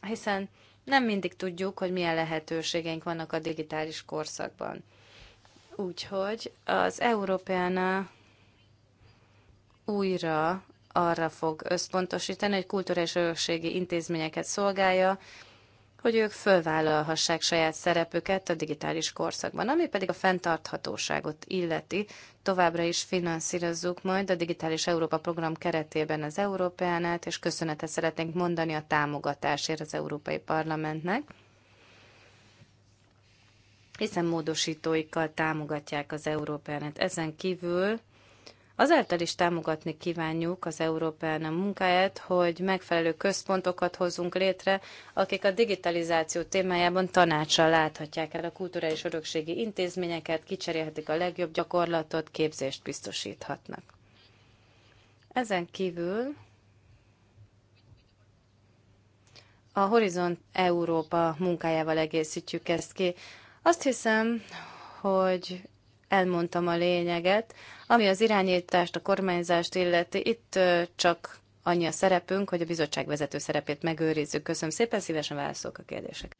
hiszen nem mindig tudjuk, hogy milyen lehetőségeink vannak a digitális korszakban. Úgyhogy az Európeana újra arra fog összpontosítani, hogy kulturális örökségi intézményeket szolgálja, hogy ők fölvállalhassák saját szerepüket a digitális korszakban, ami pedig a fenntarthatóságot illeti. Továbbra is finanszírozzuk majd a Digitális Európa program keretében az Európeánát, és köszönetet szeretnénk mondani a támogatásért az Európai Parlamentnek, hiszen módosítóikkal támogatják az Európeánát. Ezen kívül Azáltal is támogatni kívánjuk az Európán a munkáját, hogy megfelelő központokat hozzunk létre, akik a digitalizáció témájában tanácsal láthatják el a kulturális örökségi intézményeket, kicserélhetik a legjobb gyakorlatot, képzést biztosíthatnak. Ezen kívül a Horizont Európa munkájával egészítjük ezt ki. Azt hiszem, hogy elmondtam a lényeget. Ami az irányítást, a kormányzást illeti, itt csak annyi a szerepünk, hogy a bizottság vezető szerepét megőrizzük. Köszönöm szépen, szívesen válaszolok a kérdések.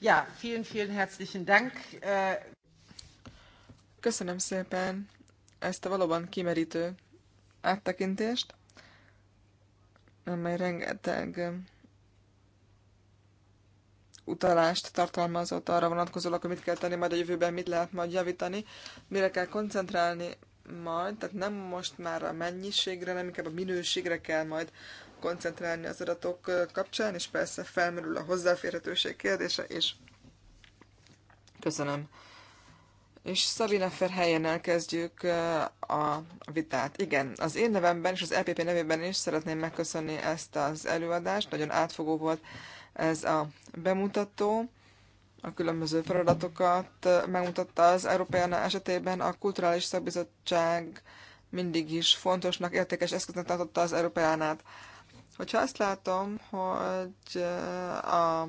Ja, vielen, vielen herzlichen Dank. Köszönöm szépen ezt a valóban kimerítő áttekintést, amely rengeteg utalást tartalmazott arra vonatkozólag, hogy mit kell tenni majd a jövőben, mit lehet majd javítani, mire kell koncentrálni majd, tehát nem most már a mennyiségre, nem inkább a minőségre kell majd koncentrálni az adatok kapcsán, és persze felmerül a hozzáférhetőség kérdése, és köszönöm. És Szabina Ferhelyen elkezdjük a vitát. Igen, az én nevemben és az EPP nevében is szeretném megköszönni ezt az előadást, nagyon átfogó volt ez a bemutató. A különböző feladatokat megmutatta az Európai Unió esetében a Kulturális Szakbizottság mindig is fontosnak, értékes eszköznek tartotta az Európai Uniót. Hogyha azt látom, hogy eh, a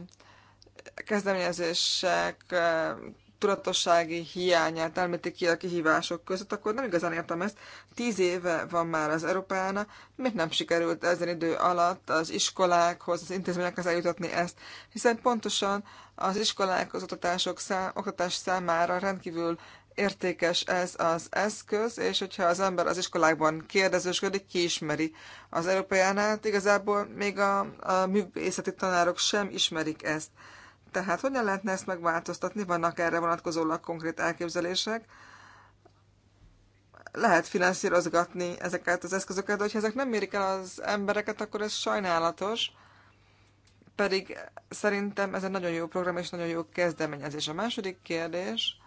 kezdeményezések eh, tudatossági hiányát említik ki a kihívások között, akkor nem igazán értem ezt. Tíz éve van már az Európána, miért nem sikerült ezen idő alatt az iskolákhoz, az intézményekhez eljutatni ezt? Hiszen pontosan az iskolák, az oktatások szám, oktatás számára rendkívül értékes ez az eszköz, és hogyha az ember az iskolákban kérdezősködik, ki ismeri az európaiánát, igazából még a, a művészeti tanárok sem ismerik ezt. Tehát hogyan lehetne ezt megváltoztatni? Vannak erre vonatkozólag konkrét elképzelések. Lehet finanszírozgatni ezeket az eszközöket, de hogyha ezek nem mérik el az embereket, akkor ez sajnálatos. Pedig szerintem ez egy nagyon jó program és nagyon jó kezdeményezés. A második kérdés,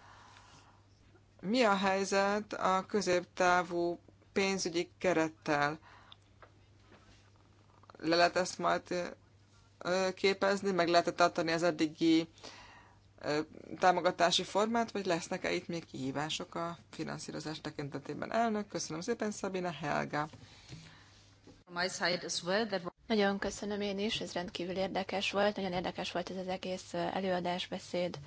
mi a helyzet a középtávú pénzügyi kerettel? Le lehet ezt majd képezni, meg lehet tartani az eddigi támogatási formát, vagy lesznek-e itt még kihívások a finanszírozás tekintetében? Elnök, köszönöm szépen, Szabina Helga. Nagyon köszönöm én is, ez rendkívül érdekes volt, nagyon érdekes volt ez az egész előadásbeszéd.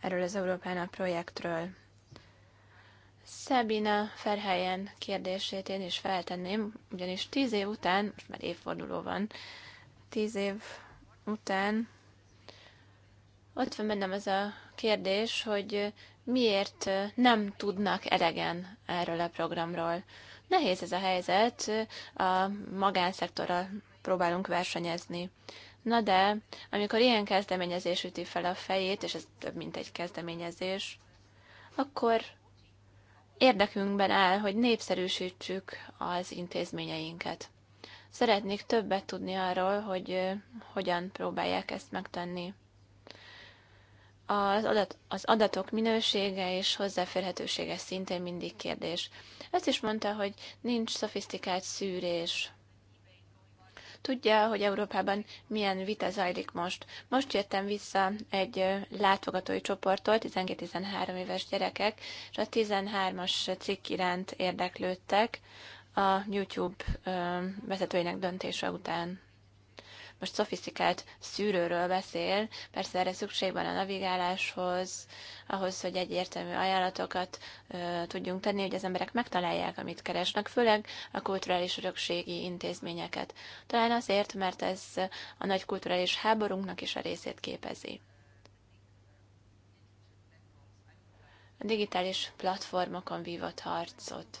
Erről az Európának projektről. Szabina Ferhelyen kérdését én is feltenném, ugyanis tíz év után, most már évforduló van, tíz év után ott van bennem ez a kérdés, hogy miért nem tudnak elegen erről a programról. Nehéz ez a helyzet, a magánszektorral próbálunk versenyezni. Na de, amikor ilyen kezdeményezés üti fel a fejét, és ez több mint egy kezdeményezés, akkor Érdekünkben áll, hogy népszerűsítsük az intézményeinket. Szeretnék többet tudni arról, hogy hogyan próbálják ezt megtenni. Az, adat, az adatok minősége és hozzáférhetősége szintén mindig kérdés. Ezt is mondta, hogy nincs szofisztikált szűrés. Tudja, hogy Európában milyen vita zajlik most. Most jöttem vissza egy látogatói csoporttól, 12-13 éves gyerekek, és a 13-as cikk iránt érdeklődtek a YouTube vezetőinek döntése után most szofisztikált szűrőről beszél, persze erre szükség van a navigáláshoz, ahhoz, hogy egyértelmű ajánlatokat ö, tudjunk tenni, hogy az emberek megtalálják, amit keresnek, főleg a kulturális örökségi intézményeket. Talán azért, mert ez a nagy kulturális háborunknak is a részét képezi. a digitális platformokon vívott harcot.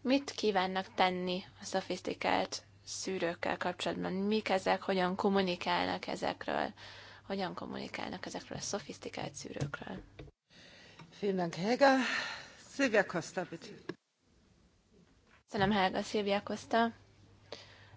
Mit kívánnak tenni a szofisztikált szűrőkkel kapcsolatban. Mik ezek, hogyan kommunikálnak ezekről, hogyan kommunikálnak ezekről a szofisztikált szűrőkről. Vielen Helga. Szilvia Costa, bitte. Köszönöm, Helga, Szilvia Costa.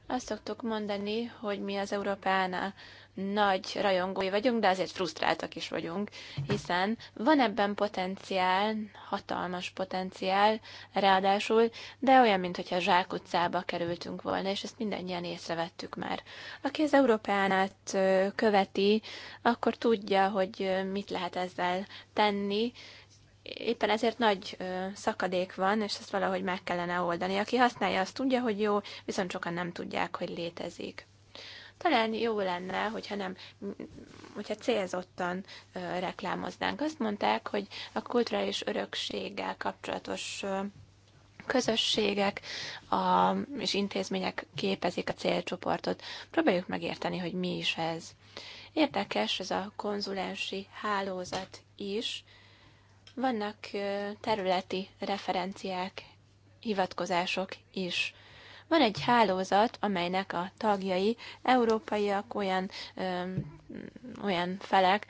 Azt szoktuk mondani, hogy mi az Európánál nagy rajongói vagyunk, de azért frusztráltak is vagyunk, hiszen van ebben potenciál, hatalmas potenciál, ráadásul, de olyan, mintha zsákutcába kerültünk volna, és ezt mindannyian észrevettük már. Aki az át követi, akkor tudja, hogy mit lehet ezzel tenni, éppen ezért nagy ö, szakadék van, és ezt valahogy meg kellene oldani. Aki használja, azt tudja, hogy jó, viszont sokan nem tudják, hogy létezik. Talán jó lenne, hogyha nem, hogyha célzottan ö, reklámoznánk. Azt mondták, hogy a kulturális örökséggel kapcsolatos ö, közösségek a, és intézmények képezik a célcsoportot. Próbáljuk megérteni, hogy mi is ez. Érdekes ez a konzulensi hálózat is. Vannak területi referenciák, hivatkozások is. Van egy hálózat, amelynek a tagjai európaiak, olyan, öm, olyan felek,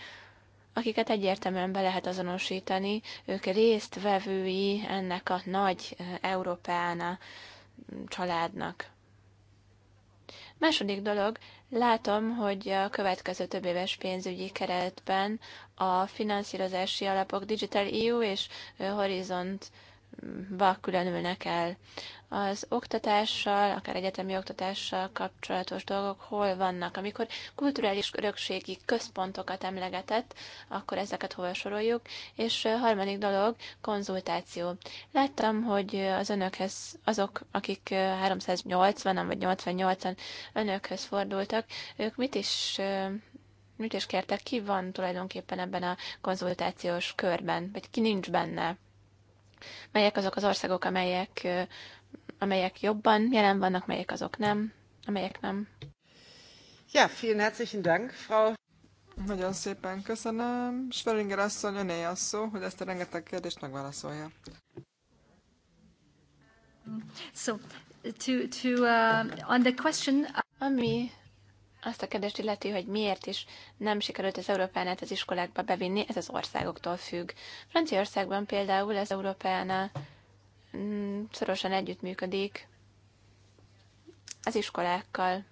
akiket egyértelműen be lehet azonosítani, ők résztvevői ennek a nagy európeána mm, családnak. Második dolog, látom, hogy a következő több éves pénzügyi keretben a finanszírozási alapok Digital EU és Horizont ba különülnek el. Az oktatással, akár egyetemi oktatással kapcsolatos dolgok hol vannak? Amikor kulturális örökségi központokat emlegetett, akkor ezeket hol soroljuk? És harmadik dolog, konzultáció. Láttam, hogy az önökhez, azok, akik 380-an vagy 88-an önökhöz fordultak, ők mit is mit is kértek, ki van tulajdonképpen ebben a konzultációs körben, vagy ki nincs benne? melyek azok az országok, amelyek, amelyek jobban jelen vannak, melyek azok nem, amelyek nem. Ja, vielen herzlichen Dank, Frau. Nagyon szépen köszönöm. Schweringer asszony, öné a szó, hogy ezt a rengeteg kérdést megválaszolja. So, to, to, uh, on the question, uh, ami azt a kérdést illeti, hogy miért is nem sikerült az Európánát az iskolákba bevinni, ez az országoktól függ. Franciaországban például az Európána mm, szorosan együttműködik az iskolákkal.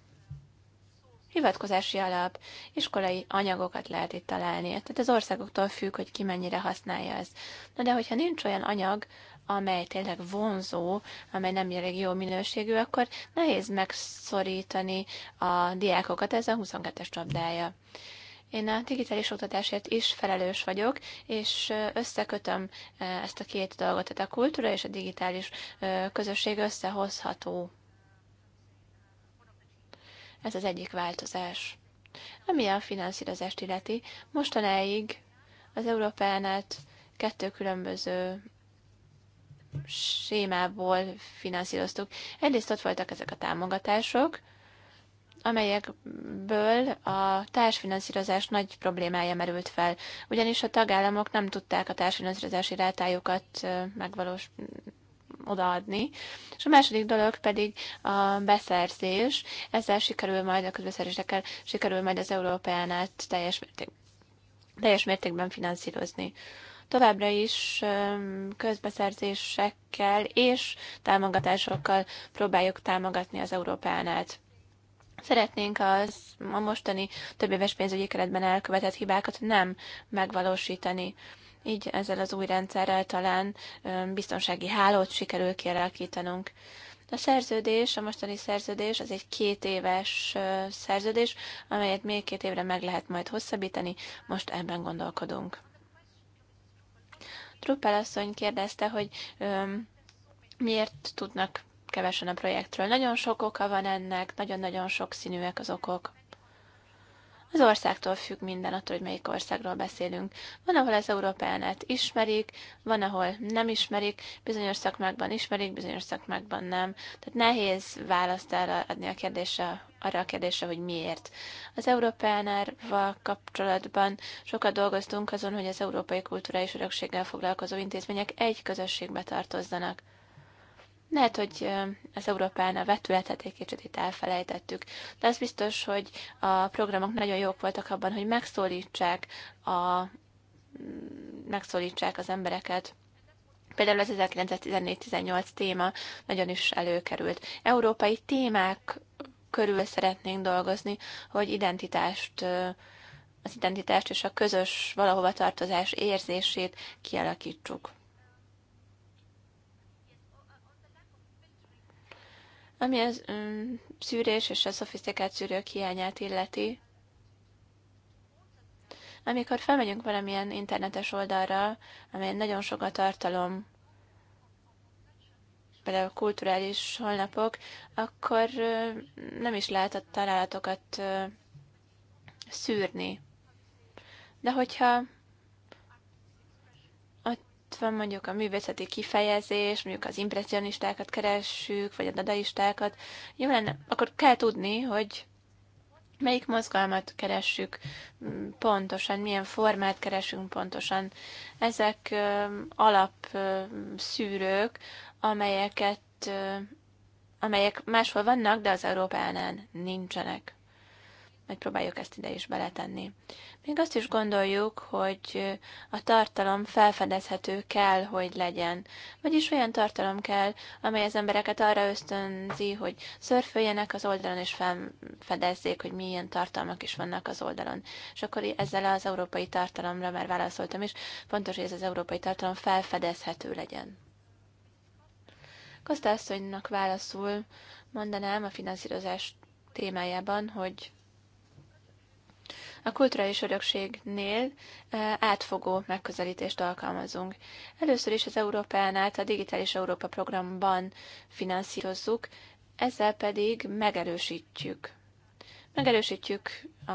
Hivatkozási alap, iskolai anyagokat lehet itt találni. Tehát az országoktól függ, hogy ki mennyire használja ezt. Na de hogyha nincs olyan anyag, amely tényleg vonzó, amely nem jelenleg jó minőségű, akkor nehéz megszorítani a diákokat, ez a 22-es csapdája. Én a digitális oktatásért is felelős vagyok, és összekötöm ezt a két dolgot, tehát a kultúra és a digitális közösség összehozható. Ez az egyik változás. Ami a finanszírozást illeti, mostanáig az Európánát kettő különböző sémából finanszíroztuk. Egyrészt ott voltak ezek a támogatások, amelyekből a társfinanszírozás nagy problémája merült fel, ugyanis a tagállamok nem tudták a társfinanszírozási rátájukat megvalós odaadni. És a második dolog pedig a beszerzés. Ezzel sikerül majd a közbeszerzésekkel, sikerül majd az Európeánát teljes, mérték, teljes mértékben finanszírozni továbbra is közbeszerzésekkel és támogatásokkal próbáljuk támogatni az Európánát. Szeretnénk az a mostani több éves pénzügyi keretben elkövetett hibákat nem megvalósítani. Így ezzel az új rendszerrel talán biztonsági hálót sikerül kialakítanunk. A szerződés, a mostani szerződés, az egy két éves szerződés, amelyet még két évre meg lehet majd hosszabbítani, most ebben gondolkodunk. Truppel asszony kérdezte, hogy öm, miért tudnak kevesen a projektről. Nagyon sok oka van ennek, nagyon-nagyon sok színűek az okok. Az országtól függ minden, attól, hogy melyik országról beszélünk. Van, ahol az Európánet ismerik, van, ahol nem ismerik, bizonyos szakmákban ismerik, bizonyos szakmákban nem. Tehát nehéz választ arra adni a kérdésre, arra a kérdésre, hogy miért. Az Európánárval kapcsolatban sokat dolgoztunk azon, hogy az európai és örökséggel foglalkozó intézmények egy közösségbe tartozzanak. Lehet, hogy az Európán a vetületet egy kicsit itt elfelejtettük, de az biztos, hogy a programok nagyon jók voltak abban, hogy megszólítsák, a, megszólítsák az embereket. Például az 1914-18 téma nagyon is előkerült. Európai témák körül szeretnénk dolgozni, hogy identitást az identitást és a közös valahova tartozás érzését kialakítsuk. Ami az um, szűrés és a szofisztikált szűrők hiányát illeti, amikor felmegyünk valamilyen internetes oldalra, amely nagyon sok a tartalom, például kulturális holnapok, akkor nem is lehet a találatokat szűrni. De hogyha ott van mondjuk a művészeti kifejezés, mondjuk az impressionistákat keressük, vagy a dadaistákat. Jó lenne, akkor kell tudni, hogy melyik mozgalmat keressük mm, pontosan, milyen formát keresünk pontosan. Ezek alapszűrők, amelyeket amelyek máshol vannak, de az Európánál nincsenek megpróbáljuk ezt ide is beletenni. Még azt is gondoljuk, hogy a tartalom felfedezhető kell, hogy legyen. Vagyis olyan tartalom kell, amely az embereket arra ösztönzi, hogy szörföljenek az oldalon, és felfedezzék, hogy milyen tartalmak is vannak az oldalon. És akkor ezzel az európai tartalomra már válaszoltam is, fontos, hogy ez az európai tartalom felfedezhető legyen. Kosztászonynak válaszul mondanám a finanszírozás témájában, hogy a kulturális örökségnél átfogó megközelítést alkalmazunk. Először is az Európán át a Digitális Európa programban finanszírozzuk, ezzel pedig megerősítjük. Megerősítjük a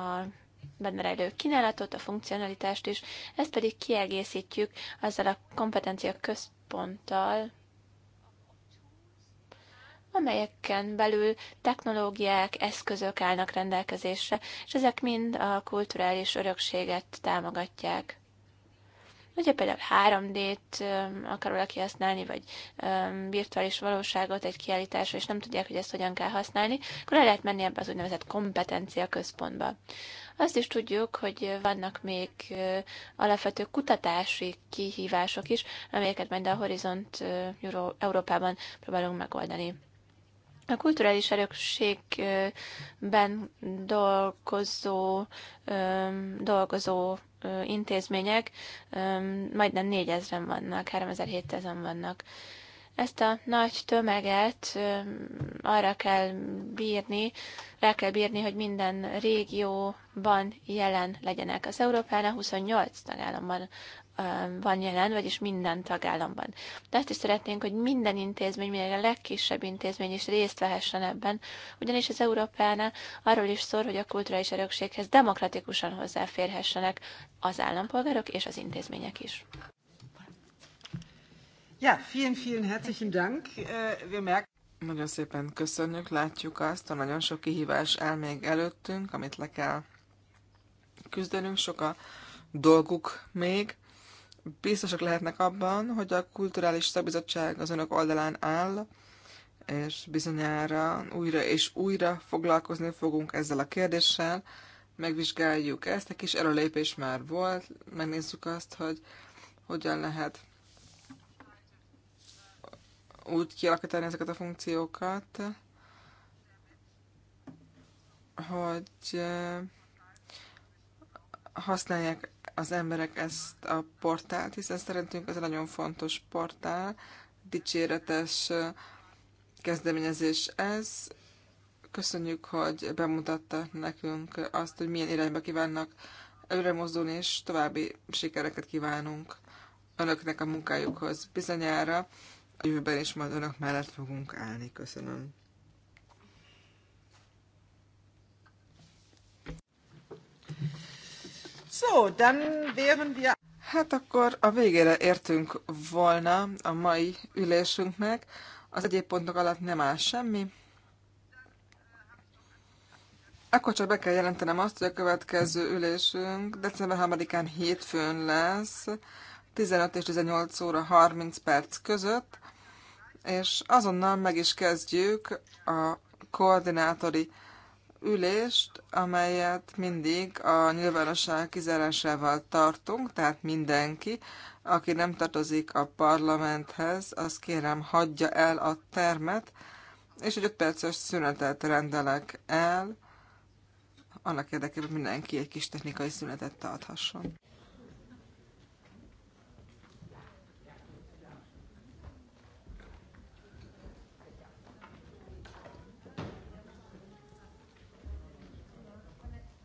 benne rejlő kínálatot, a funkcionalitást is, ezt pedig kiegészítjük azzal a kompetencia központtal, amelyeken belül technológiák, eszközök állnak rendelkezésre, és ezek mind a kulturális örökséget támogatják. Ugye például 3D-t akar valaki használni, vagy virtuális valóságot egy kiállításra, és nem tudják, hogy ezt hogyan kell használni, akkor le lehet menni ebbe az úgynevezett kompetencia központba. Azt is tudjuk, hogy vannak még alapvető kutatási kihívások is, amelyeket majd a Horizont Európában próbálunk megoldani. A kulturális örökségben dolgozó, dolgozó intézmények majdnem 4000-en vannak, 3700-en vannak. Ezt a nagy tömeget arra kell bírni, rá kell bírni, hogy minden régióban jelen legyenek. Az Európánál 28 tagállamban Um, van jelen, vagyis minden tagállamban. De azt is szeretnénk, hogy minden intézmény, minél a legkisebb intézmény is részt vehessen ebben, ugyanis az Európánál arról is szól, hogy a kulturális örökséghez demokratikusan hozzáférhessenek az állampolgárok és az intézmények is. Ja, vielen, vielen herzlichen Dank. Äh, wir merken... Nagyon szépen köszönjük, látjuk azt, a nagyon sok kihívás áll el még előttünk, amit le kell küzdenünk, sok a dolguk még biztosak lehetnek abban, hogy a kulturális szakbizottság az önök oldalán áll, és bizonyára újra és újra foglalkozni fogunk ezzel a kérdéssel. Megvizsgáljuk ezt, egy kis előlépés már volt, megnézzük azt, hogy hogyan lehet úgy kialakítani ezeket a funkciókat, hogy eh, használják az emberek ezt a portált, hiszen szerintünk ez egy nagyon fontos portál, dicséretes kezdeményezés ez. Köszönjük, hogy bemutatta nekünk azt, hogy milyen irányba kívánnak előre mozdulni, és további sikereket kívánunk önöknek a munkájukhoz. Bizonyára a jövőben is majd önök mellett fogunk állni. Köszönöm. So, dann wären wir... Hát akkor a végére értünk volna a mai ülésünknek. Az egyéb pontok alatt nem áll semmi. Akkor csak be kell jelentenem azt, hogy a következő ülésünk december 3-án hétfőn lesz, 15 és 18 óra 30 perc között, és azonnal meg is kezdjük a koordinátori ülést, amelyet mindig a nyilvánosság kizárásával tartunk, tehát mindenki, aki nem tartozik a parlamenthez, az kérem hagyja el a termet, és egy 5 perces szünetet rendelek el, annak érdekében mindenki egy kis technikai szünetet tarthasson.